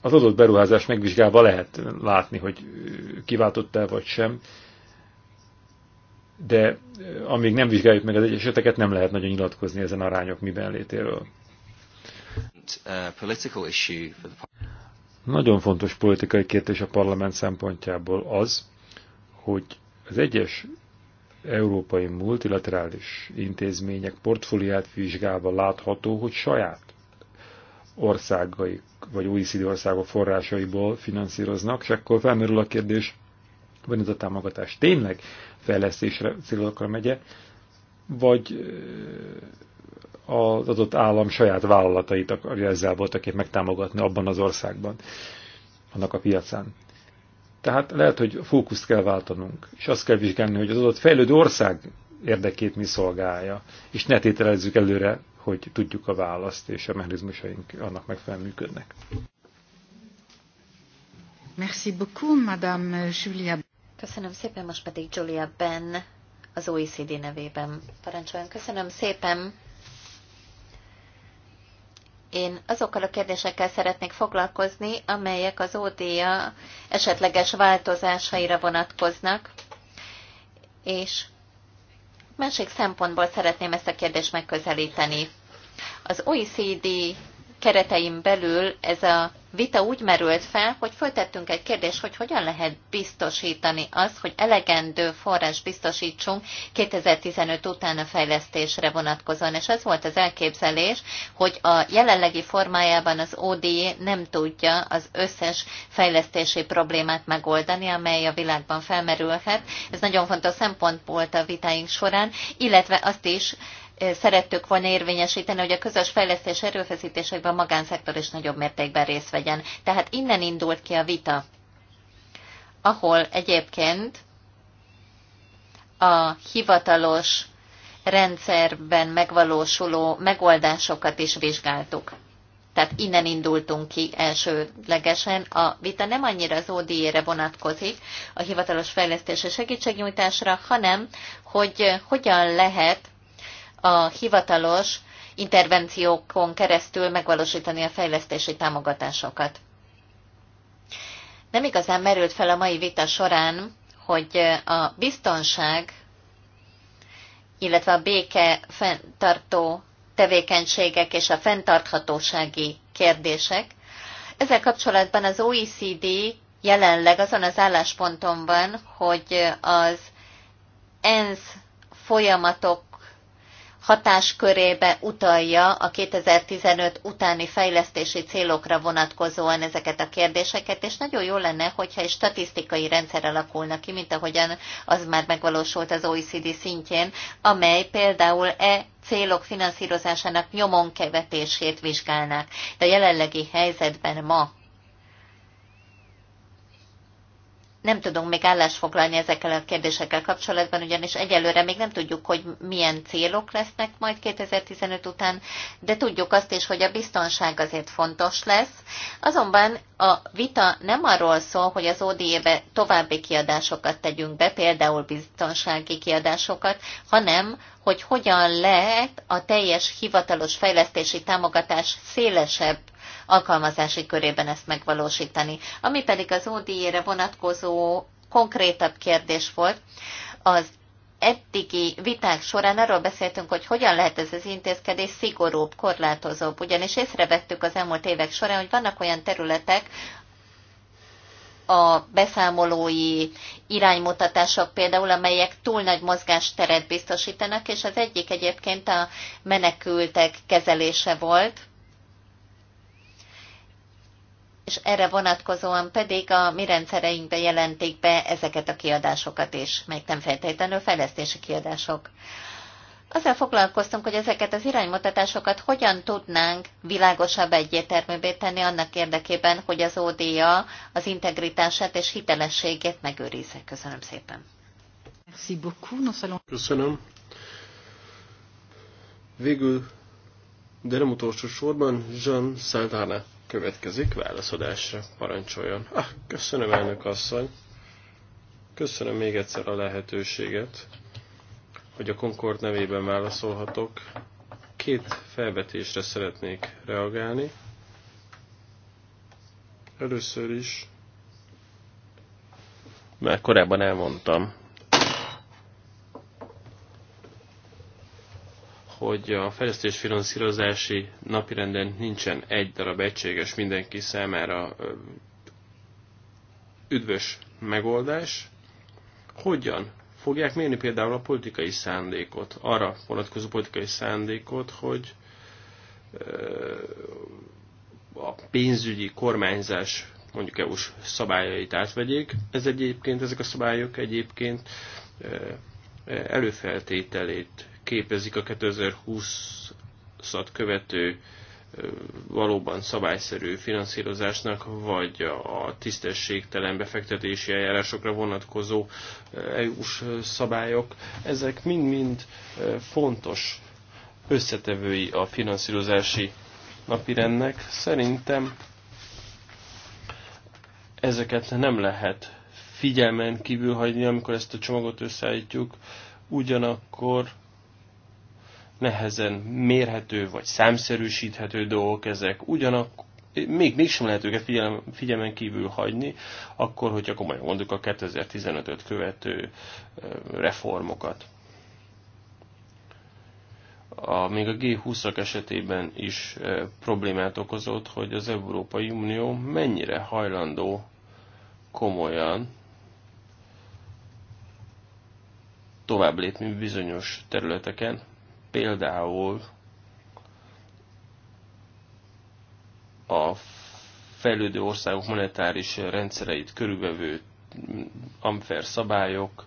az adott beruházás megvizsgálva lehet látni, hogy kiváltott-e vagy sem, de amíg nem vizsgáljuk meg az egyeseteket, nem lehet nagyon nyilatkozni ezen arányok miben létéről. Uh, nagyon fontos politikai kérdés a parlament szempontjából az, hogy az egyes európai multilaterális intézmények portfóliát vizsgálva látható, hogy saját országai, vagy OECD országok forrásaiból finanszíroznak, és akkor felmerül a kérdés, van ez a támogatás tényleg fejlesztésre célokra megye, vagy az adott állam saját vállalatait akarja ezzel voltaképp megtámogatni abban az országban, annak a piacán. Tehát lehet, hogy fókuszt kell váltanunk, és azt kell vizsgálni, hogy az adott fejlődő ország érdekét mi szolgálja, és ne tételezzük előre, hogy tudjuk a választ, és a mechanizmusaink annak megfelelően működnek. Merci beaucoup, Madame Julia. Köszönöm szépen, most pedig Julia Ben az OECD nevében. Parancsoljon, köszönöm szépen. Én azokkal a kérdésekkel szeretnék foglalkozni, amelyek az ODA esetleges változásaira vonatkoznak, és másik szempontból szeretném ezt a kérdést megközelíteni. Az OECD keretein belül ez a vita úgy merült fel, hogy föltettünk egy kérdést, hogy hogyan lehet biztosítani azt, hogy elegendő forrás biztosítsunk 2015 után a fejlesztésre vonatkozóan. És ez volt az elképzelés, hogy a jelenlegi formájában az ODI nem tudja az összes fejlesztési problémát megoldani, amely a világban felmerülhet. Ez nagyon fontos szempont volt a vitáink során, illetve azt is szerettük volna érvényesíteni, hogy a közös fejlesztés erőfeszítésekben a magánszektor is nagyobb mértékben részt vegyen. Tehát innen indult ki a vita, ahol egyébként a hivatalos rendszerben megvalósuló megoldásokat is vizsgáltuk. Tehát innen indultunk ki elsőlegesen. A vita nem annyira az ODI-re vonatkozik, a hivatalos fejlesztési segítségnyújtásra, hanem hogy hogyan lehet a hivatalos intervenciókon keresztül megvalósítani a fejlesztési támogatásokat. Nem igazán merült fel a mai vita során, hogy a biztonság, illetve a béke fenntartó tevékenységek és a fenntarthatósági kérdések. Ezzel kapcsolatban az OECD jelenleg azon az állásponton van, hogy az ENSZ folyamatok hatáskörébe utalja a 2015 utáni fejlesztési célokra vonatkozóan ezeket a kérdéseket, és nagyon jó lenne, hogyha egy statisztikai rendszer alakulna ki, mint ahogyan az már megvalósult az OECD szintjén, amely például e célok finanszírozásának nyomon kevetését vizsgálnák. De a jelenlegi helyzetben ma nem tudunk még állást foglalni ezekkel a kérdésekkel kapcsolatban, ugyanis egyelőre még nem tudjuk, hogy milyen célok lesznek majd 2015 után, de tudjuk azt is, hogy a biztonság azért fontos lesz. Azonban a vita nem arról szól, hogy az ODE-be további kiadásokat tegyünk be, például biztonsági kiadásokat, hanem hogy hogyan lehet a teljes hivatalos fejlesztési támogatás szélesebb alkalmazási körében ezt megvalósítani. Ami pedig az ODI-re vonatkozó konkrétabb kérdés volt, az eddigi viták során arról beszéltünk, hogy hogyan lehet ez az intézkedés szigorúbb, korlátozóbb, ugyanis észrevettük az elmúlt évek során, hogy vannak olyan területek, a beszámolói iránymutatások például, amelyek túl nagy mozgásteret biztosítanak, és az egyik egyébként a menekültek kezelése volt, és erre vonatkozóan pedig a mi rendszereinkbe jelentik be ezeket a kiadásokat is, meg nem feltétlenül fejlesztési kiadások. Azzal foglalkoztunk, hogy ezeket az iránymutatásokat hogyan tudnánk világosabb egyértelműbbé tenni annak érdekében, hogy az ODA az integritását és hitelességét megőrizze. Köszönöm szépen. Köszönöm. Végül, de nem utolsó sorban, Jean Saldana következik válaszadásra. Parancsoljon. Ah, köszönöm, elnök asszony. Köszönöm még egyszer a lehetőséget, hogy a Concord nevében válaszolhatok. Két felvetésre szeretnék reagálni. Először is, már korábban elmondtam, hogy a finanszírozási napirenden nincsen egy darab egységes mindenki számára üdvös megoldás. Hogyan fogják mérni például a politikai szándékot, arra vonatkozó politikai szándékot, hogy a pénzügyi kormányzás mondjuk EU-s szabályait átvegyék. Ez egyébként, ezek a szabályok egyébként előfeltételét képezik a 2020-at követő valóban szabályszerű finanszírozásnak, vagy a tisztességtelen befektetési eljárásokra vonatkozó EU-s szabályok. Ezek mind-mind fontos összetevői a finanszírozási napirendnek. Szerintem ezeket nem lehet figyelmen kívül hagyni, amikor ezt a csomagot összeállítjuk, ugyanakkor nehezen mérhető vagy számszerűsíthető dolgok ezek, ugyanak, még mégsem lehet őket figyelem, figyelmen kívül hagyni, akkor, hogyha komolyan mondjuk a 2015-öt követő reformokat. A, még a G20-ak esetében is e, problémát okozott, hogy az Európai Unió mennyire hajlandó komolyan tovább lépni bizonyos területeken, Például a fejlődő országok monetáris rendszereit körülvevő amfer szabályok,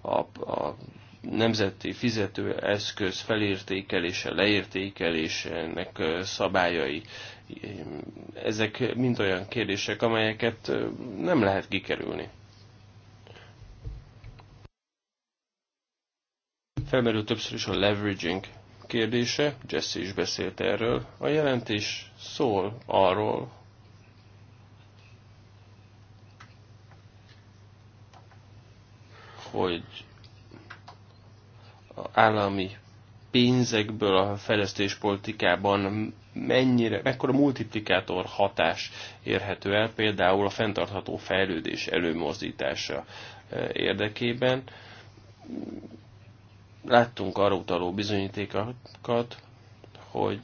a, a nemzeti fizetőeszköz felértékelése, leértékelésének szabályai. Ezek mind olyan kérdések, amelyeket nem lehet kikerülni. Felmerül többször is a leveraging kérdése, Jesse is beszélt erről. A jelentés szól arról, hogy a állami pénzekből a fejlesztéspolitikában mennyire, mekkora multiplikátor hatás érhető el, például a fenntartható fejlődés előmozdítása eh, érdekében. Láttunk arra utaló bizonyítékokat, hogy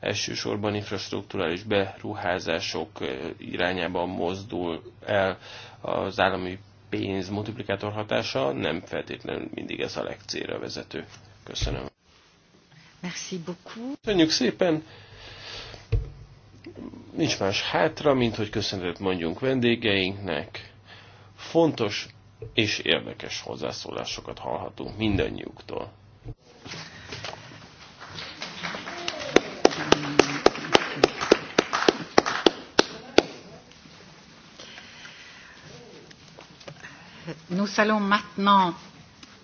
elsősorban infrastruktúrális beruházások eh, irányában mozdul el az állami pénz multiplikátor hatása, nem feltétlenül mindig ez a legcélra vezető. Köszönöm. Merci beaucoup. Köszönjük szépen. Nincs más hátra, mint hogy köszönetet mondjunk vendégeinknek. Fontos és érdekes hozzászólásokat hallhatunk mindannyiuktól. Nous allons maintenant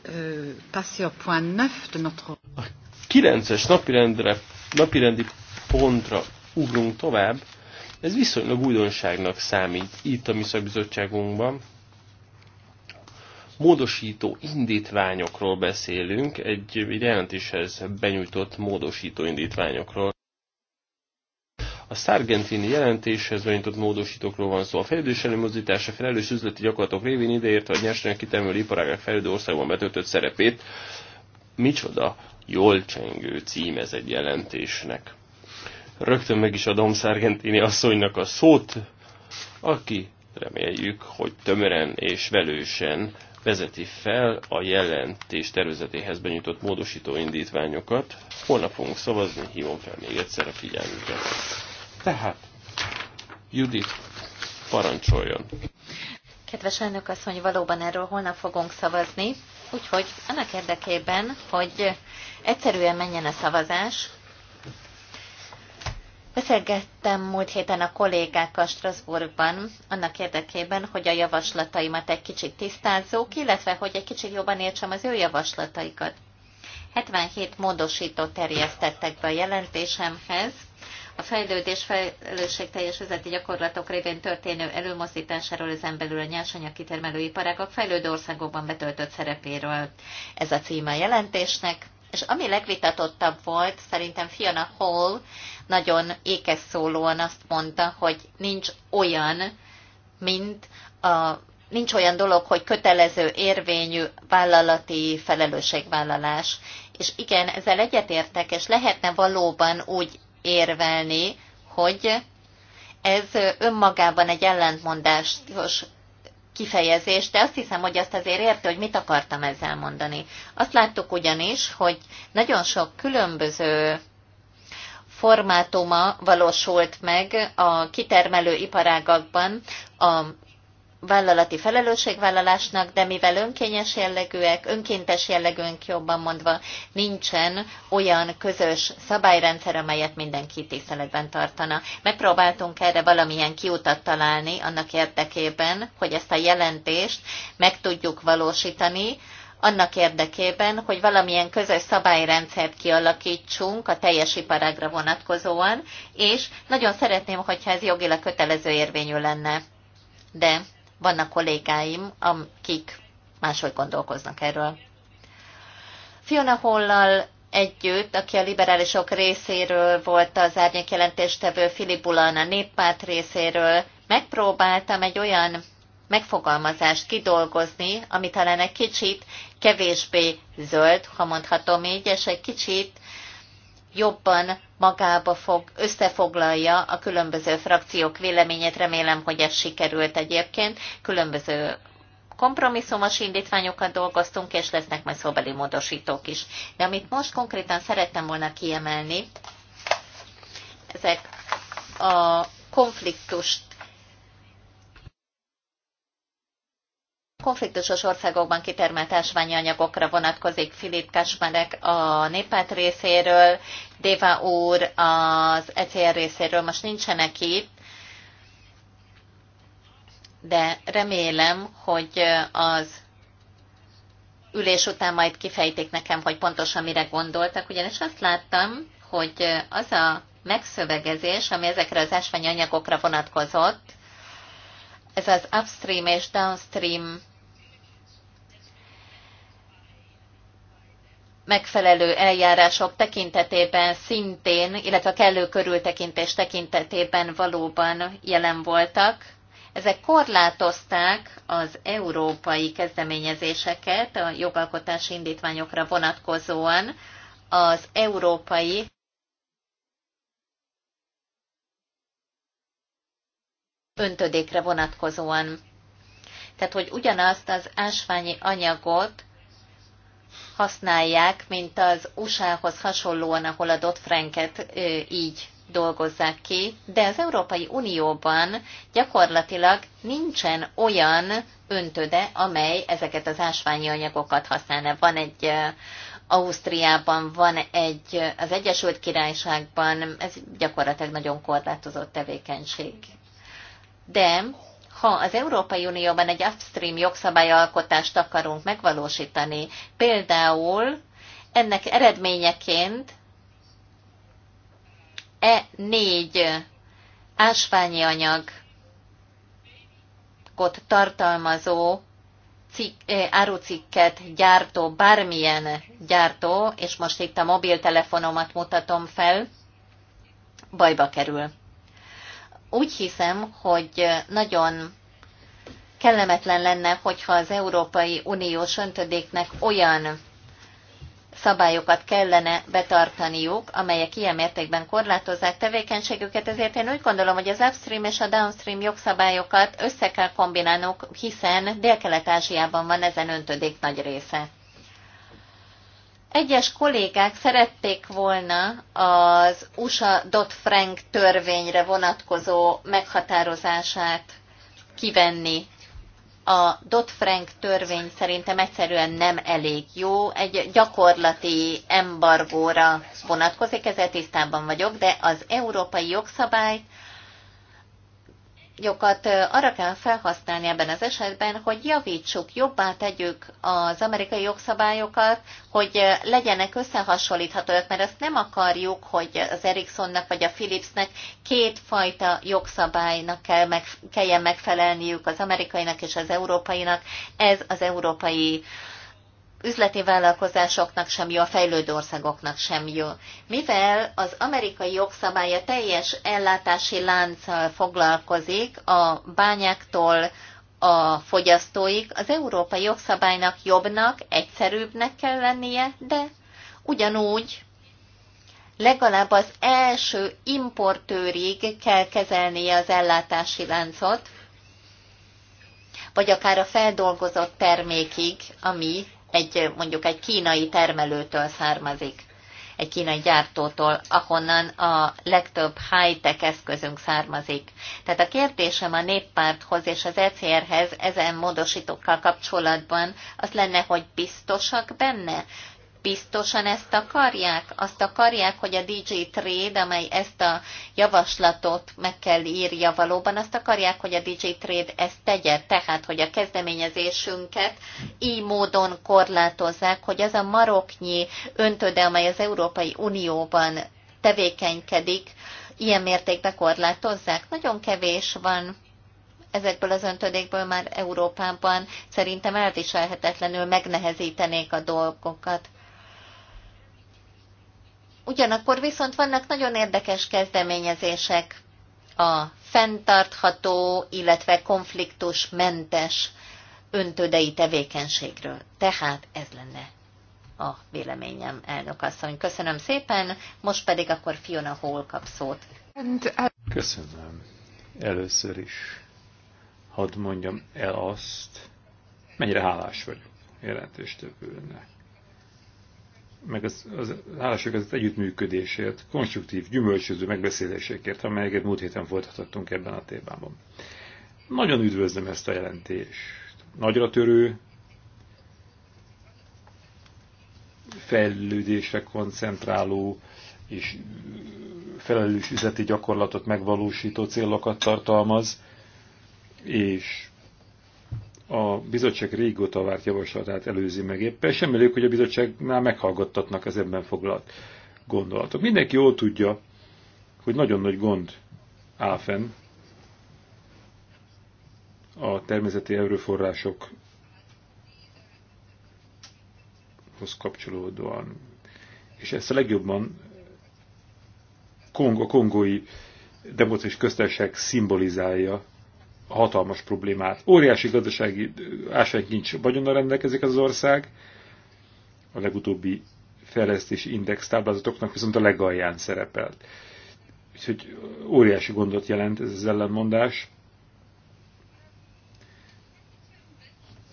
euh, passer au point 9 de notre... A 9-es napirendre, napirendi pontra ugrunk tovább. Ez viszonylag újdonságnak számít itt a mi szakbizottságunkban, módosító indítványokról beszélünk, egy jelentéshez benyújtott módosító indítványokról. A Sargentini jelentéshez benyújtott módosítókról van szó. A fejlődés előmozdítása felelős üzleti gyakorlatok révén ideért a nyersanyag kitermelő iparágak fejlődő országban betöltött szerepét. Micsoda jól csengő cím ez egy jelentésnek. Rögtön meg is adom Sargentini asszonynak a szót, aki reméljük, hogy tömören és velősen vezeti fel a jelentés tervezetéhez benyújtott módosító indítványokat. Holnap fogunk szavazni, hívom fel még egyszer a figyelmüket. Tehát, Judit, parancsoljon! Kedves elnök asszony, valóban erről holnap fogunk szavazni, úgyhogy annak érdekében, hogy egyszerűen menjen a szavazás, Beszélgettem múlt héten a kollégákkal Strasbourgban annak érdekében, hogy a javaslataimat egy kicsit tisztázzuk, illetve hogy egy kicsit jobban értsem az ő javaslataikat. 77 módosító terjesztettek be a jelentésemhez, a fejlődés teljes üzleti gyakorlatok révén történő előmozdításáról ezen belül a nyersanyag kitermelő fejlődő országokban betöltött szerepéről. Ez a címe a jelentésnek. És ami legvitatottabb volt, szerintem Fiona Hall nagyon ékes szólóan azt mondta, hogy nincs olyan, mint a, nincs olyan dolog, hogy kötelező érvényű vállalati felelősségvállalás. És igen, ezzel egyetértek, és lehetne valóban úgy érvelni, hogy ez önmagában egy ellentmondásos kifejezés, de azt hiszem, hogy azt azért érte, hogy mit akartam ezzel mondani. Azt láttuk ugyanis, hogy nagyon sok különböző formátuma valósult meg a kitermelő iparágakban a vállalati felelősségvállalásnak, de mivel önkényes jellegűek, önkéntes jellegűnk jobban mondva, nincsen olyan közös szabályrendszer, amelyet mindenki tiszteletben tartana. Megpróbáltunk erre valamilyen kiutat találni annak érdekében, hogy ezt a jelentést meg tudjuk valósítani, annak érdekében, hogy valamilyen közös szabályrendszert kialakítsunk a teljes iparágra vonatkozóan, és nagyon szeretném, hogyha ez jogilag kötelező érvényű lenne. De vannak kollégáim, akik máshogy gondolkoznak erről. Fiona Hollal együtt, aki a liberálisok részéről volt az árnyék jelentéstevő, Filip a néppárt részéről, megpróbáltam egy olyan megfogalmazást kidolgozni, ami talán egy kicsit kevésbé zöld, ha mondhatom így, és egy kicsit jobban magába fog, összefoglalja a különböző frakciók véleményét. Remélem, hogy ez sikerült egyébként. Különböző kompromisszumos indítványokat dolgoztunk, és lesznek majd szóbeli módosítók is. De amit most konkrétan szerettem volna kiemelni, ezek a konfliktust konfliktusos országokban kitermelt ásványi anyagokra vonatkozik Filip Kasmerek a népát részéről, Déva úr az ECR részéről most nincsenek itt, de remélem, hogy az ülés után majd kifejtik nekem, hogy pontosan mire gondoltak, ugyanis azt láttam, hogy az a megszövegezés, ami ezekre az ásványi anyagokra vonatkozott, ez az upstream és downstream megfelelő eljárások tekintetében szintén, illetve a kellő körültekintés tekintetében valóban jelen voltak. Ezek korlátozták az európai kezdeményezéseket a jogalkotási indítványokra vonatkozóan az európai öntödékre vonatkozóan. Tehát, hogy ugyanazt az ásványi anyagot használják, mint az USA-hoz hasonlóan, ahol a Dodd-Franket így dolgozzák ki, de az Európai Unióban gyakorlatilag nincsen olyan öntöde, amely ezeket az ásványi anyagokat használna. Van egy Ausztriában, van egy az Egyesült Királyságban, ez gyakorlatilag nagyon korlátozott tevékenység. De ha az Európai Unióban egy upstream jogszabályalkotást akarunk megvalósítani, például ennek eredményeként e négy ásványi anyagot tartalmazó cik, árucikket gyártó, bármilyen gyártó, és most itt a mobiltelefonomat mutatom fel, bajba kerül úgy hiszem, hogy nagyon kellemetlen lenne, hogyha az Európai Uniós öntödéknek olyan szabályokat kellene betartaniuk, amelyek ilyen mértékben korlátozzák tevékenységüket, ezért én úgy gondolom, hogy az upstream és a downstream jogszabályokat össze kell kombinálnunk, hiszen Dél-Kelet-Ázsiában van ezen öntödék nagy része. Egyes kollégák szerették volna az USA Dodd-Frank törvényre vonatkozó meghatározását kivenni a Dodd-Frank törvény szerintem egyszerűen nem elég jó, egy gyakorlati embargóra vonatkozik, ezzel tisztában vagyok, de az európai jogszabályt jogokat arra kell felhasználni ebben az esetben, hogy javítsuk, jobbá tegyük az amerikai jogszabályokat, hogy legyenek összehasonlíthatóak, mert azt nem akarjuk, hogy az Ericssonnak vagy a Philipsnek kétfajta jogszabálynak kell meg, kelljen megfelelniük, az amerikainak és az európainak. Ez az európai uh, üzleti vállalkozásoknak sem jó, a fejlődő országoknak sem jó. Mivel az amerikai jogszabálya teljes ellátási lánccal foglalkozik, a bányáktól a fogyasztóig, az európai jogszabálynak jobbnak, egyszerűbbnek kell lennie, de ugyanúgy legalább az első importőrig kell kezelnie az ellátási láncot, vagy akár a feldolgozott termékig, ami egy mondjuk egy kínai termelőtől származik, egy kínai gyártótól, ahonnan a legtöbb high-tech eszközünk származik. Tehát a kérdésem a néppárthoz és az ECR-hez ezen módosítókkal kapcsolatban az lenne, hogy biztosak benne, biztosan ezt akarják? Azt akarják, hogy a DJ Trade, amely ezt a javaslatot meg kell írja valóban, azt akarják, hogy a DJ Trade ezt tegye, tehát, hogy a kezdeményezésünket így módon korlátozzák, hogy az a maroknyi öntöde, amely az Európai Unióban tevékenykedik, ilyen mértékben korlátozzák. Nagyon kevés van ezekből az öntödékből már Európában szerintem elviselhetetlenül megnehezítenék a dolgokat. Ugyanakkor viszont vannak nagyon érdekes kezdeményezések a fenntartható, illetve konfliktusmentes öntödei tevékenységről. Tehát ez lenne a véleményem, elnök asszony. Köszönöm szépen, most pedig akkor Fiona Hall kap szót. Köszönöm. Először is hadd mondjam el azt, mennyire hálás vagyok jelentéstevőnek meg az, az az együttműködésért, konstruktív, gyümölcsöző megbeszélésekért, amelyeket múlt héten folytathattunk ebben a témában. Nagyon üdvözlöm ezt a jelentést. Nagyra törő, fejlődésre koncentráló és felelős üzleti gyakorlatot megvalósító célokat tartalmaz, és a bizottság régóta várt javaslatát előzi meg éppen. Sem elég, hogy a bizottságnál meghallgattatnak az ebben foglalt gondolatok. Mindenki jól tudja, hogy nagyon nagy gond áll fenn a természeti erőforrásokhoz kapcsolódóan. És ezt a legjobban Kong, a kongói demokratikus köztársaság szimbolizálja hatalmas problémát. Óriási gazdasági ásványkincs vagyonnal rendelkezik az ország, a legutóbbi fejlesztési index táblázatoknak viszont a legalján szerepelt. Úgyhogy óriási gondot jelent ez az ellenmondás.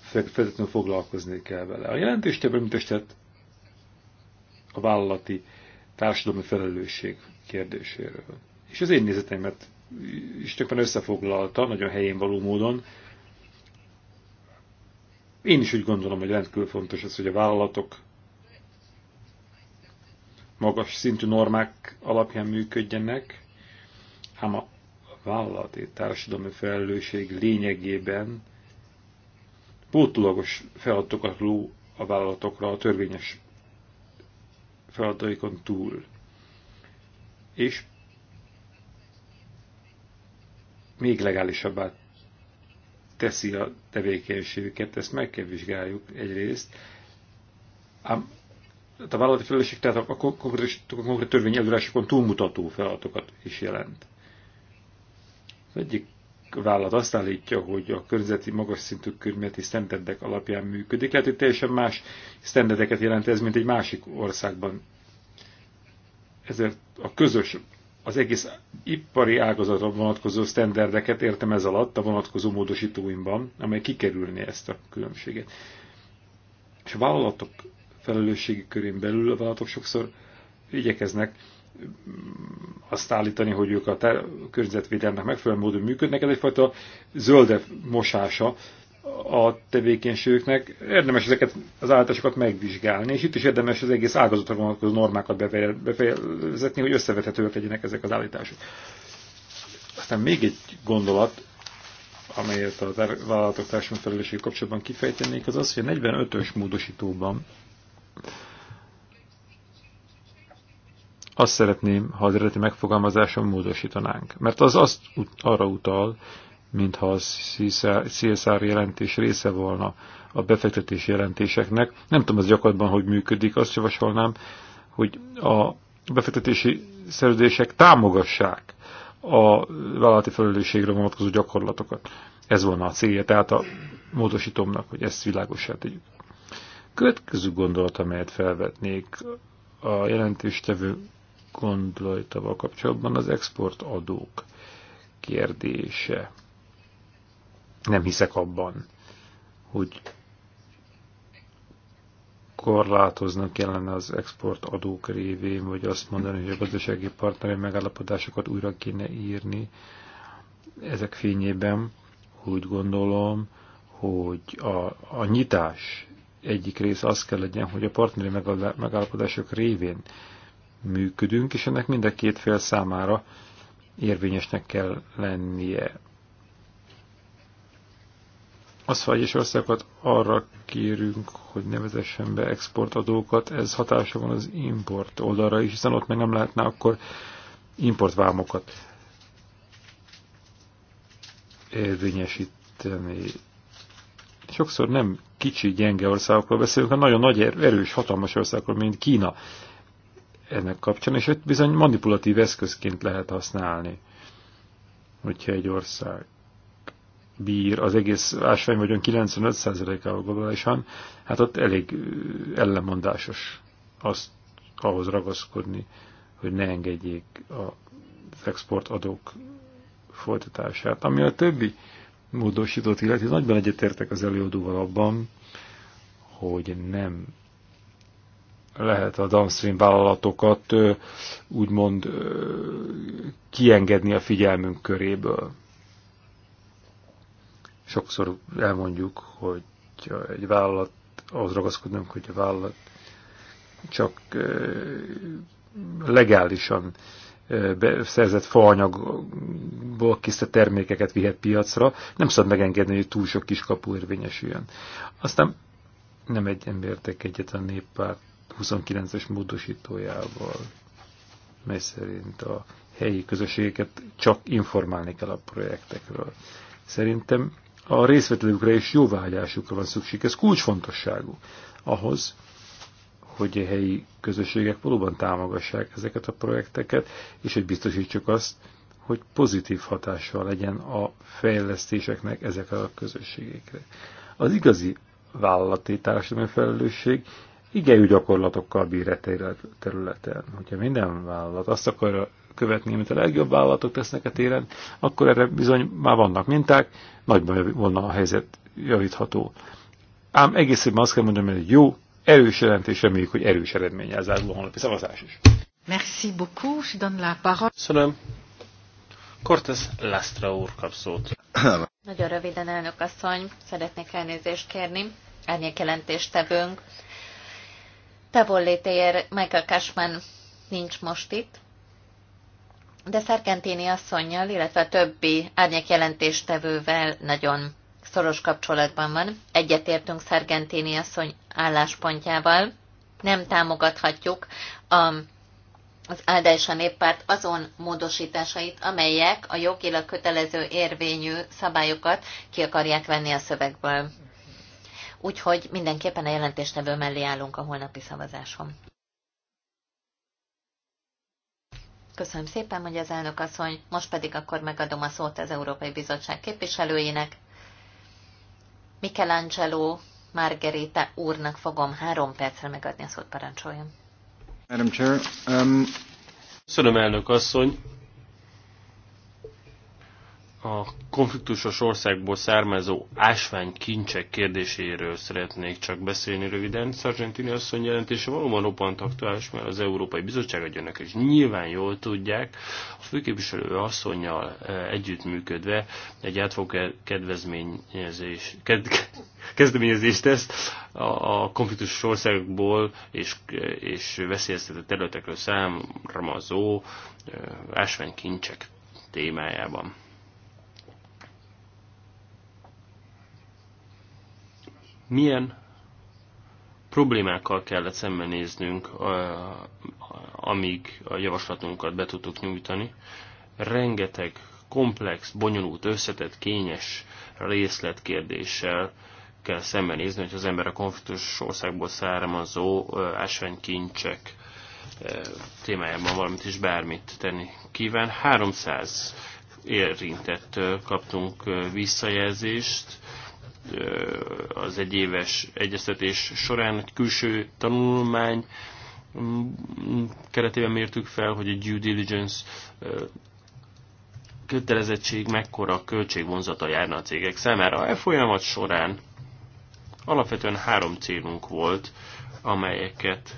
Feltétlenül foglalkozni kell vele. A jelentéstében, mint tett a vállalati társadalmi felelősség kérdéséről. És az én nézetemet is tökben összefoglalta, nagyon helyén való módon. Én is úgy gondolom, hogy rendkívül fontos az, hogy a vállalatok magas szintű normák alapján működjenek, ám a vállalati társadalmi felelősség lényegében pótulagos feladatokat ló a vállalatokra a törvényes feladataikon túl. És még legálisabbá teszi a tevékenységüket, ezt meg kell vizsgáljuk egyrészt. Ám a vállalati felelősség tehát a konkrét, konkrét törvény előrásokon túlmutató feladatokat is jelent. Az egyik vállalat azt állítja, hogy a környezeti magas szintű környezeti sztenderdek alapján működik. Lehet, hogy teljesen más sztenderdeket jelent ez, mint egy másik országban. Ezért a közös az egész ipari ágazatra vonatkozó sztenderdeket értem ez alatt a vonatkozó módosítóimban, amely kikerülni ezt a különbséget. És a vállalatok felelősségi körén belül a vállalatok sokszor igyekeznek mm, azt állítani, hogy ők a környezetvédelmnek megfelelő módon működnek, ez egyfajta zöld mosása a tevékenységüknek. Érdemes ezeket az állításokat megvizsgálni, és itt is érdemes az egész ágazatra vonatkozó normákat befejezetni, hogy összevethetőek legyenek ezek az állítások. Aztán még egy gondolat, amelyet a vállalatok társadalmi felelősség kapcsolatban kifejtenék, az az, hogy a 45-ös módosítóban azt szeretném, ha az eredeti megfogalmazáson módosítanánk. Mert az azt arra utal, mintha a CSR jelentés része volna a befektetési jelentéseknek. Nem tudom, ez gyakorlatban hogy működik. Azt javasolnám, hogy a befektetési szerződések támogassák a vállalati felelősségre vonatkozó gyakorlatokat. Ez volna a célja, tehát a módosítomnak, hogy ezt világossá tegyük. Következő gondolat, amelyet felvetnék a jelentéstevő gondolatával kapcsolatban, az exportadók kérdése. Nem hiszek abban, hogy korlátoznak kellene az export adók révén, vagy azt mondani, hogy a gazdasági partneri megállapodásokat újra kéne írni. Ezek fényében úgy gondolom, hogy a, a nyitás egyik része az kell legyen, hogy a partneri megállapodások révén működünk, és ennek mind a két fél számára érvényesnek kell lennie az, hogy egyes országokat arra kérünk, hogy nevezessen be exportadókat, ez hatása van az import oldalra is, hiszen ott meg nem lehetne akkor importvámokat érvényesíteni. Sokszor nem kicsi, gyenge országokról beszélünk, hanem nagyon nagy, erős, hatalmas országokról, mint Kína ennek kapcsán, és ott bizony manipulatív eszközként lehet használni, hogyha egy ország bír az egész vagyon 95 a globálisan, hát ott elég ellenmondásos azt ahhoz ragaszkodni, hogy ne engedjék az exportadók folytatását. Ami a többi módosított illeti, nagyban egyetértek az előadóval abban, hogy nem lehet a downstream vállalatokat úgymond kiengedni a figyelmünk köréből. Sokszor elmondjuk, hogy egy vállalat, ahhoz ragaszkodnunk, hogy a vállalat csak legálisan szerzett faanyagból készített termékeket vihet piacra, nem szabad megengedni, hogy túl sok kiskapu érvényesüljön. Aztán nem egy embertek egyet a néppárt 29-es módosítójával, mely szerint a helyi közösségeket csak informálni kell a projektekről. Szerintem a részvetőkre és jóváhagyásukra van szükség. Ez kulcsfontosságú ahhoz, hogy a helyi közösségek valóban támogassák ezeket a projekteket, és hogy biztosítsuk azt, hogy pozitív hatással legyen a fejlesztéseknek ezek a közösségekre. Az igazi vállalati társadalmi felelősség igeű gyakorlatokkal bír e területen. Hogyha minden vállalat azt akarja követni, amit a legjobb vállalatok tesznek a téren, akkor erre bizony már vannak minták, nagyban volna a helyzet javítható. Ám egész évben azt kell mondanom, hogy egy jó, erős jelentés, reméljük, hogy erős eredménye az álló honlapi szavazás is. Merci beaucoup, je donne la parole. Köszönöm. Cortez Lastra úr kap szót. Nagyon röviden, elnök asszony, szeretnék elnézést kérni. jelentést jelentéstevőnk. Távol létéért Michael Cashman nincs most itt, de Szerkenténi asszonynal, illetve a többi árnyékjelentéstevővel nagyon szoros kapcsolatban van. Egyetértünk Szerkenténi asszony álláspontjával. Nem támogathatjuk a, az áldása Néppárt azon módosításait, amelyek a jogilag kötelező érvényű szabályokat ki akarják venni a szövegből. Úgyhogy mindenképpen a jelentéstevő mellé állunk a holnapi szavazáson. Köszönöm szépen, hogy az elnök asszony, most pedig akkor megadom a szót az Európai Bizottság képviselőinek. Michelangelo Margherita úrnak fogom három percre megadni a szót, parancsoljon. Madam Chair, um... Köszönöm, elnök asszony a konfliktusos országból származó ásványkincsek kérdéséről szeretnék csak beszélni röviden. Sargentini asszony jelentése valóban roppant aktuális, mert az Európai Bizottság adja önök, és nyilván jól tudják, a főképviselő asszonynal eh, együttműködve egy átfogó kedvezményezés, ked, kezdeményezést tesz a, konfliktusos országokból és, és veszélyeztetett területekről számra mazó eh, ásványkincsek témájában. milyen problémákkal kellett szembenéznünk, amíg a javaslatunkat be tudtuk nyújtani. Rengeteg komplex, bonyolult, összetett, kényes részletkérdéssel kell szembenézni, hogy az ember a konfliktus országból származó ásványkincsek témájában valamit is bármit tenni kíván. 300 érintett kaptunk visszajelzést, az egyéves egyeztetés során egy külső tanulmány mm, keretében mértük fel, hogy a due diligence kötelezettség mekkora költségvonzata járna a cégek számára. E folyamat során alapvetően három célunk volt, amelyeket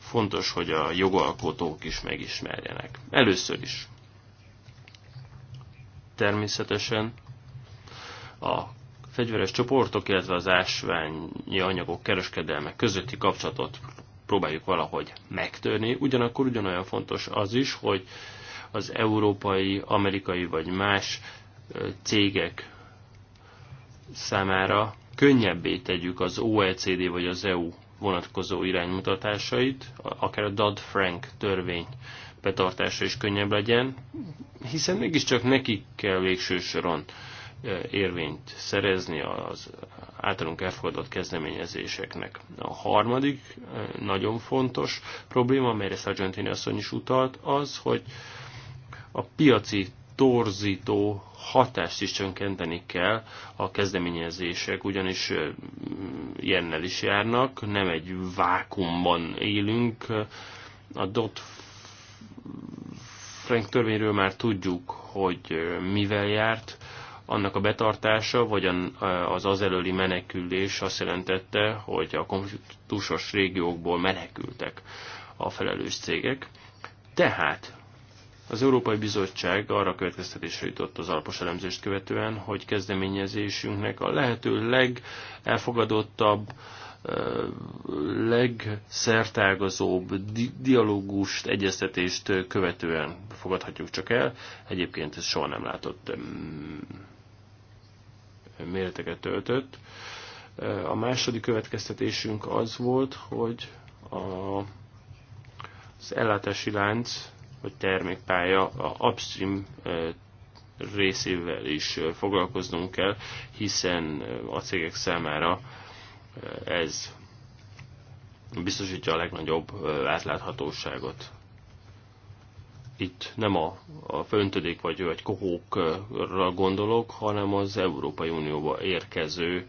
fontos, hogy a jogalkotók is megismerjenek. Először is természetesen a fegyveres csoportok, illetve az ásványi anyagok kereskedelme közötti kapcsolatot próbáljuk valahogy megtörni. Ugyanakkor ugyanolyan fontos az is, hogy az európai, amerikai vagy más cégek számára könnyebbé tegyük az OECD vagy az EU vonatkozó iránymutatásait, akár a Dodd-Frank törvény betartása is könnyebb legyen, hiszen mégiscsak nekik kell végső soron érvényt szerezni az általunk elfogadott kezdeményezéseknek. A harmadik eh, nagyon fontos probléma, amelyre Sargentini asszony is utalt, az, hogy a piaci torzító hatást is csökkenteni kell a kezdeményezések, ugyanis jennel eh, is járnak, nem egy vákumban élünk. A dot Frank törvényről már tudjuk, hogy eh, mivel járt, annak a betartása, vagy az az előli menekülés azt jelentette, hogy a konfliktusos régiókból menekültek a felelős cégek. Tehát az Európai Bizottság arra következtetésre jutott az alapos elemzést követően, hogy kezdeményezésünknek a lehető legelfogadottabb, legszertágazóbb di dialógust, egyeztetést követően fogadhatjuk csak el. Egyébként ez soha nem látott méreteket töltött. A második következtetésünk az volt, hogy a, az ellátási lánc vagy termékpálya a upstream részével is foglalkoznunk kell, hiszen a cégek számára ez biztosítja a legnagyobb átláthatóságot itt nem a, a föntödék vagy, vagy kohókra gondolok, hanem az Európai Unióba érkező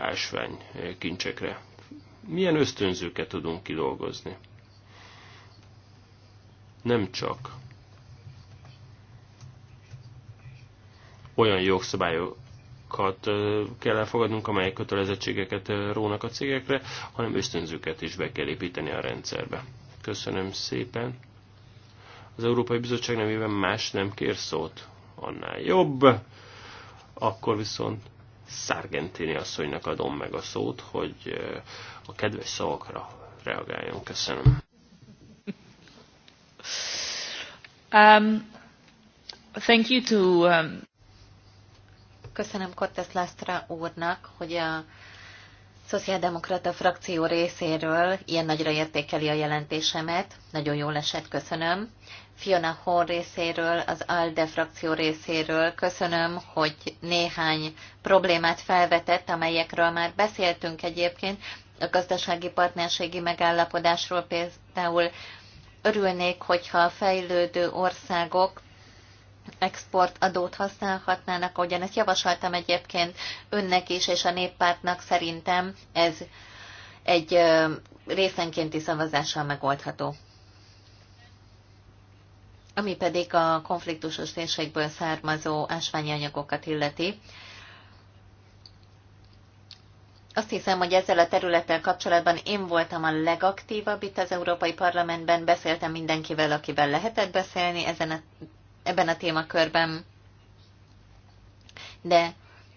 ásvány kincsekre. Milyen ösztönzőket tudunk kidolgozni? Nem csak olyan jogszabályokat kell elfogadnunk, amelyek kötelezettségeket rónak a cégekre, hanem ösztönzőket is be kell építeni a rendszerbe. Köszönöm szépen. Az Európai Bizottság nevében más nem kér szót. Annál jobb. Akkor viszont Szargentini asszonynak adom meg a szót, hogy eh, a kedves szavakra reagáljon. Köszönöm. Um, thank you to, um... Köszönöm Cortes Lastra úrnak, hogy a szociáldemokrata frakció részéről ilyen nagyra értékeli a jelentésemet. Nagyon jól esett, köszönöm. Fiona Hall részéről, az ALDE frakció részéről köszönöm, hogy néhány problémát felvetett, amelyekről már beszéltünk egyébként. A gazdasági partnerségi megállapodásról például örülnék, hogyha a fejlődő országok exportadót használhatnának, ahogyan ezt javasoltam egyébként önnek is, és a néppártnak szerintem ez egy részenkénti szavazással megoldható. Ami pedig a konfliktusos térségből származó ásványi anyagokat illeti, azt hiszem, hogy ezzel a területtel kapcsolatban én voltam a legaktívabb itt az Európai Parlamentben, beszéltem mindenkivel, akivel lehetett beszélni ezen a ebben a témakörben. De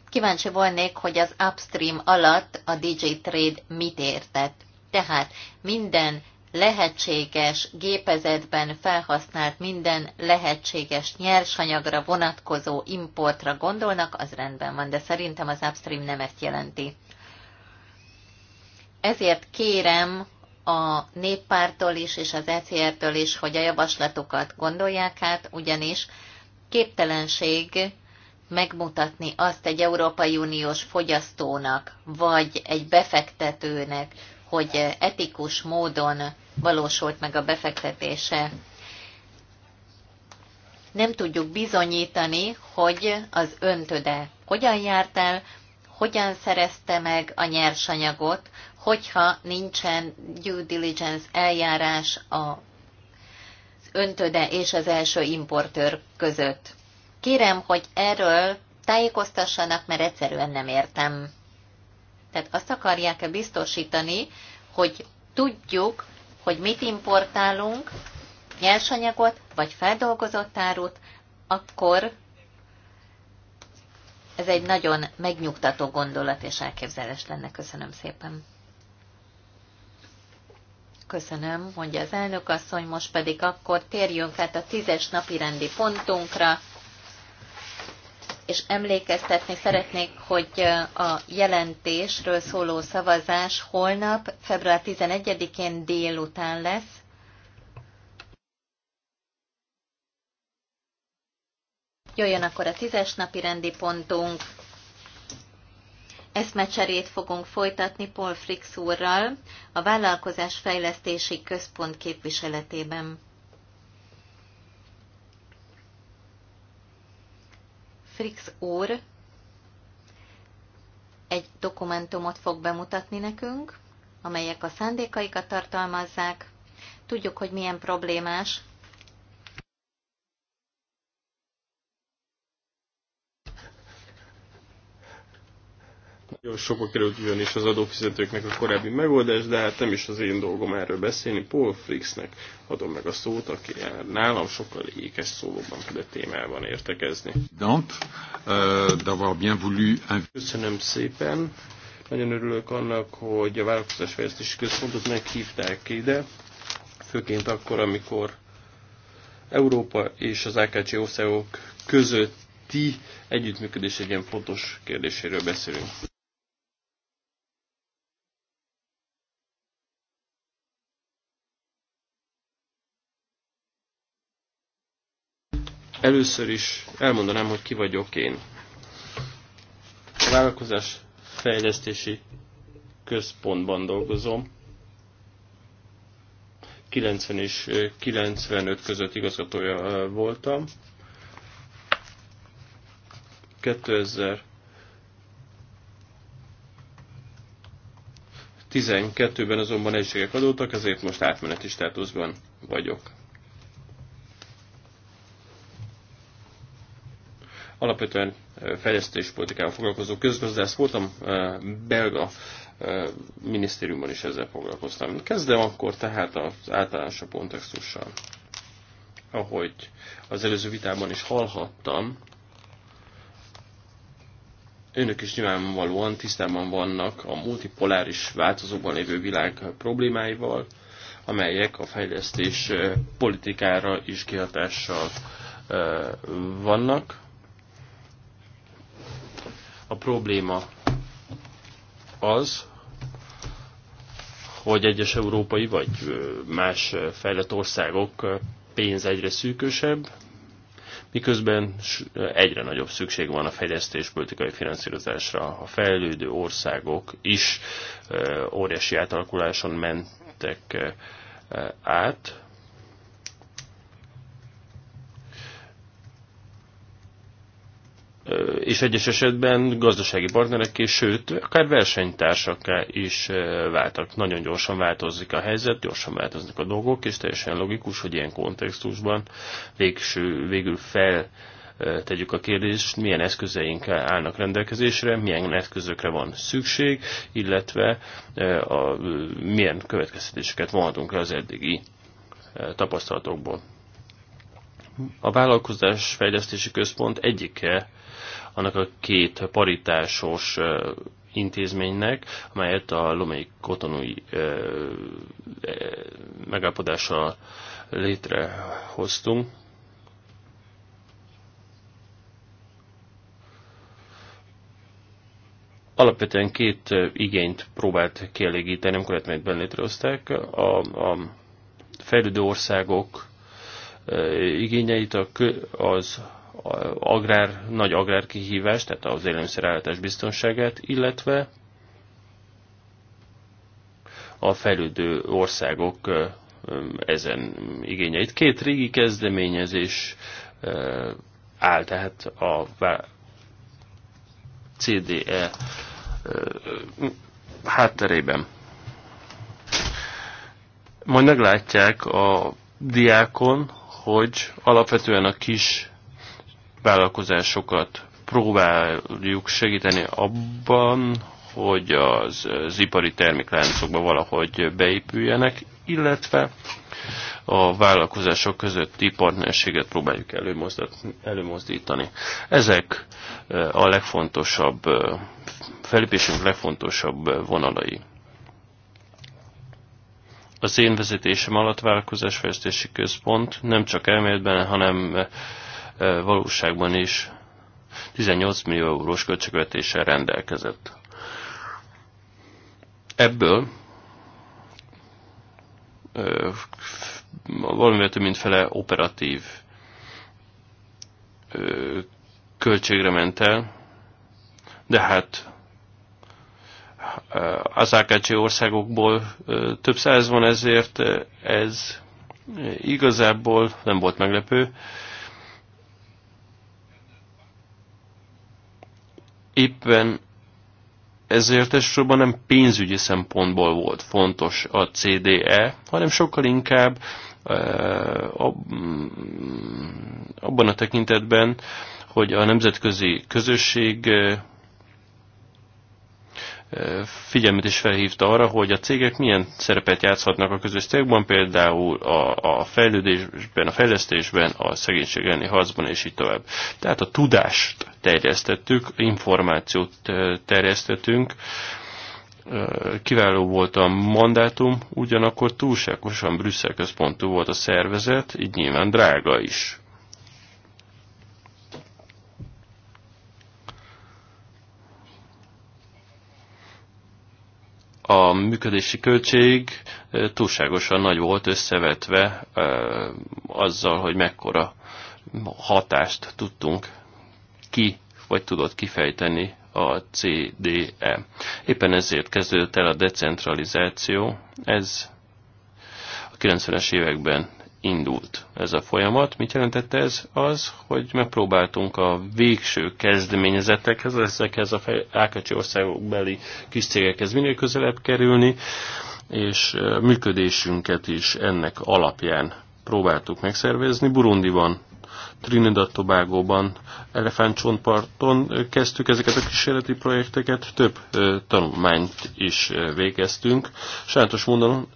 kíváncsi volnék, hogy az upstream alatt a DJ Trade mit értett. Tehát minden lehetséges gépezetben felhasznált minden lehetséges nyersanyagra vonatkozó importra gondolnak, az rendben van, de szerintem az upstream nem ezt jelenti. Ezért kérem, a néppártól is és az ECR-től is, hogy a javaslatokat gondolják át, ugyanis képtelenség megmutatni azt egy Európai Uniós fogyasztónak, vagy egy befektetőnek, hogy etikus módon valósult meg a befektetése. Nem tudjuk bizonyítani, hogy az öntöde hogyan járt el, hogyan szerezte meg a nyersanyagot, hogyha nincsen due diligence eljárás a öntöde és az első importőr között. Kérem, hogy erről tájékoztassanak, mert egyszerűen nem értem. Tehát azt akarják-e biztosítani, hogy tudjuk, hogy mit importálunk, nyersanyagot vagy feldolgozott árut, akkor ez egy nagyon megnyugtató gondolat és elképzelés lenne. Köszönöm szépen. Köszönöm, mondja az elnök asszony, most pedig akkor térjünk át a tízes napi rendi pontunkra, és emlékeztetni szeretnék, hogy a jelentésről szóló szavazás holnap, február 11-én délután lesz, Jöjjön akkor a tízes napi rendi pontunk, eszmecserét fogunk folytatni Paul Frix úrral a Vállalkozás Fejlesztési Központ képviseletében. Frix úr egy dokumentumot fog bemutatni nekünk, amelyek a szándékaikat tartalmazzák. Tudjuk, hogy milyen problémás Jó sokba került ugyanis az adófizetőknek a korábbi megoldás, de hát nem is az én dolgom erről beszélni. Paul Frixnek adom meg a szót, aki nálam sokkal ékes szólóban tud a témában értekezni. Euh, Köszönöm szépen. Nagyon örülök annak, hogy a vállalkozásfejlesztési központot meghívták ide, főként akkor, amikor Európa és az AKC országok közötti együttműködés egy ilyen fontos kérdéséről beszélünk. Először is elmondanám, hogy ki vagyok én. A vállalkozás fejlesztési központban dolgozom. 90 és 95 között igazgatója voltam. 2012-ben azonban egységek adódtak, ezért most átmeneti státuszban vagyok. Alapvetően fejlesztéspolitikával foglalkozó közgazdász voltam, belga minisztériumban is ezzel foglalkoztam. Kezdem akkor tehát az általánosabb kontextussal. Ahogy az előző vitában is hallhattam, önök is nyilvánvalóan tisztában vannak a multipoláris változóban lévő világ problémáival, amelyek a fejlesztés politikára is kihatással vannak. A probléma az, hogy egyes európai vagy más fejlett országok pénz egyre szűkösebb, miközben egyre nagyobb szükség van a politikai finanszírozásra. A fejlődő országok is óriási átalakuláson mentek át, és egyes esetben gazdasági partnerekké, sőt, akár versenytársakká is váltak. Nagyon gyorsan változik a helyzet, gyorsan változnak a dolgok, és teljesen logikus, hogy ilyen kontextusban végső, végül fel tegyük a kérdést, milyen eszközeink állnak rendelkezésre, milyen eszközökre van szükség, illetve a, milyen következtetéseket vonhatunk le az eddigi tapasztalatokból a Vállalkozás Fejlesztési Központ egyike annak a két paritásos intézménynek, amelyet a Lomé Kotonui megállapodással létrehoztunk. Alapvetően két igényt próbált kielégíteni, amikor ezt létrehozták. A, a fejlődő országok igényeit, az agrár, nagy agrárkihívást, tehát az élelmiszerállátás biztonságát, illetve a fejlődő országok ezen igényeit. Két régi kezdeményezés áll tehát a CDE hátterében. Majd meglátják a diákon, hogy alapvetően a kis vállalkozásokat próbáljuk segíteni abban, hogy az, az ipari termékláncokba valahogy beépüljenek, illetve a vállalkozások közötti partnerséget próbáljuk előmozdítani. Ezek eh, a legfontosabb, eh, felépésünk legfontosabb eh, vonalai. Az én vezetésem alatt vállalkozásfejlesztési központ nem csak elméletben, hanem e, e, valóságban is 18 millió eurós költségvetéssel rendelkezett. Ebből e, valamivel több mint fele operatív költségre ment el, de hát az AKC országokból több száz van, ezért ez igazából nem volt meglepő. Éppen ezért elsősorban nem pénzügyi szempontból volt fontos a CDE, hanem sokkal inkább mm, abban a tekintetben, hogy a nemzetközi közösség figyelmet is felhívta arra, hogy a cégek milyen szerepet játszhatnak a közös célokban, például a, a fejlődésben, a fejlesztésben, a szegénység elleni harcban, és így tovább. Tehát a tudást terjesztettük, információt terjesztettünk, kiváló volt a mandátum, ugyanakkor túlságosan Brüsszel központú volt a szervezet, így nyilván drága is. a működési költség eh, túlságosan nagy volt összevetve eh, azzal, hogy mekkora hatást tudtunk ki, vagy tudott kifejteni a CDE. Éppen ezért kezdődött el a decentralizáció. Ez a 90-es években indult ez a folyamat. Mit jelentette ez? Az, hogy megpróbáltunk a végső kezdeményezetekhez, ezekhez a Ákacsi országok beli kis cégekhez minél közelebb kerülni, és működésünket is ennek alapján próbáltuk megszervezni. Burundiban, Trinidad Tobágóban, Elefántcsontparton kezdtük ezeket a kísérleti projekteket, több tanulmányt is végeztünk. Sajnos mondom,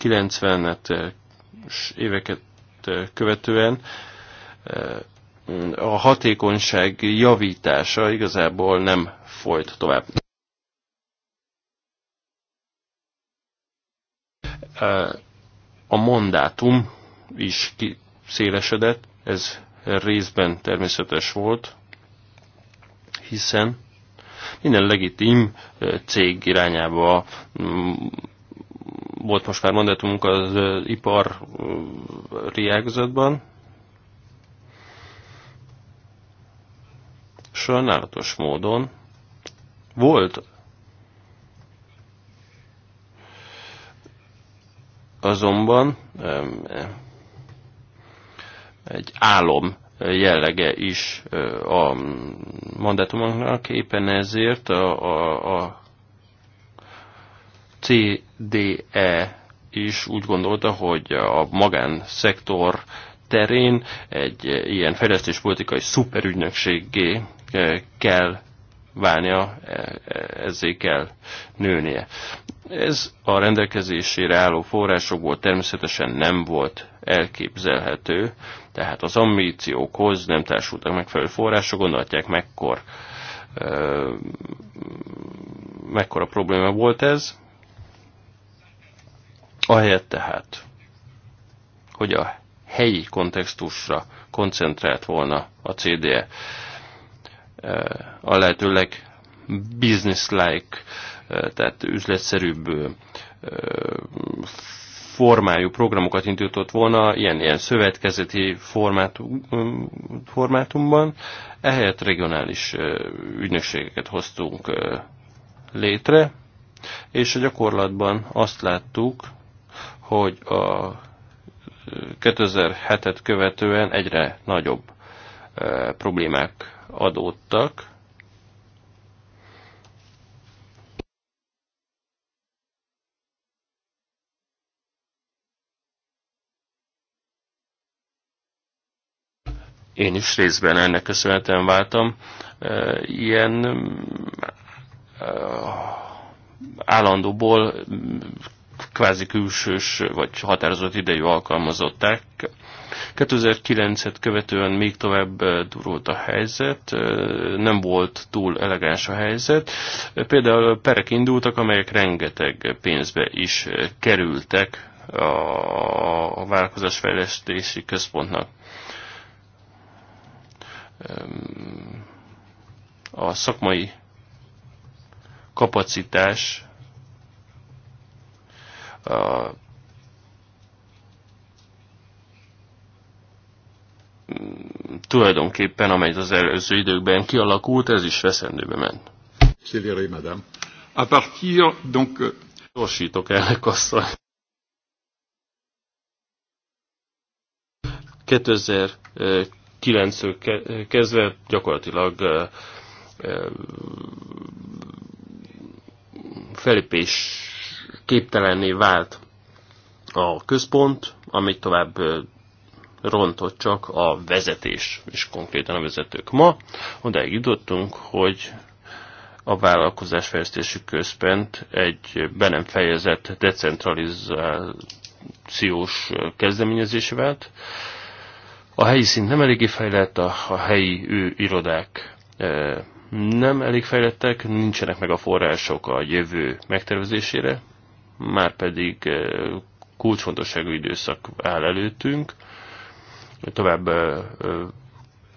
90-et éveket követően a hatékonyság javítása igazából nem folyt tovább. A mandátum is szélesedett, ez részben természetes volt, hiszen minden legitim cég irányába volt most már mandátumunk az ipar riágzatban. Sajnálatos módon volt azonban egy álom jellege is a mandátumunknak, éppen ezért a, a, a CDE is úgy gondolta, hogy a magánszektor terén egy ilyen fejlesztéspolitikai szuperügynökségé eh, kell válnia, eh, eh, ezzé kell nőnie. Ez a rendelkezésére álló forrásokból természetesen nem volt elképzelhető, tehát az ambíciókhoz nem társultak megfelelő források, gondolhatják mekkor, mekkora probléma volt ez. Ahelyett tehát, hogy a helyi kontextusra koncentrált volna a CDE, eh, a lehetőleg business-like, eh, tehát üzletszerűbb eh, formájú programokat indított volna, ilyen, ilyen szövetkezeti formátum, mm, formátumban, ehelyett regionális ügynökségeket hoztunk létre, és a gyakorlatban azt láttuk, hogy a 2007-et követően egyre nagyobb e, problémák adódtak. Én is részben ennek köszönhetően váltam. E, ilyen e, állandóból kvázi külsős vagy határozott idejű alkalmazották. 2009-et követően még tovább eh, durult a helyzet, eh, nem volt túl elegáns a helyzet. Például perek indultak, amelyek rengeteg pénzbe is eh, kerültek a vállalkozásfejlesztési központnak a szakmai kapacitás tulajdonképpen, amely az előző időkben kialakult, ez is veszendőbe ment. Céléré, madame. A partir, donc... Torsítok euh, el, kasszony. 2009-től kezdve gyakorlatilag felépés képtelenné vált a központ, amit tovább rontott csak a vezetés, és konkrétan a vezetők. Ma odáig jutottunk, hogy a vállalkozásfejlesztési központ egy be nem fejezett decentralizációs kezdeményezés vált. A helyi szint nem eléggé fejlett, a, a helyi ő, irodák e, nem elég fejlettek, nincsenek meg a források a jövő megtervezésére, már pedig eh, kulcsfontosságú időszak áll előttünk. Tovább eh, eh,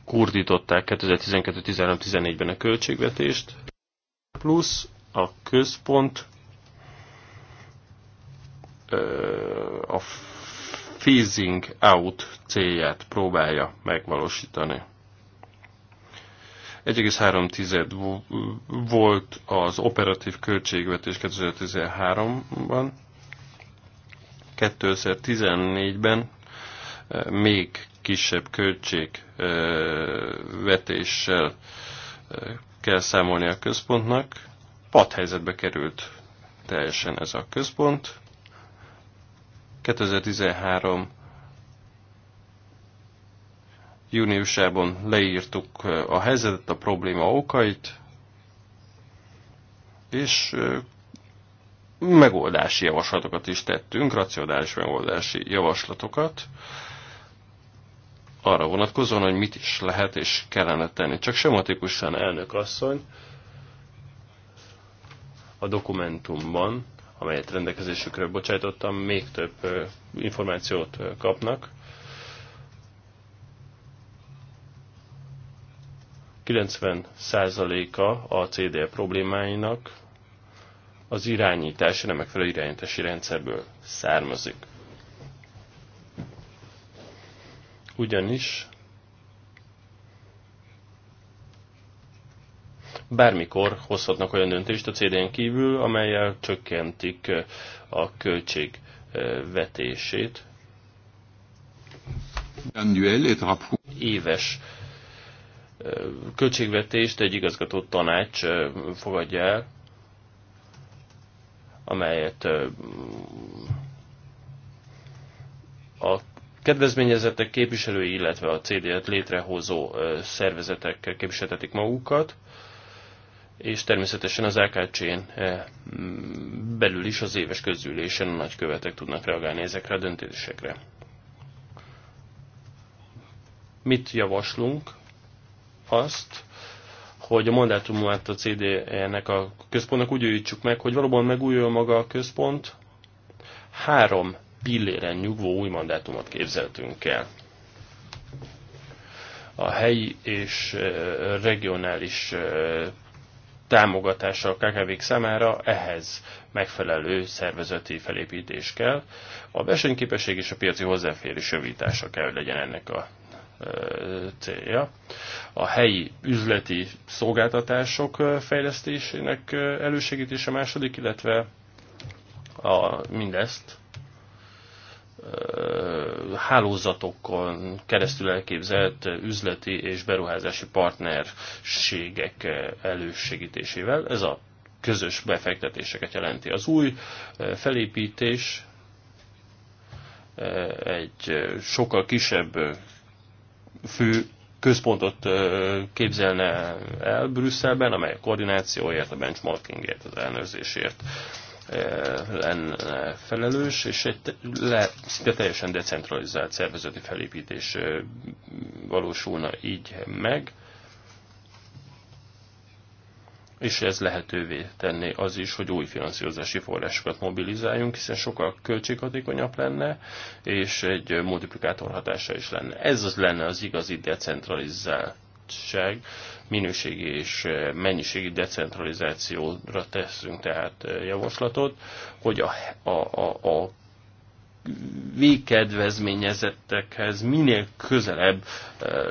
kurdították 2012-13-14-ben a költségvetést, plusz a központ a phasing out célját próbálja megvalósítani. 1,3 volt az operatív költségvetés 2013-ban, 2014-ben eh, még kisebb költségvetéssel eh, kell számolni a központnak. pat helyzetbe került teljesen ez a központ. 2013 Júniusában leírtuk a helyzetet, a probléma okait, és megoldási javaslatokat is tettünk, racionális megoldási javaslatokat, arra vonatkozóan, hogy mit is lehet és kellene tenni. Csak sematikusan elnök asszony a dokumentumban, amelyet rendelkezésükre bocsájtottam, még több információt kapnak. 90%-a a CDL problémáinak az irányítás, nem megfelelő irányítási rendszerből származik. Ugyanis bármikor hozhatnak olyan döntést a CDN n kívül, amelyel csökkentik a költség vetését. Éves költségvetést egy igazgató tanács fogadja el, amelyet a kedvezményezettek képviselői, illetve a cd létrehozó szervezetek képviseltetik magukat, és természetesen az akc belül is az éves közülésen a nagykövetek tudnak reagálni ezekre a döntésekre. Mit javaslunk? azt, hogy a mandátumát a cd nek a központnak úgy újítsuk meg, hogy valóban megújul maga a központ, három pilléren nyugvó új mandátumot képzeltünk el. A helyi és regionális támogatása a kkv számára ehhez megfelelő szervezeti felépítés kell. A versenyképesség és a piaci hozzáférés javítása kell, hogy legyen ennek a célja. A helyi üzleti szolgáltatások fejlesztésének elősegítése második, illetve a, mindezt hálózatokon keresztül elképzelt üzleti és beruházási partnerségek elősegítésével. Ez a közös befektetéseket jelenti. Az új felépítés egy sokkal kisebb fő központot képzelne el Brüsszelben, amely a koordinációért, a benchmarkingért, az ellenőrzésért lenne felelős, és egy le, szinte teljesen decentralizált szervezeti felépítés valósulna így meg és ez lehetővé tenné az is, hogy új finanszírozási forrásokat mobilizáljunk, hiszen sokkal költséghatékonyabb lenne, és egy multiplikátor hatása is lenne. Ez az lenne az igazi decentralizáltság, minőségi és mennyiségi decentralizációra teszünk tehát javaslatot, hogy a, a, a, a végkedvezményezettekhez minél közelebb eh,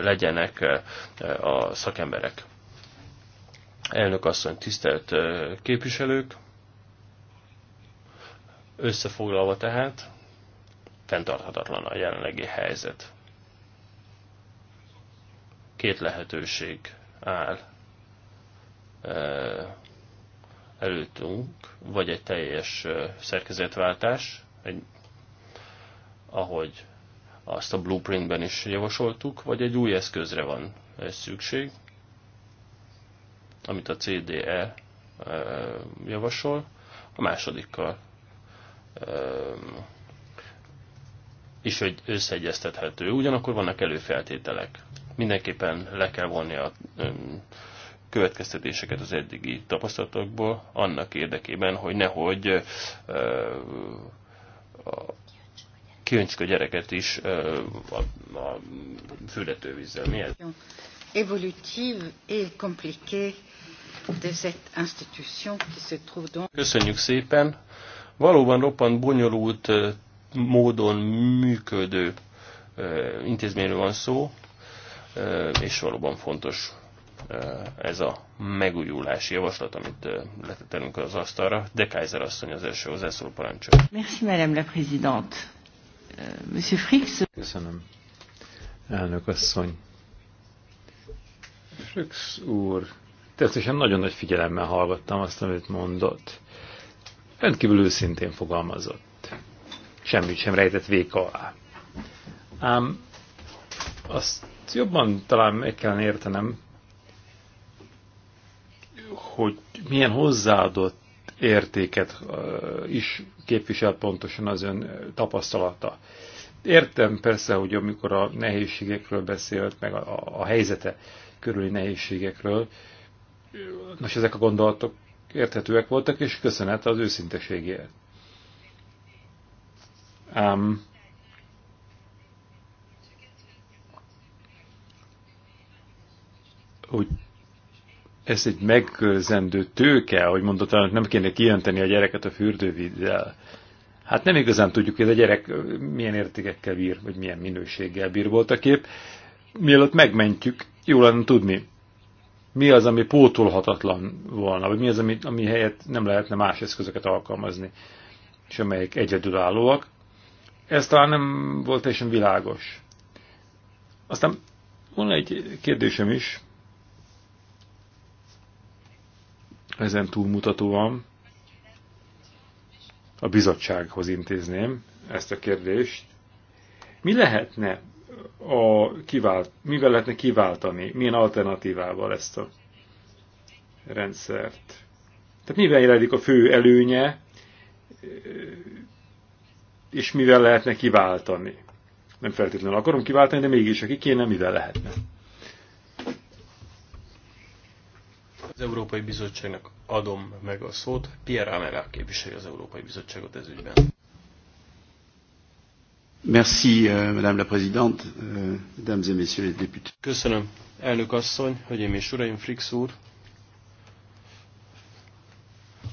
legyenek eh, a szakemberek. Elnök asszony, tisztelt képviselők! Összefoglalva tehát, fenntarthatatlan a jelenlegi helyzet. Két lehetőség áll előttünk, vagy egy teljes szerkezetváltás, egy, ahogy azt a blueprintben is javasoltuk, vagy egy új eszközre van szükség, amit a CDE javasol, a másodikkal is hogy összeegyeztethető. Ugyanakkor vannak előfeltételek. Mindenképpen le kell vonni a következtetéseket az eddigi tapasztalatokból, annak érdekében, hogy nehogy kiöntsük a gyereket is a, a fürdetővízzel. Miért? Evolutív és komplikált de cette institution qui se trouve donc... Köszönjük szépen! Valóban roppant bonyolult módon működő intézményről van szó, és valóban fontos ez a megújulási javaslat, amit letettelünk az asztalra. De Kaiser asszony az első hozzászóló parancsol. Merci, Madame la Présidente. Euh, monsieur Frix. Köszönöm. Elnök asszony. Frix úr természetesen nagyon nagy figyelemmel hallgattam azt, amit mondott. Rendkívül őszintén fogalmazott. Semmit sem rejtett véka alá. Ám azt jobban talán meg kell értenem, hogy milyen hozzáadott értéket is képvisel pontosan az ön tapasztalata. Értem persze, hogy amikor a nehézségekről beszélt, meg a, a helyzete körüli nehézségekről, Nos, ezek a gondolatok érthetőek voltak, és köszönet az őszinteségért. Um, hogy ez egy megkörzendő tőke, hogy mondott, hogy nem kéne kijönteni a gyereket a fürdővíddel. Hát nem igazán tudjuk, hogy a gyerek milyen értékekkel bír, vagy milyen minőséggel bír volt a kép. Mielőtt megmentjük, jó lenne tudni, mi az, ami pótolhatatlan volna, vagy mi az, ami, ami helyett nem lehetne más eszközöket alkalmazni, és amelyek egyedülállóak. Ez talán nem volt teljesen világos. Aztán van egy kérdésem is, ezen túlmutatóan a bizottsághoz intézném ezt a kérdést. Mi lehetne a kivált, mivel lehetne kiváltani, milyen alternatívával ezt a rendszert. Tehát mivel jelenik a fő előnye, és mivel lehetne kiváltani. Nem feltétlenül akarom kiváltani, de mégis, aki kéne, mivel lehetne. Az Európai Bizottságnak adom meg a szót. Pierre Amera képviseli az Európai Bizottságot ez ügyben. Merci, euh, Madame la Présidente, euh, Mesdames et Messieurs les députés. Köszönöm, elnök asszony, hölgyeim és uraim, Frix úr,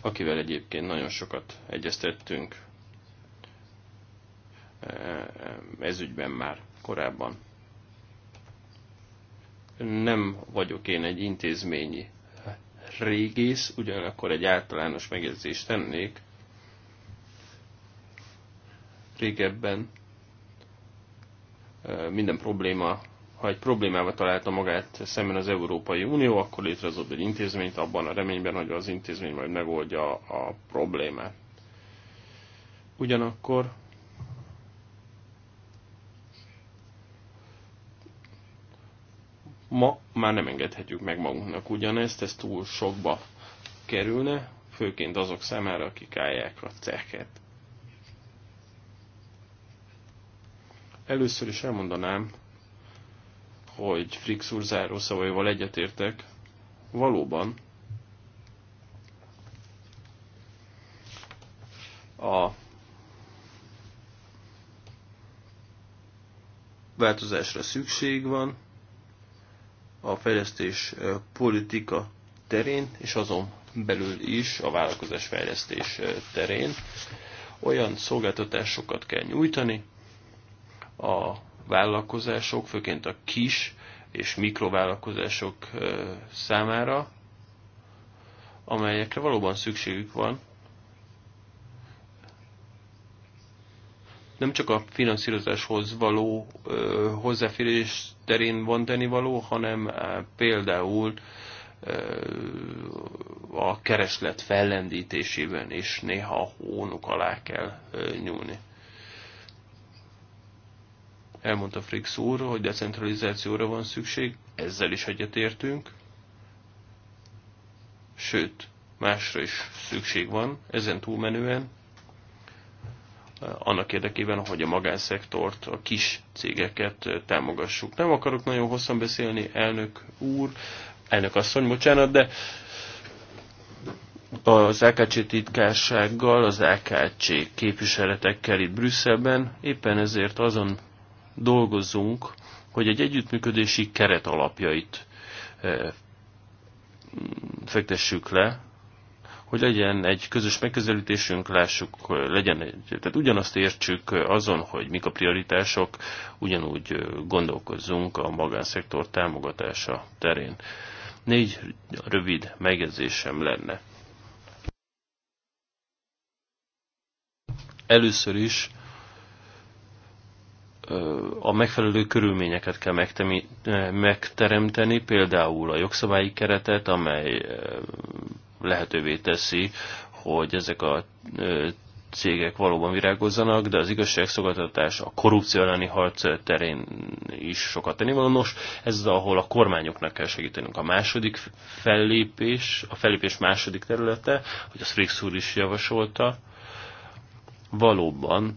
akivel egyébként nagyon sokat egyeztettünk eh, ezügyben már korábban. Nem vagyok én egy intézményi régész, ugyanakkor egy általános megjegyzést tennék. Régebben minden probléma, ha egy problémával találta magát szemben az Európai Unió, akkor létrehozott egy intézményt abban a reményben, hogy az intézmény majd megoldja a problémát. Ugyanakkor ma már nem engedhetjük meg magunknak ugyanezt, ez túl sokba kerülne, főként azok számára, akik állják a ceket. Először is elmondanám, hogy Frix úr záró szavaival egyetértek. Valóban a változásra szükség van a fejlesztés politika terén, és azon belül is a vállalkozás fejlesztés terén. Olyan szolgáltatásokat kell nyújtani, a vállalkozások, főként a kis és mikrovállalkozások számára, amelyekre valóban szükségük van. Nem csak a finanszírozáshoz való hozzáférés terén van tennivaló, hanem például a kereslet fellendítésében is néha a hónuk alá kell nyúlni. Elmondta Frix úr, hogy decentralizációra van szükség, ezzel is egyetértünk. Sőt, másra is szükség van, ezen túlmenően, annak érdekében, hogy a magánszektort, a kis cégeket támogassuk. Nem akarok nagyon hosszan beszélni, elnök úr, elnök asszony, bocsánat, de az AKC titkársággal, az AKC képviseletekkel itt Brüsszelben, éppen ezért azon dolgozzunk, hogy egy együttműködési keret alapjait eh, fektessük le, hogy legyen egy közös megközelítésünk, lássuk, legyen egy, tehát ugyanazt értsük azon, hogy mik a prioritások, ugyanúgy eh, gondolkozzunk a magánszektor támogatása terén. Négy rövid megjegyzésem lenne. Először is a megfelelő körülményeket kell megteremteni, például a jogszabályi keretet, amely lehetővé teszi, hogy ezek a cégek valóban virágozzanak, de az igazságszolgáltatás a korrupció elleni harc terén is sokat van. Nos, ez az, ahol a kormányoknak kell segítenünk. A második fellépés, a fellépés második területe, hogy a Frix úr is javasolta, valóban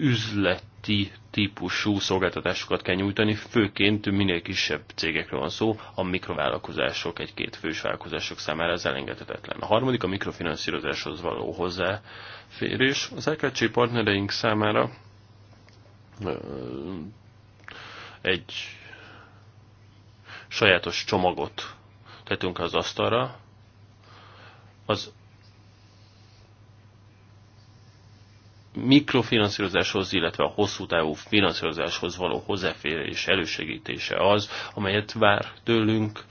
üzleti típusú szolgáltatásokat kell nyújtani, főként minél kisebb cégekről van szó, a mikrovállalkozások, egy-két fős vállalkozások számára ez elengedhetetlen. A harmadik a mikrofinanszírozáshoz való hozzáférés. Az LKC partnereink számára egy sajátos csomagot tettünk az asztalra, az mikrofinanszírozáshoz, illetve a hosszú távú finanszírozáshoz való hozzáférés elősegítése az, amelyet vár tőlünk,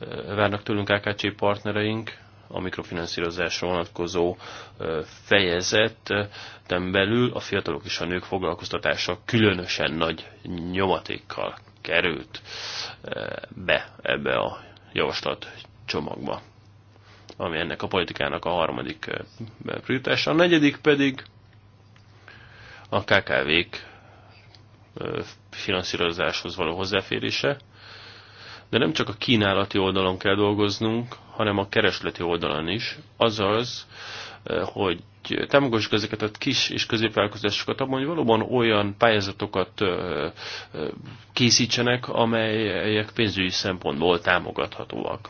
eh, várnak tőlünk AKC partnereink, a mikrofinanszírozásra vonatkozó eh, fejezeten eh, belül a fiatalok és a nők foglalkoztatása különösen nagy nyomatékkal került be ebbe a javaslat csomagba, ami ennek a politikának a harmadik prioritása. A negyedik pedig a KKV-k finanszírozáshoz való hozzáférése, de nem csak a kínálati oldalon kell dolgoznunk, hanem a keresleti oldalon is, azaz, hogy támogassuk ezeket a kis és középvállalkozásokat abban, hogy valóban olyan pályázatokat készítsenek, amelyek pénzügyi szempontból támogathatóak.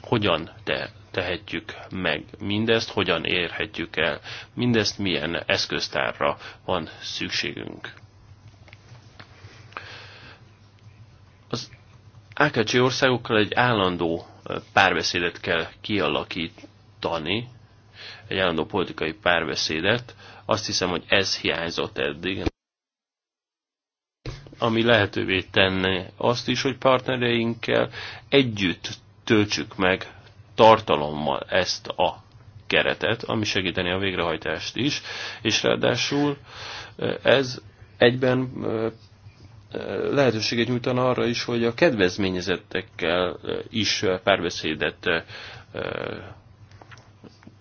Hogyan te tehetjük meg mindezt, hogyan érhetjük el mindezt, milyen eszköztárra van szükségünk. Az AKC országokkal egy állandó párbeszédet kell kialakítani, egy állandó politikai párbeszédet. Azt hiszem, hogy ez hiányzott eddig ami lehetővé tenni azt is, hogy partnereinkkel együtt töltsük meg tartalommal ezt a keretet, ami segíteni a végrehajtást is, és ráadásul ez egyben lehetőséget nyújtana arra is, hogy a kedvezményezettekkel is párbeszédet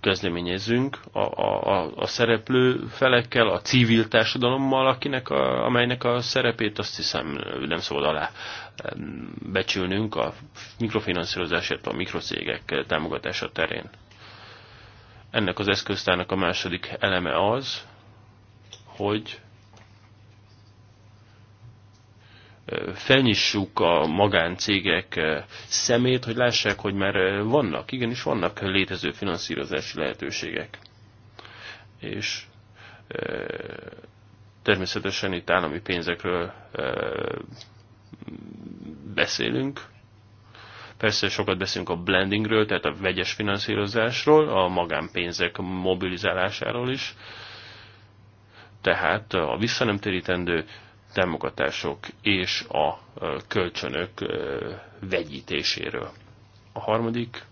közleményezünk a, a, a szereplő felekkel, a civil társadalommal, akinek a, amelynek a szerepét azt hiszem nem szabad alá becsülnünk a mikrofinanszírozásért, a mikrocégek támogatása terén. Ennek az eszköztárnak a második eleme az, hogy felnyissuk a magáncégek szemét, hogy lássák, hogy már vannak, igenis vannak létező finanszírozási lehetőségek. És természetesen itt állami pénzekről beszélünk. Persze sokat beszélünk a blendingről, tehát a vegyes finanszírozásról, a magánpénzek mobilizálásáról is. Tehát a visszanemtérítendő támogatások és a kölcsönök vegyítéséről. A harmadik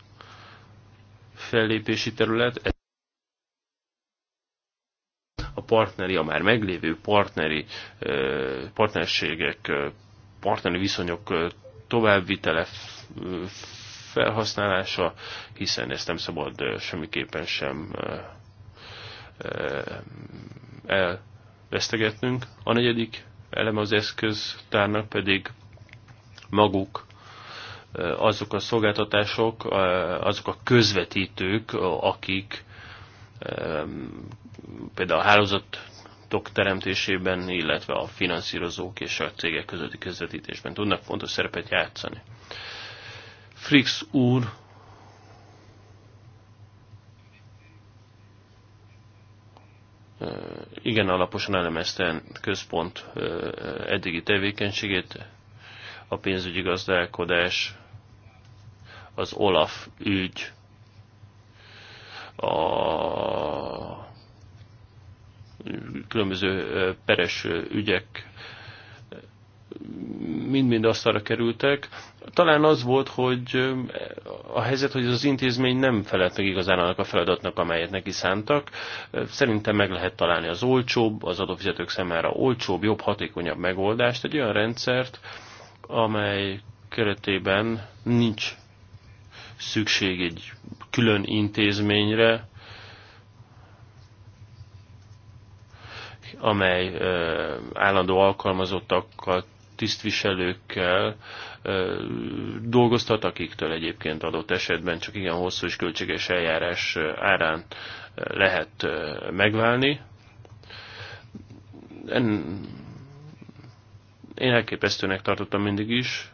fellépési terület a partneri, a már meglévő partneri partnerségek, partneri viszonyok továbbvitele felhasználása, hiszen ezt nem szabad semmiképpen sem elvesztegetnünk. A negyedik eleme az eszköztárnak pedig maguk azok a szolgáltatások, azok a közvetítők, akik például a hálózatok teremtésében, illetve a finanszírozók és a cégek közötti közvetítésben tudnak fontos szerepet játszani. Frix úr igen alaposan elemezte központ eddigi tevékenységét, a pénzügyi gazdálkodás, az OLAF ügy, a különböző peres ügyek mind-mind asztalra kerültek, talán az volt, hogy a helyzet, hogy az intézmény nem felelt meg igazán annak a feladatnak, amelyet neki szántak. Szerintem meg lehet találni az olcsóbb, az adófizetők számára olcsóbb, jobb, hatékonyabb megoldást, egy olyan rendszert, amely keretében nincs szükség egy külön intézményre, amely állandó alkalmazottakat tisztviselőkkel dolgoztat, akiktől egyébként adott esetben csak igen hosszú és költséges eljárás árán lehet megválni. Én elképesztőnek tartottam mindig is,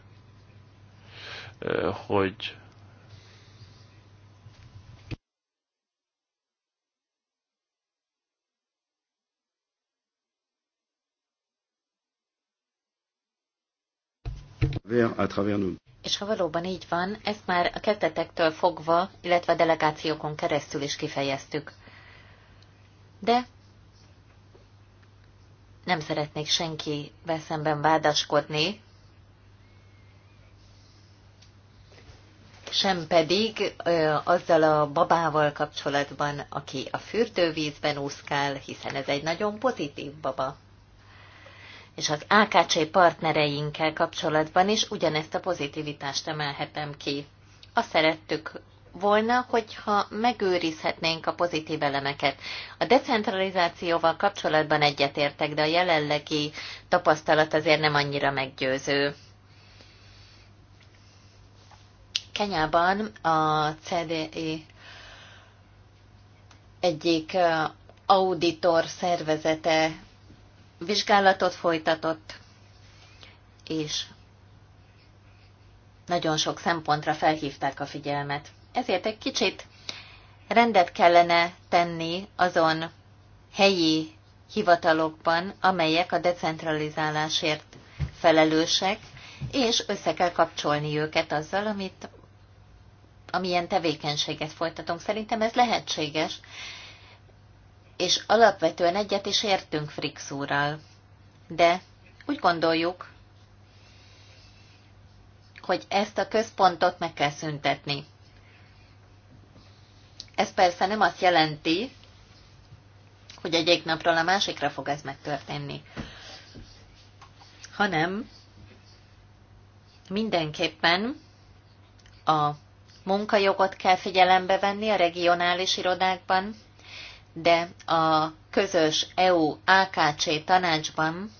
hogy És ha valóban így van, ezt már a kezdetektől fogva, illetve a delegációkon keresztül is kifejeztük. De nem szeretnék senki szemben vádaskodni, sem pedig ö, azzal a babával kapcsolatban, aki a fürdővízben úszkál, hiszen ez egy nagyon pozitív baba és az AKC partnereinkkel kapcsolatban is ugyanezt a pozitivitást emelhetem ki. Azt szerettük volna, hogyha megőrizhetnénk a pozitív elemeket. A decentralizációval kapcsolatban egyetértek, de a jelenlegi tapasztalat azért nem annyira meggyőző. Kenyában a CDE egyik auditor szervezete vizsgálatot folytatott, és nagyon sok szempontra felhívták a figyelmet. Ezért egy kicsit rendet kellene tenni azon helyi hivatalokban, amelyek a decentralizálásért felelősek, és össze kell kapcsolni őket azzal, amit amilyen tevékenységet folytatunk. Szerintem ez lehetséges, és alapvetően egyet is értünk Frix úrral. De úgy gondoljuk, hogy ezt a központot meg kell szüntetni. Ez persze nem azt jelenti, hogy egyik napról a másikra fog ez megtörténni, hanem mindenképpen a munkajogot kell figyelembe venni a regionális irodákban, de a közös EU-AKC tanácsban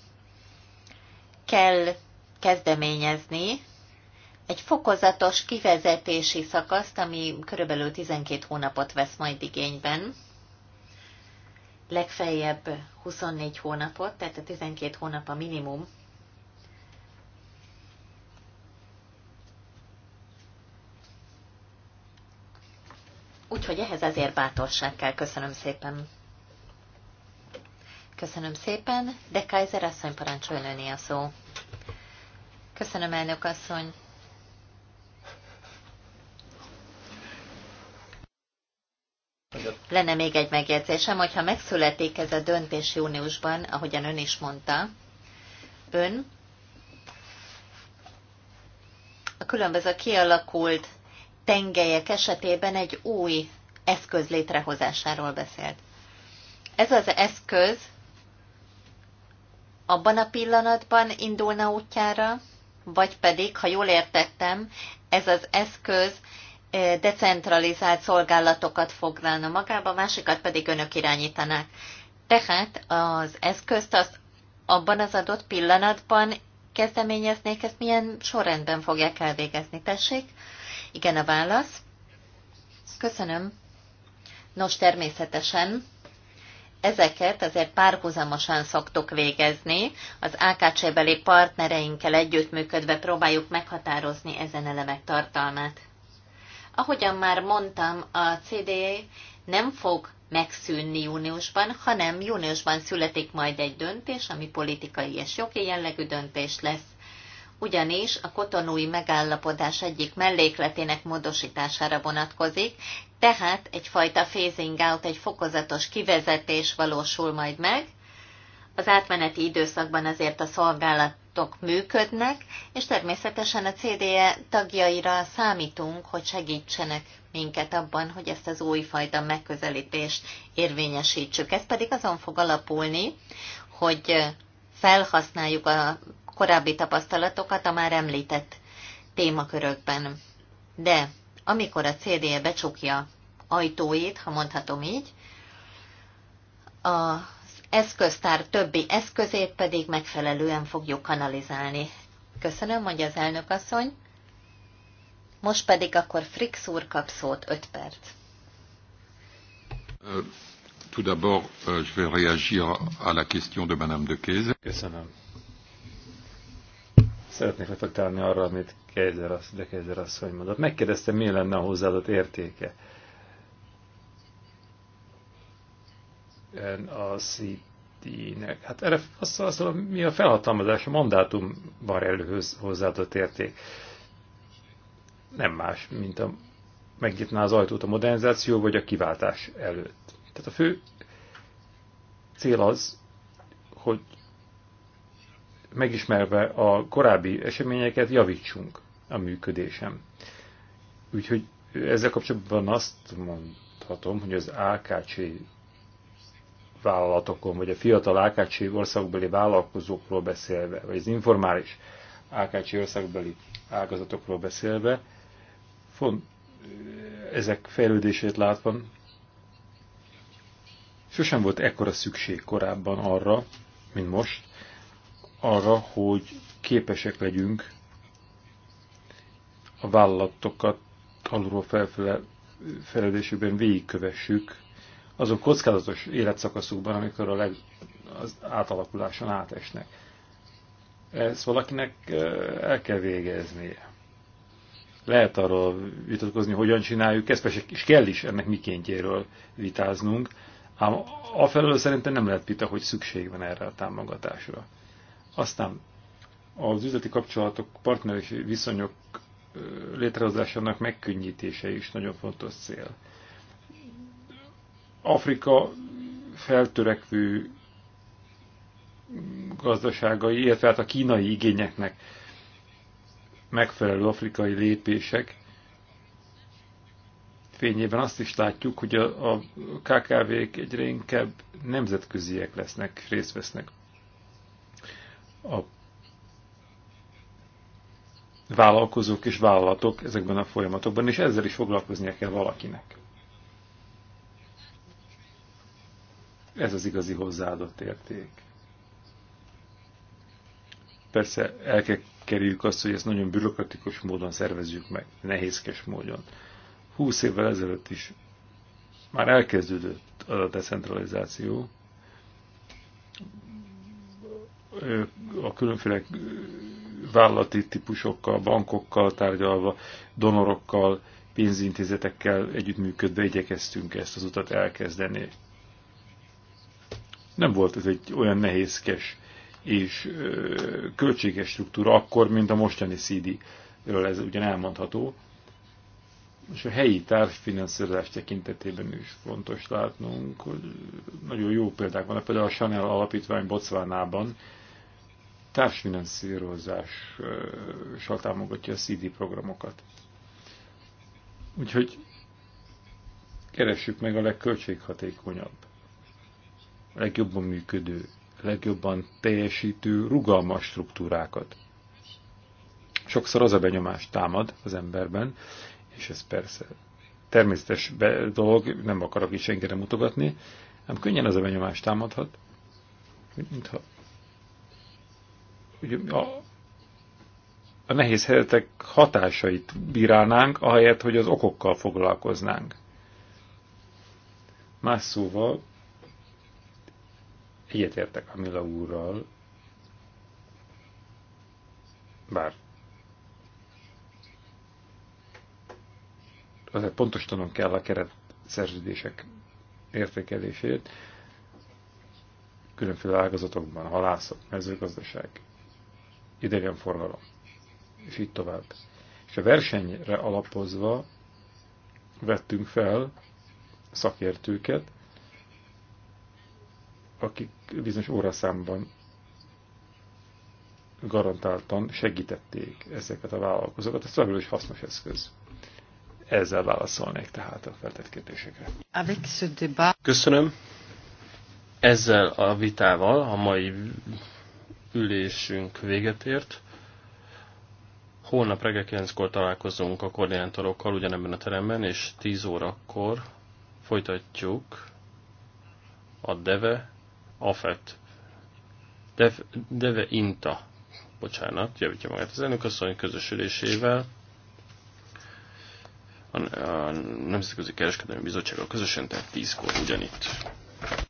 kell kezdeményezni egy fokozatos kivezetési szakaszt, ami körülbelül 12 hónapot vesz majd igényben, legfeljebb 24 hónapot, tehát a 12 hónap a minimum, Úgyhogy ehhez ezért bátorság kell. Köszönöm szépen. Köszönöm szépen, de Kaiser asszony parancsoljon öné a szó. Köszönöm, elnök asszony. Lenne még egy megjegyzésem, hogyha megszületik ez a döntés júniusban, ahogyan ön is mondta, ön a különböző kialakult tengelyek esetében egy új eszköz létrehozásáról beszélt. Ez az eszköz abban a pillanatban indulna útjára, vagy pedig, ha jól értettem, ez az eszköz eh, decentralizált szolgálatokat foglalna magába, másikat pedig önök irányítanák. Tehát az eszközt azt abban az adott pillanatban kezdeményeznék, ezt milyen sorrendben fogják elvégezni, tessék? Igen a válasz. Köszönöm. Nos, természetesen ezeket azért párhuzamosan szoktuk végezni. Az AKC-beli partnereinkkel együttműködve próbáljuk meghatározni ezen elemek tartalmát. Ahogyan már mondtam, a CD nem fog megszűnni júniusban, hanem júniusban születik majd egy döntés, ami politikai és jogi jellegű döntés lesz ugyanis a kotonúi megállapodás egyik mellékletének módosítására vonatkozik, tehát egyfajta phasing out, egy fokozatos kivezetés valósul majd meg. Az átmeneti időszakban azért a szolgálatok működnek, és természetesen a CDE tagjaira számítunk, hogy segítsenek minket abban, hogy ezt az újfajta megközelítést érvényesítsük. Ez pedig azon fog alapulni, hogy felhasználjuk a korábbi tapasztalatokat a már említett témakörökben. De amikor a -e becsukja ajtóit, ha mondhatom így, az eszköztár többi eszközét pedig megfelelően fogjuk kanalizálni. Köszönöm, mondja az elnök asszony. Most pedig akkor Frix úr kap szót 5 perc. Euh, tout d'abord, euh, je vais réagir à la question de Madame de Kéze. Köszönöm. Szeretnék reflektálni arra, amit Kejzer, de Kejzer hogy mondott. Megkérdeztem, mi lenne a hozzáadott értéke a CD-nek. Hát erre azt, azt mondom, mi a felhatalmazás, a mandátum van előhöz hozzáadott érték. Nem más, mint a megnyitná az ajtót a modernizáció vagy a kiváltás előtt. Tehát a fő cél az, hogy megismerve a korábbi eseményeket javítsunk a működésem. Úgyhogy ezzel kapcsolatban azt mondhatom, hogy az AKC vállalatokon, vagy a fiatal AKC országbeli vállalkozókról beszélve, vagy az informális AKC országbeli ágazatokról beszélve, font, ezek fejlődését látva, sosem volt ekkora szükség korábban arra, mint most, arra, hogy képesek legyünk a vállalatokat alulról felfele felelősségben végigkövessük azok kockázatos életszakaszukban, amikor a leg, az átalakuláson átesnek. Ezt valakinek el kell végeznie. Lehet arról vitatkozni, hogyan csináljuk, ezt persze is kell is ennek mikéntjéről vitáznunk, ám afelől szerintem nem lehet vita, hogy szükség van erre a támogatásra. Aztán az üzleti kapcsolatok, partneri viszonyok létrehozásának megkönnyítése is nagyon fontos cél. Afrika feltörekvő gazdaságai, illetve hát a kínai igényeknek megfelelő afrikai lépések fényében azt is látjuk, hogy a, a KKV-k egyre inkább nemzetköziek lesznek, részt vesznek a vállalkozók és vállalatok ezekben a folyamatokban, és ezzel is foglalkoznia kell valakinek. Ez az igazi hozzáadott érték. Persze el kell kerüljük azt, hogy ezt nagyon bürokratikus módon szervezzük meg, nehézkes módon. Húsz évvel ezelőtt is már elkezdődött a decentralizáció, a különféle vállalati típusokkal, bankokkal tárgyalva, donorokkal, pénzintézetekkel együttműködve igyekeztünk ezt az utat elkezdeni. Nem volt ez egy olyan nehézkes és költséges struktúra akkor, mint a mostani CD-ről, ez ugyan elmondható. És a helyi társfinanszírozás tekintetében is fontos látnunk, hogy nagyon jó példák vannak. Például a Chanel alapítvány Bocvánában társfinanszírozással támogatja a CD programokat. Úgyhogy keressük meg a legköltséghatékonyabb, a legjobban működő, a legjobban teljesítő, rugalmas struktúrákat. Sokszor az a benyomás támad az emberben, és ez persze természetes dolog, nem akarok is senkire mutogatni, nem könnyen az a benyomás támadhat, mintha ugye a, a nehéz helyzetek hatásait bírálnánk, ahelyett, hogy az okokkal foglalkoznánk. Más szóval egyetértek a Mila úrral, bár azért pontosanon kell a keret szerződések értékelését, különféle ágazatokban, halászok, mezőgazdaság, idegenforgalom, és így tovább. És a versenyre alapozva vettünk fel szakértőket, akik bizonyos óraszámban garantáltan segítették ezeket a vállalkozókat. Ez továbbra is hasznos eszköz. Ezzel válaszolnék tehát a feltett kérdésekre. Köszönöm. Ezzel a vitával, a mai ülésünk véget ért. Holnap reggel 9-kor találkozunk a koordinátorokkal ugyanebben a teremben, és 10 órakor folytatjuk a DEVE AFET. Dev, DEVE INTA, bocsánat, javítja magát az elnök asszony közösülésével. A, a Nemzetközi Kereskedelmi Bizottsággal közösen, tehát 10-kor ugyanitt.